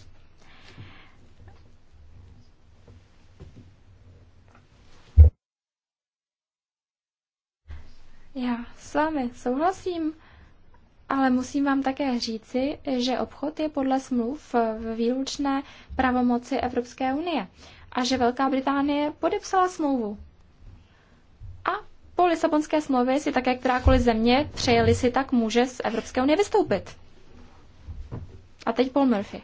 Já s vámi souhlasím, ale musím vám také říci, že obchod je podle smluv v výlučné pravomoci Evropské unie a že Velká Británie podepsala smlouvu. A po Lisabonské smlouvě si také kterákoliv země, přejeli si tak, může z Evropské unie vystoupit. A teď Paul Murphy.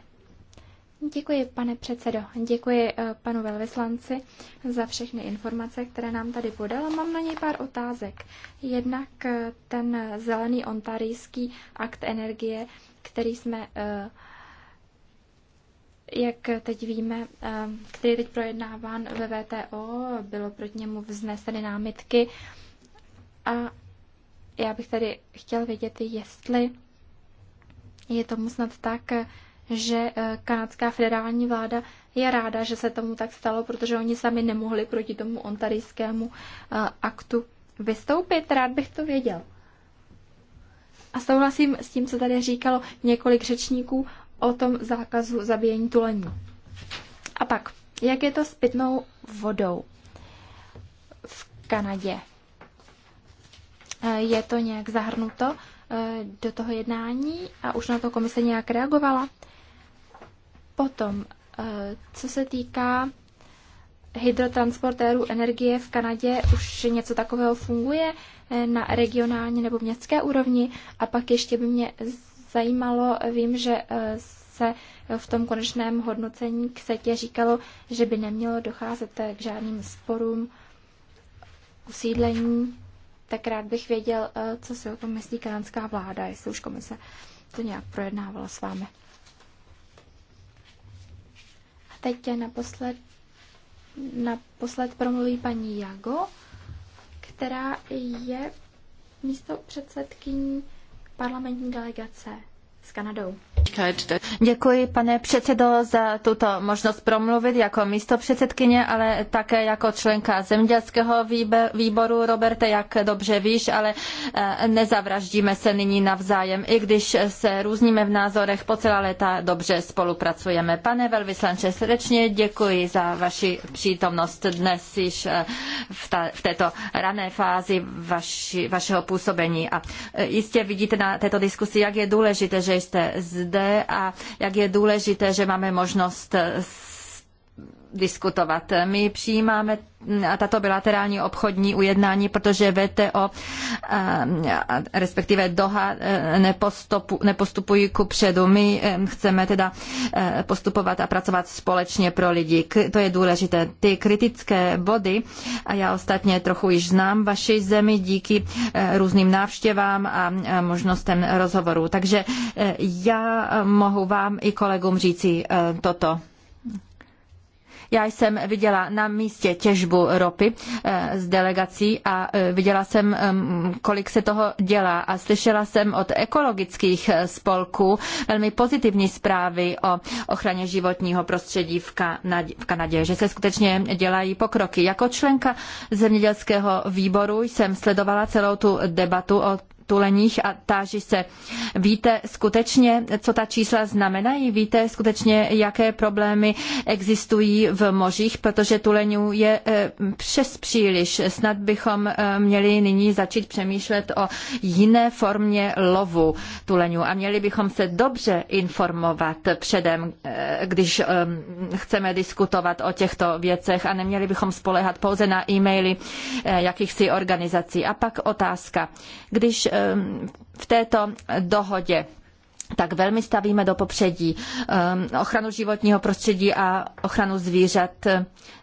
Děkuji, pane předsedo. Děkuji eh, panu velvyslanci za všechny informace, které nám tady podal. Mám na něj pár otázek. Jednak eh, ten zelený ontarijský akt energie, který jsme, eh, jak teď víme, který je teď projednáván ve VTO, bylo proti němu vzneseny námitky. A já bych tady chtěl vědět, jestli je tomu snad tak, že eh, kanadská federální vláda je ráda, že se tomu tak stalo, protože oni sami nemohli proti tomu ontarijskému eh, aktu vystoupit. Rád bych to věděl. A souhlasím s tím, co tady říkalo několik řečníků o tom zákazu zabíjení tulení. A pak, jak je to s pitnou vodou v Kanadě? Eh, je to nějak zahrnuto do toho jednání a už na to komise nějak reagovala? Potom, eh, co se týká hydrotransportérů energie v Kanadě, už něco takového funguje eh, na regionální nebo městské úrovni. A pak ještě by mě zajímalo, vím, že eh, se v tom konečném hodnocení k setě říkalo, že by nemělo docházet k žádným sporům usídlení, tak rád bych věděl, co si o tom myslí kanadská vláda, jestli už komise to nějak projednávala s vámi teď naposled, naposled promluví paní Jago, která je místo předsedkyní parlamentní delegace s Kanadou. Děkuji, pane předsedo, za tuto možnost promluvit jako místo předsedkyně, ale také jako členka zemědělského výboru. Roberte, jak dobře víš, ale eh, nezavraždíme se nyní navzájem. I když se různíme v názorech, po celá léta dobře spolupracujeme. Pane velvyslanče, srdečně děkuji za vaši přítomnost dnes již eh, v, ta, v této rané fázi vaši, vašeho působení. A eh, jistě vidíte na této diskusi, jak je důležité, že že jste zde a jak je důležité, že máme možnost diskutovat. My přijímáme tato bilaterální obchodní ujednání, protože VTO, respektive Doha, e, nepostupují ku předu. My e, chceme teda e, postupovat a pracovat společně pro lidi. To je důležité. Ty kritické body, a já ostatně trochu již znám vaši zemi díky různým návštěvám a možnostem rozhovoru. Takže já mohu vám i kolegům říci toto. Já jsem viděla na místě těžbu ropy s eh, delegací a eh, viděla jsem, mm, kolik se toho dělá a slyšela jsem od ekologických eh, spolků velmi pozitivní zprávy o ochraně životního prostředí v Kanadě, v Kanadě že se skutečně dělají pokroky. Jako členka zemědělského výboru jsem sledovala celou tu debatu o tuleních a táži se, víte skutečně, co ta čísla znamenají? Víte skutečně, jaké problémy existují v mořích, protože tuleňů je eh, přes příliš. Snad bychom eh, měli nyní začít přemýšlet o jiné formě lovu tuleňů a měli bychom se dobře informovat předem, eh, když chceme diskutovat o těchto věcech a neměli bychom spolehat pouze na e-maily jakýchsi organizací. A pak otázka. Když Ehm, v této dohodě tak velmi stavíme do popředí ehm, ochranu životního prostředí a ochranu zvířat.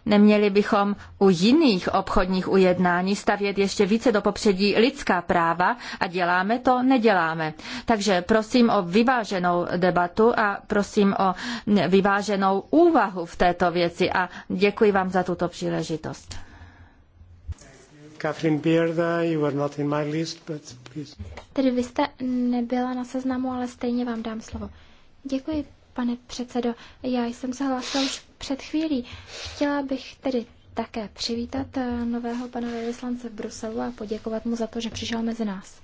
Neměli bychom u jiných obchodních ujednání stavět ještě více do popředí lidská práva a děláme to, neděláme. Takže prosím o vyváženou debatu a prosím o vyváženou úvahu v této věci a děkuji vám za tuto příležitost. Catherine Bearda, you were not in my list, but please. Tedy vy jste nebyla na seznamu, ale stejně vám dám slovo. Děkuji, pane předsedo. Já jsem se hlásila už před chvílí. Chtěla bych tedy také přivítat eh, nového pana vyslance v Bruselu a poděkovat mu za to, že přišel mezi nás.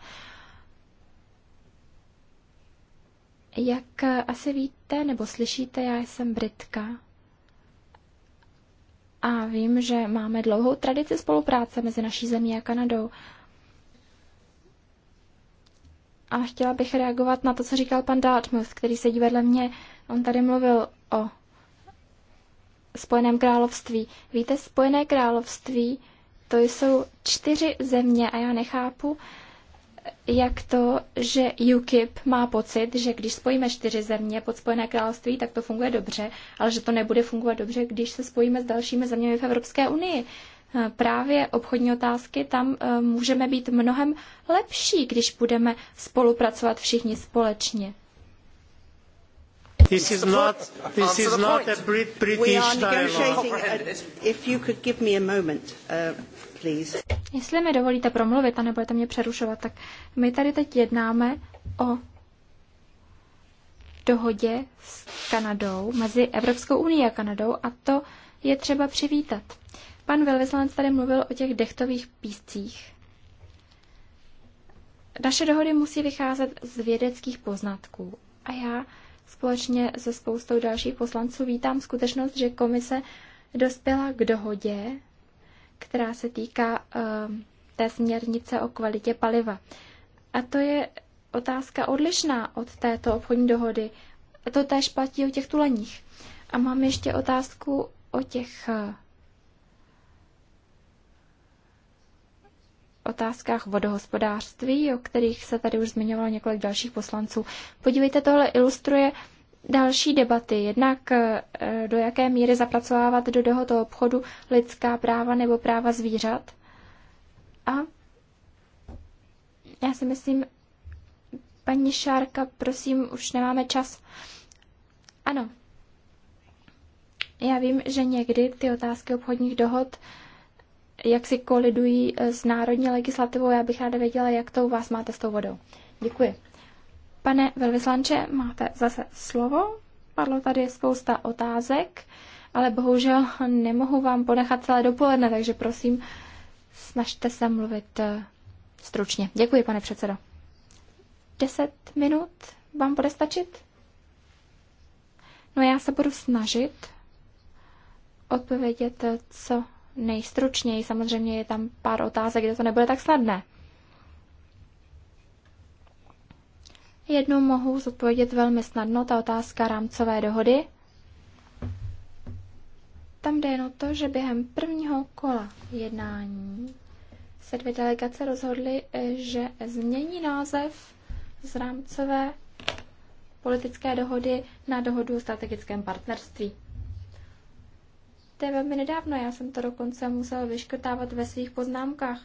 Jak eh, asi víte nebo slyšíte, já jsem Britka a vím, že máme dlouhou tradici spolupráce mezi naší zemí a Kanadou. A chtěla bych reagovat na to, co říkal pan Dartmouth, který sedí vedle mě. On tady mluvil o Spojeném království. Víte, Spojené království to jsou čtyři země a já nechápu, jak to, že UKIP má pocit, že když spojíme čtyři země pod Spojené království, tak to funguje dobře, ale že to nebude fungovat dobře, když se spojíme s dalšími zeměmi v Evropské unii. Eh, právě obchodní otázky tam eh, můžeme být mnohem lepší, když budeme spolupracovat všichni společně. This is not, this is not a British If you could give me a moment. Uh please. Jestli mi dovolíte promluvit a nebudete mě přerušovat, tak my tady teď jednáme o dohodě s Kanadou, mezi Evropskou unii a Kanadou a to je třeba přivítat. Pan velvyslanec tady mluvil o těch dechtových píscích. Naše dohody musí vycházet z vědeckých poznatků a já společně se spoustou dalších poslanců vítám skutečnost, že komise dospěla k dohodě která se týká ehm, té směrnice o kvalitě paliva. A to je otázka odlišná od této obchodní dohody. to též platí o těch tuleních. A mám ještě otázku o těch eh, otázkách vodohospodářství, o kterých se tady už zmiňovalo několik dalších poslanců. Podívejte, tohle ilustruje Další debaty, jednak eh, do jaké míry zapracovávat do tohoto obchodu lidská práva nebo práva zvířat. A já si myslím, paní Šárka, prosím, už nemáme čas. Ano. Já vím, že někdy ty otázky obchodních dohod jak si kolidují eh, s národní legislativou. Já bych ráda věděla, jak to u vás máte s tou vodou. Děkuji. Pane velvyslanče, máte zase slovo. Padlo tady spousta otázek, ale bohužel nemohu vám ponechat celé dopoledne, takže prosím, snažte se mluvit eh, stručně. Děkuji, pane předsedo. Deset minut vám bude stačit? No já se budu snažit odpovědět eh, co nejstručněji. Samozřejmě je tam pár otázek, kde to nebude tak snadné. Jednu mohu zodpovědět velmi snadno, ta otázka rámcové dohody. Tam jde jen o to, že během prvního kola jednání se dvě delegace rozhodly, eh, že změní název z rámcové politické dohody na dohodu o strategickém partnerství. To je velmi nedávno, já jsem to dokonce musel vyškrtávat ve svých poznámkách,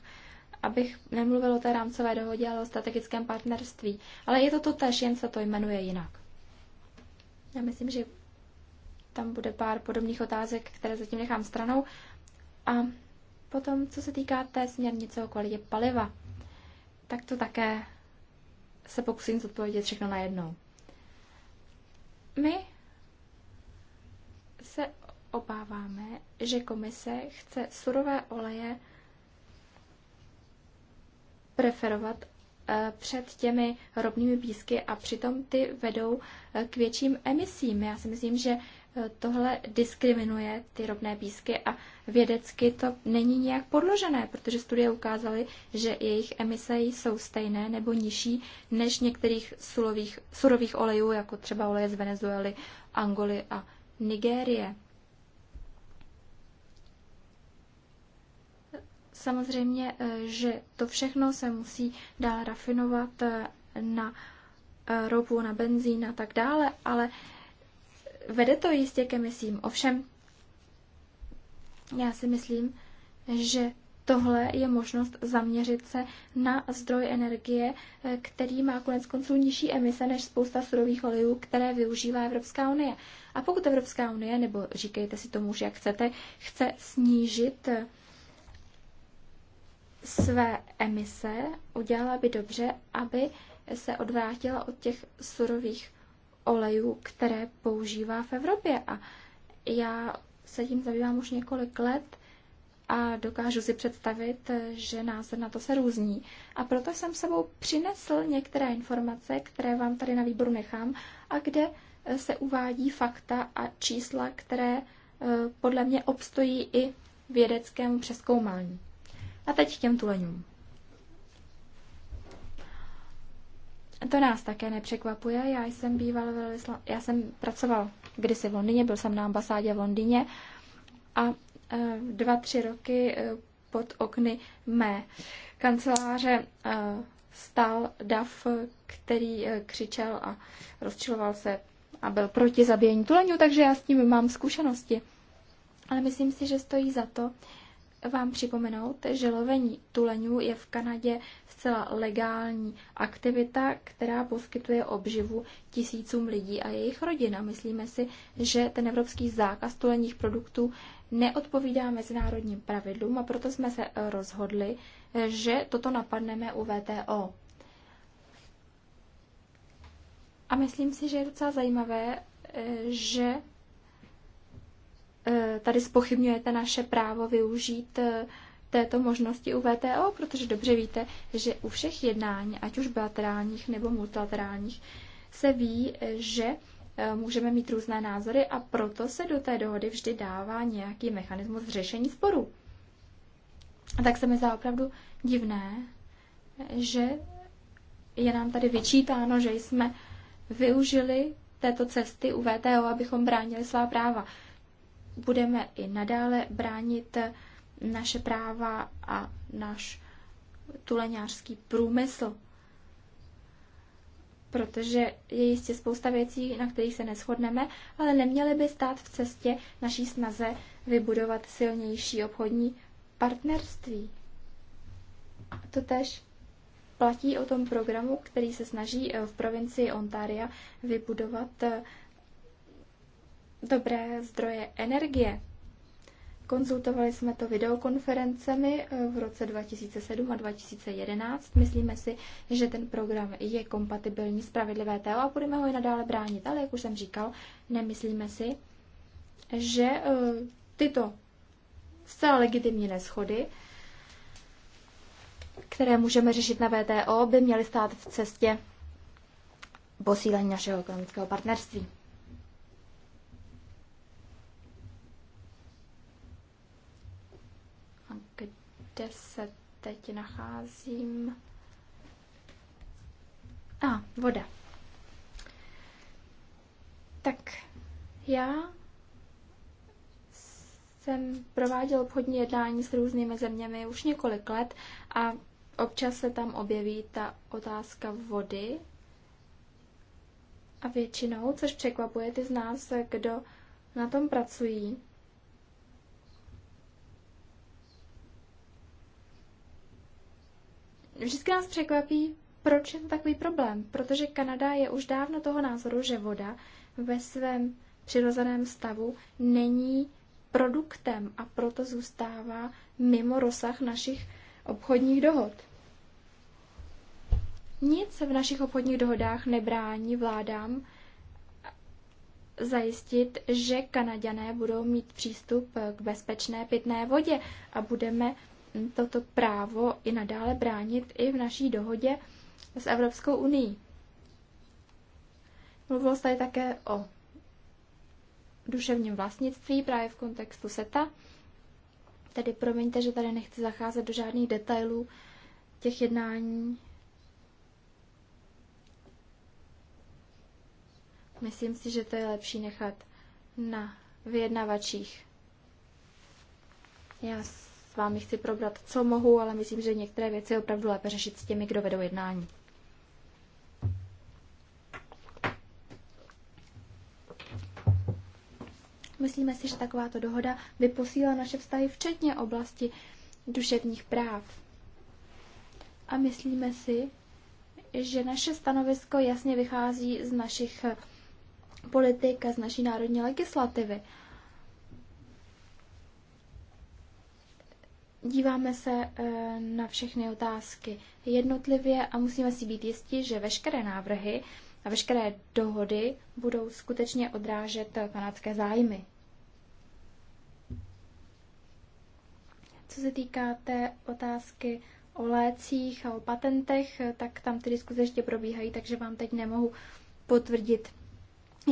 abych nemluvil o té rámcové dohodě, ale o strategickém partnerství. Ale je to to tež, jen se to jmenuje jinak. Já myslím, že tam bude pár podobných otázek, které zatím nechám stranou. A potom, co se týká té směrnice o kvalitě paliva, tak to také se pokusím zodpovědět všechno najednou. My se obáváme, že komise chce surové oleje preferovat eh, před těmi ropnými písky a přitom ty vedou eh, k větším emisím. Já si myslím, že eh, tohle diskriminuje ty ropné písky a vědecky to není nijak podložené, protože studie ukázaly, že jejich emise jsou stejné nebo nižší než některých surových, surových olejů, jako třeba oleje z Venezuely, Angoly a Nigérie. Samozřejmě, eh, že to všechno se musí dál rafinovat eh, na eh, ropu, na benzín a tak dále, ale vede to jistě ke misím. Ovšem, já si myslím, že tohle je možnost zaměřit se na zdroj energie, který má konec konců nižší emise než spousta surových olejů, které využívá Evropská unie. A pokud Evropská unie, nebo říkejte si tomu, že jak chcete, chce snížit své emise, udělala by dobře, aby se odvrátila od těch surových olejů, které používá v Evropě. A já se tím zabývám už několik let a dokážu si představit, že názor na to se různí. A proto jsem sebou přinesl některé informace, které vám tady na výboru nechám a kde eh, se uvádí fakta a čísla, které eh, podle mě obstojí i vědeckému přeskoumání. A teď k těm tuleňům. To nás také nepřekvapuje. Já jsem býval Lysla... Já jsem pracoval kdysi v Londýně, byl jsem na ambasádě v Londýně a e, dva, tři roky e, pod okny mé kanceláře e, stál Daf, který křičel a rozčiloval se a byl proti zabíjení tuleňů, takže já s tím mám zkušenosti. Ale myslím si, že stojí za to vám připomenout, že lovení tuleňů je v Kanadě zcela legální aktivita, která poskytuje obživu tisícům lidí a jejich rodin. A myslíme si, že ten evropský zákaz tuleních produktů neodpovídá mezinárodním pravidlům a proto jsme se rozhodli, že toto napadneme u VTO. A myslím si, že je docela zajímavé, eh, že Eh, tady spochybňujete naše právo využít eh, této možnosti u VTO, protože dobře víte, že u všech jednání, ať už bilaterálních nebo multilaterálních, se ví, eh, že můžeme mít různé názory a proto se do té dohody vždy dává nějaký mechanismus řešení sporů. A tak se mi zdá opravdu divné, že je nám tady vyčítáno, že jsme využili této cesty u VTO, abychom bránili svá práva budeme i nadále bránit naše práva a náš tuleňářský průmysl. Protože je jistě spousta věcí, na kterých se neschodneme, ale neměly by stát v cestě naší snaze vybudovat silnější obchodní partnerství. To tež platí o tom programu, který se snaží v provincii Ontaria vybudovat dobré zdroje energie. Konzultovali jsme to videokonferencemi eh, v roce 2007 a 2011. Myslíme si, že ten program je kompatibilní s pravidly VTO a budeme ho i nadále bránit. Ale jak už jsem říkal, nemyslíme si, že eh, tyto zcela legitimní neschody, které můžeme řešit na VTO, by měly stát v cestě posílení našeho ekonomického partnerství. kde se teď nacházím. A, ah, voda. Tak já jsem prováděl obchodní jednání s různými zeměmi už několik let a občas se tam objeví ta otázka vody. A většinou, což překvapuje ty z nás, kdo na tom pracují, Vždycky nás překvapí, proč je to takový problém, protože Kanada je už dávno toho názoru, že voda ve svém přirozeném stavu není produktem a proto zůstává mimo rozsah našich obchodních dohod. Nic v našich obchodních dohodách nebrání vládám zajistit, že Kanaďané budou mít přístup k bezpečné pitné vodě a budeme toto právo i nadále bránit i v naší dohodě s Evropskou unii. Mluvilo se tady také o duševním vlastnictví právě v kontextu SETA. Tedy promiňte, že tady nechci zacházet do žádných detailů těch jednání. Myslím si, že to je lepší nechat na vyjednavačích. Já s vámi chci probrat, co mohu, ale myslím, že některé věci je opravdu lépe řešit s těmi, kdo vedou jednání. Myslíme si, že takováto dohoda by posílila naše vztahy včetně oblasti duševních práv. A myslíme si, že naše stanovisko jasně vychází z našich politik a z naší národní legislativy. Díváme se e, na všechny otázky jednotlivě a musíme si být jistí, že veškeré návrhy a veškeré dohody budou skutečně odrážet kanadské zájmy. Co se týká té otázky o lécích a o patentech, tak tam ty diskuze ještě probíhají, takže vám teď nemohu potvrdit,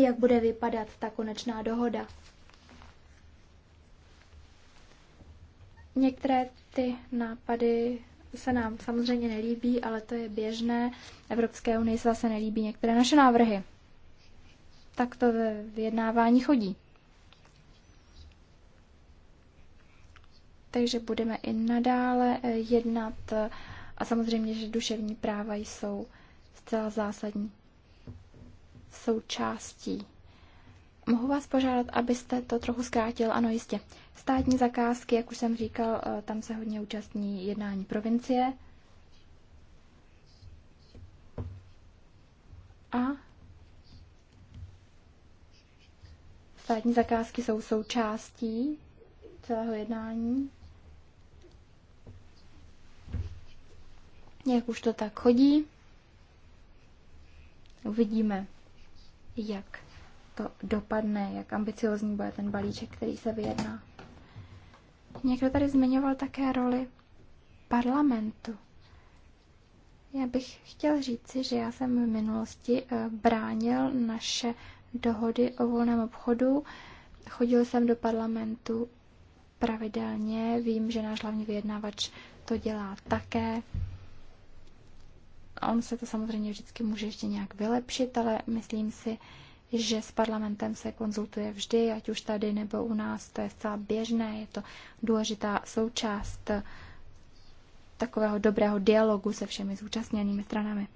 jak bude vypadat ta konečná dohoda. Některé ty nápady se nám samozřejmě nelíbí, ale to je běžné. Evropské unii se zase nelíbí některé naše návrhy. Tak to ve vyjednávání chodí. Takže budeme i nadále eh, jednat a samozřejmě, že duševní práva jsou zcela zásadní součástí Mohu vás požádat, abyste to trochu zkrátil? Ano, jistě. Státní zakázky, jak už jsem říkal, eh, tam se hodně účastní jednání provincie. A státní zakázky jsou součástí celého jednání. Jak už to tak chodí, uvidíme, jak to dopadne, jak ambiciozní bude ten balíček, který se vyjedná. Někdo tady zmiňoval také roli parlamentu. Já bych chtěl říci, že já jsem v minulosti eh, bránil naše dohody o volném obchodu. Chodil jsem do parlamentu pravidelně, vím, že náš hlavní vyjednavač to dělá také. On se to samozřejmě vždycky může ještě nějak vylepšit, ale myslím si, že s parlamentem se konzultuje vždy, ať už tady nebo u nás, to je zcela běžné, je to důležitá součást takového dobrého dialogu se všemi zúčastněnými stranami.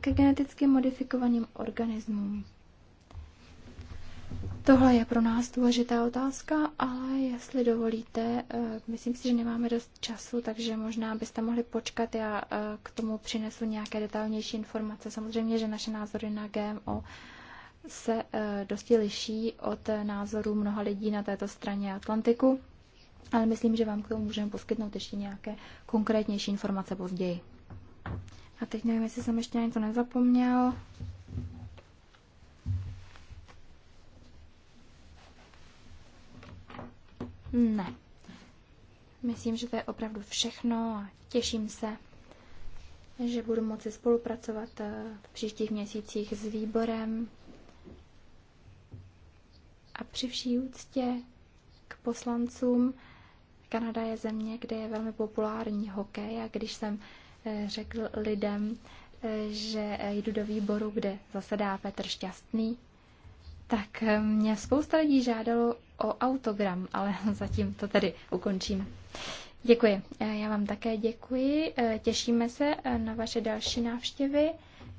Ke geneticky modifikovaným organismům. Tohle je pro nás důležitá otázka, ale jestli dovolíte, eh, myslím si, že nemáme dost času, takže možná byste mohli počkat. Já eh, k tomu přinesu nějaké detailnější informace. Samozřejmě, že naše názory na GMO se eh, dosti liší od eh, názorů mnoha lidí na této straně Atlantiku, ale myslím, že vám k tomu můžeme poskytnout ještě nějaké konkrétnější informace později. A teď nevím, jestli jsem ještě něco nezapomněl. Ne. Myslím, že to je opravdu všechno a těším se, že budu moci spolupracovat eh, v příštích měsících s výborem při vší úctě k poslancům Kanada je země, kde je velmi populární hokej a když jsem eh, řekl lidem, eh, že eh, jdu do výboru, kde zasedá Petr Šťastný, tak mě spousta lidí žádalo o autogram, ale <laughs> zatím to tedy ukončím. Děkuji. Já vám také děkuji. Těšíme se na vaše další návštěvy.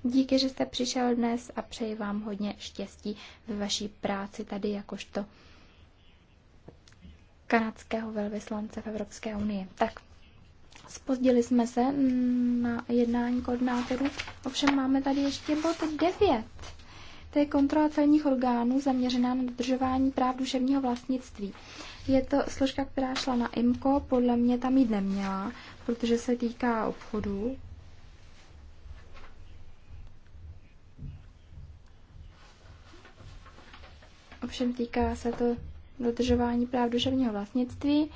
Díky, že jste přišel dnes a přeji vám hodně štěstí ve vaší práci tady jakožto kanadského velvyslance v Evropské unii. Tak, spozdili jsme se na jednání koordinátorů, ovšem máme tady ještě bod 9. To je kontrola celních orgánů zaměřená na dodržování práv duševního vlastnictví. Je to složka, která šla na IMCO, podle mě tam jít neměla, protože se týká obchodu, Ovšem týká se to dodržování práv duševního vlastnictví.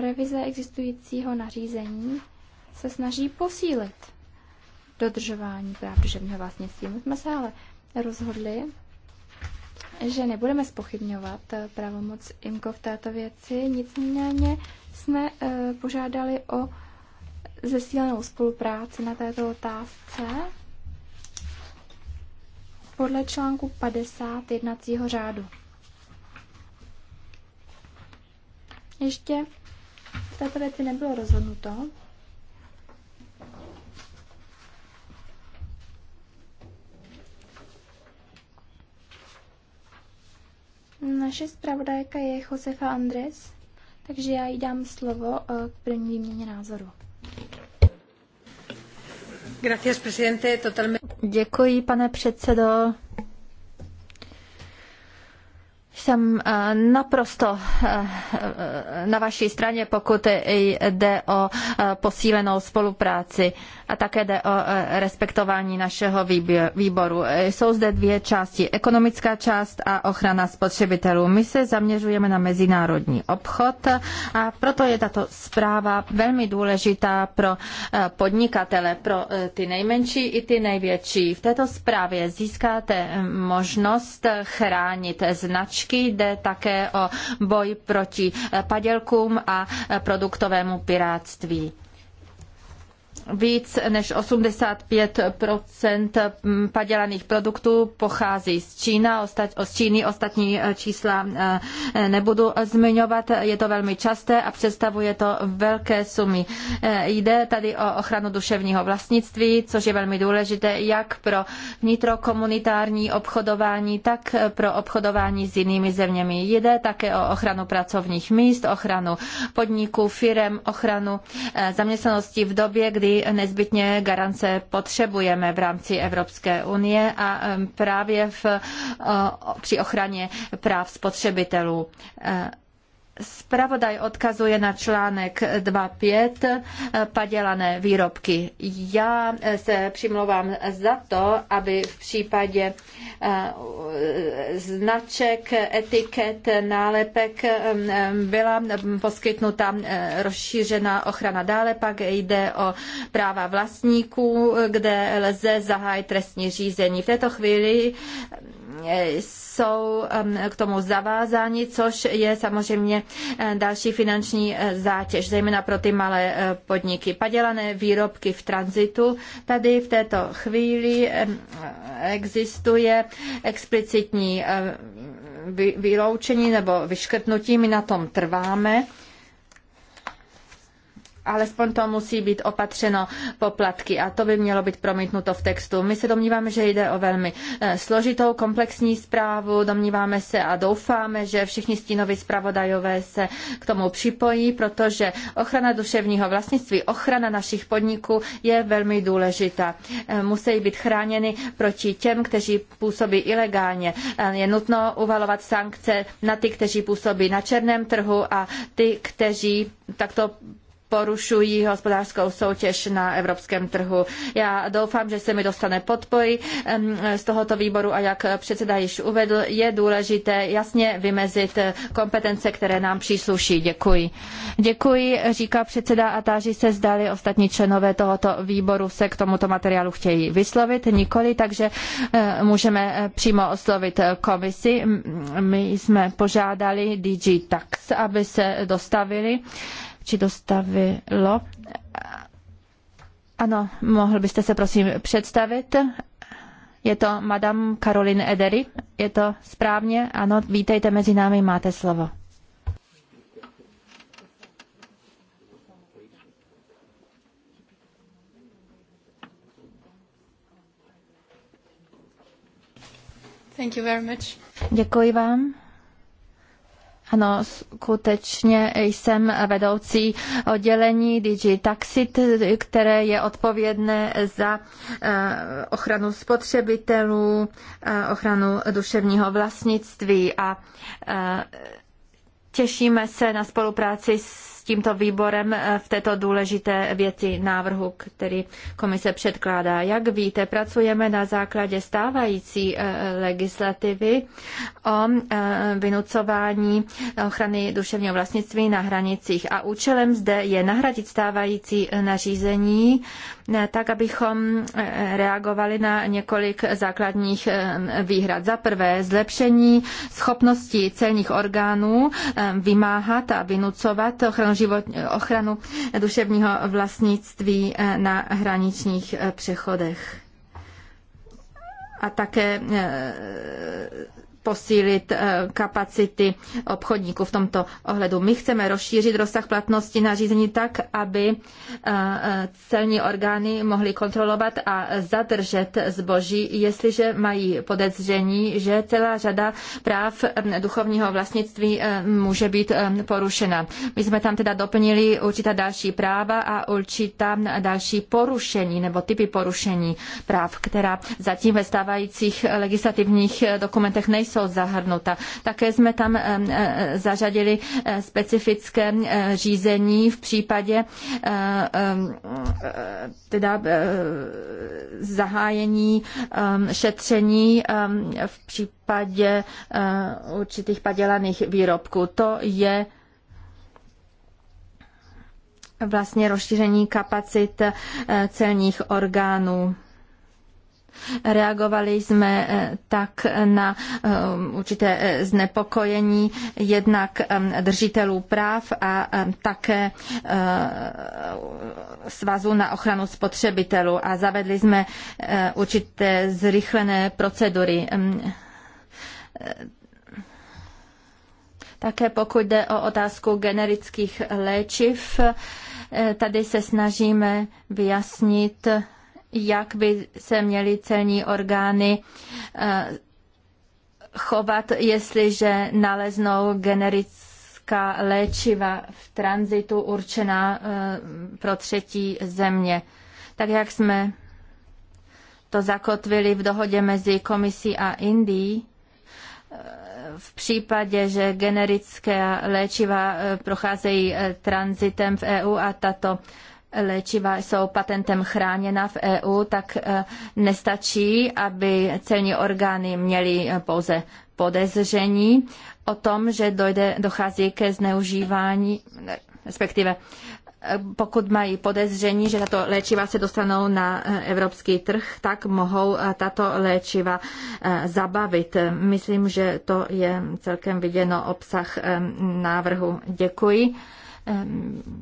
Revize existujícího nařízení se snaží posílit dodržování práv duševního vlastnictví. My jsme se ale rozhodli, že nebudeme spochybňovat eh, pravomoc IMCO v této věci, nicméně jsme eh, požádali o zesílenou spolupráci na této otázce podle článku 50 jednacího řádu. Ještě v této věci nebylo rozhodnuto. Naše zpravodajka je Josefa Andres, takže já jí dám slovo eh, k první výměně názoru. Gracias, presidente. Totalmente. Děkuji, pane předsedo. Jsem eh, naprosto eh, eh, na vaší straně, pokud jde o posílenou spolupráci a také jde o e, respektování našeho výboru. E, jsou zde dvě části, ekonomická část a ochrana spotřebitelů. My se zaměřujeme na mezinárodní obchod a proto je tato zpráva velmi důležitá pro e, podnikatele, pro ty nejmenší i ty největší. V této zprávě získáte možnost chránit značky, jde také o boj proti padělkům a produktovému pirátství víc než 85 mm, padělaných produktů pochází z, Čína, z Číny. Ostatní e, čísla e, e, nebudu zmiňovat. Je to velmi časté a představuje to velké sumy. Jde tady o ochranu duševního vlastnictví, což je velmi důležité jak pro vnitrokomunitární obchodování, tak pro obchodování s jinými zeměmi. Jde také o ochranu pracovních míst, ochranu podniků, firem, ochranu zaměstnanosti v době, kdy nezbytně garance potřebujeme v rámci Evropské unie a právě v, při ochraně práv spotřebitelů. E, Spravodaj odkazuje na článek 2.5 eh, padělané výrobky. Já eh, se přimlouvám za to, aby v případě eh, značek, etiket, nálepek byla poskytnuta rozšířená ochrana. Dále pak jde o práva vlastníků, kde lze zahájit trestní řízení. V této chvíli jsou k tomu zavázáni, což je samozřejmě eh, další finanční eh, zátěž, zejména pro ty malé eh, podniky. Padělané výrobky v tranzitu. Tady v této chvíli existuje explicitní vyloučení nebo vyškrtnutí, my na tom trváme alespoň to musí být opatřeno poplatky a to by mělo být promítnuto v textu. My se domníváme, že jde o velmi eh, složitou komplexní zprávu, domníváme se a doufáme, že všichni stínoví zpravodajové se k tomu připojí, protože ochrana duševního vlastnictví, ochrana našich podniků je velmi důležitá. Eh, musí být chráněny proti těm, kteří působí ilegálně. Eh, je nutno uvalovat sankce na ty, kteří působí na černém trhu a ty, kteří takto porušují hospodářskou soutěž na evropském trhu. Já doufám, že se mi dostane podpory z tohoto výboru a jak předseda již uvedl, je důležité jasně vymezit kompetence, které nám přísluší. Děkuji. Děkuji, říká předseda a táží se zdali ostatní členové tohoto výboru se k tomuto materiálu chtějí vyslovit. Nikoli, takže eh, můžeme eh, přímo oslovit eh, komisi. My jsme požádali DG Tax, aby se dostavili či dostavilo. Ano, mohl byste se prosím představit? Je to Madame Caroline Edery? Je to správně? Ano, vítejte mezi námi, máte slovo. Thank you very much. Děkuji vám. Ano, skutečně jsem vedoucí oddělení DG Taxit, které je odpovědné za eh, ochranu spotřebitelů, eh, ochranu duševního vlastnictví a eh, těšíme se na spolupráci s tímto výborem eh, v této důležité věci návrhu, který komise předkládá. Jak víte, pracujeme na základě stávající eh, legislativy o eh, vynucování ochrany duševního vlastnictví na hranicích a účelem zde je nahradit stávající nařízení tak, abychom reagovali na několik základních výhrad. Za prvé, zlepšení schopnosti celních orgánů vymáhat a vynucovat ochranu život, ochranu duševního vlastnictví eh, na hraničních eh, přechodech a také eh, posílit eh, kapacity obchodníků v tomto ohledu. My chceme rozšířit rozsah platnosti nařízení tak, aby eh, eh, celní orgány mohly kontrolovat a zadržet zboží, jestliže mají podezření, že celá řada práv duchovního vlastnictví může být porušena. My jsme tam teda doplnili určitá další práva a určitá další porušení nebo typy porušení práv, která zatím ve stávajících legislativních dokumentech nejsou jsou zahrnuta. Také jsme tam eh, eh, zařadili eh, specifické řízení v případě teda zahájení šetření v případě určitých padělaných výrobků. To je vlastně rozšíření kapacit celních orgánů. Reagovali jsme eh, tak na eh, určité eh, znepokojení jednak držitelů práv a také svazu na ochranu spotřebitelů a zavedli jsme určité zrychlené procedury. Ehm, také pokud jde o otázku generických léčiv, tady se snažíme vyjasnit jak by se měly celní orgány eh, chovat, jestliže naleznou generická léčiva v tranzitu určená eh, pro třetí země. Tak jak jsme to zakotvili v dohodě mezi komisí a Indií, eh, v případě, že generické léčiva procházejí tranzitem v EU a tato léčiva jsou patentem chráněna v EU, tak e, nestačí, aby celní orgány měly e, pouze podezření o tom, že dojde, dochází ke zneužívání, respektive e, pokud mají podezření, že tato léčiva se dostanou na evropský trh, tak mohou tato léčiva zabavit. Myslím, že to je celkem viděno obsah návrhu. Děkuji.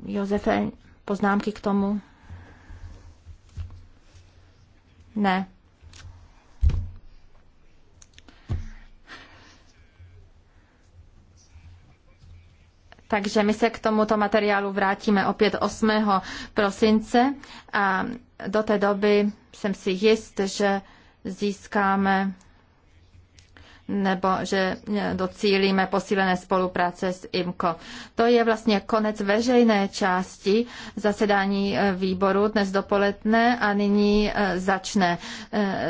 Josefe, poznámky k tomu? Ne. Takže my se k tomuto materiálu vrátíme opět 8. prosince a do té doby jsem si jist, že získáme nebo že eh, docílíme posílené spolupráce s IMCO. To je vlastně konec veřejné části zasedání eh, výboru dnes dopoledne a nyní eh, začne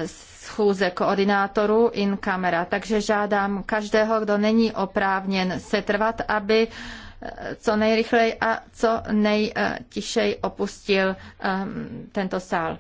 schůze koordinátorů in camera. Takže žádám každého, kdo není oprávněn setrvat, aby co nejrychleji a co nejtišej opustil ehm, tento sál.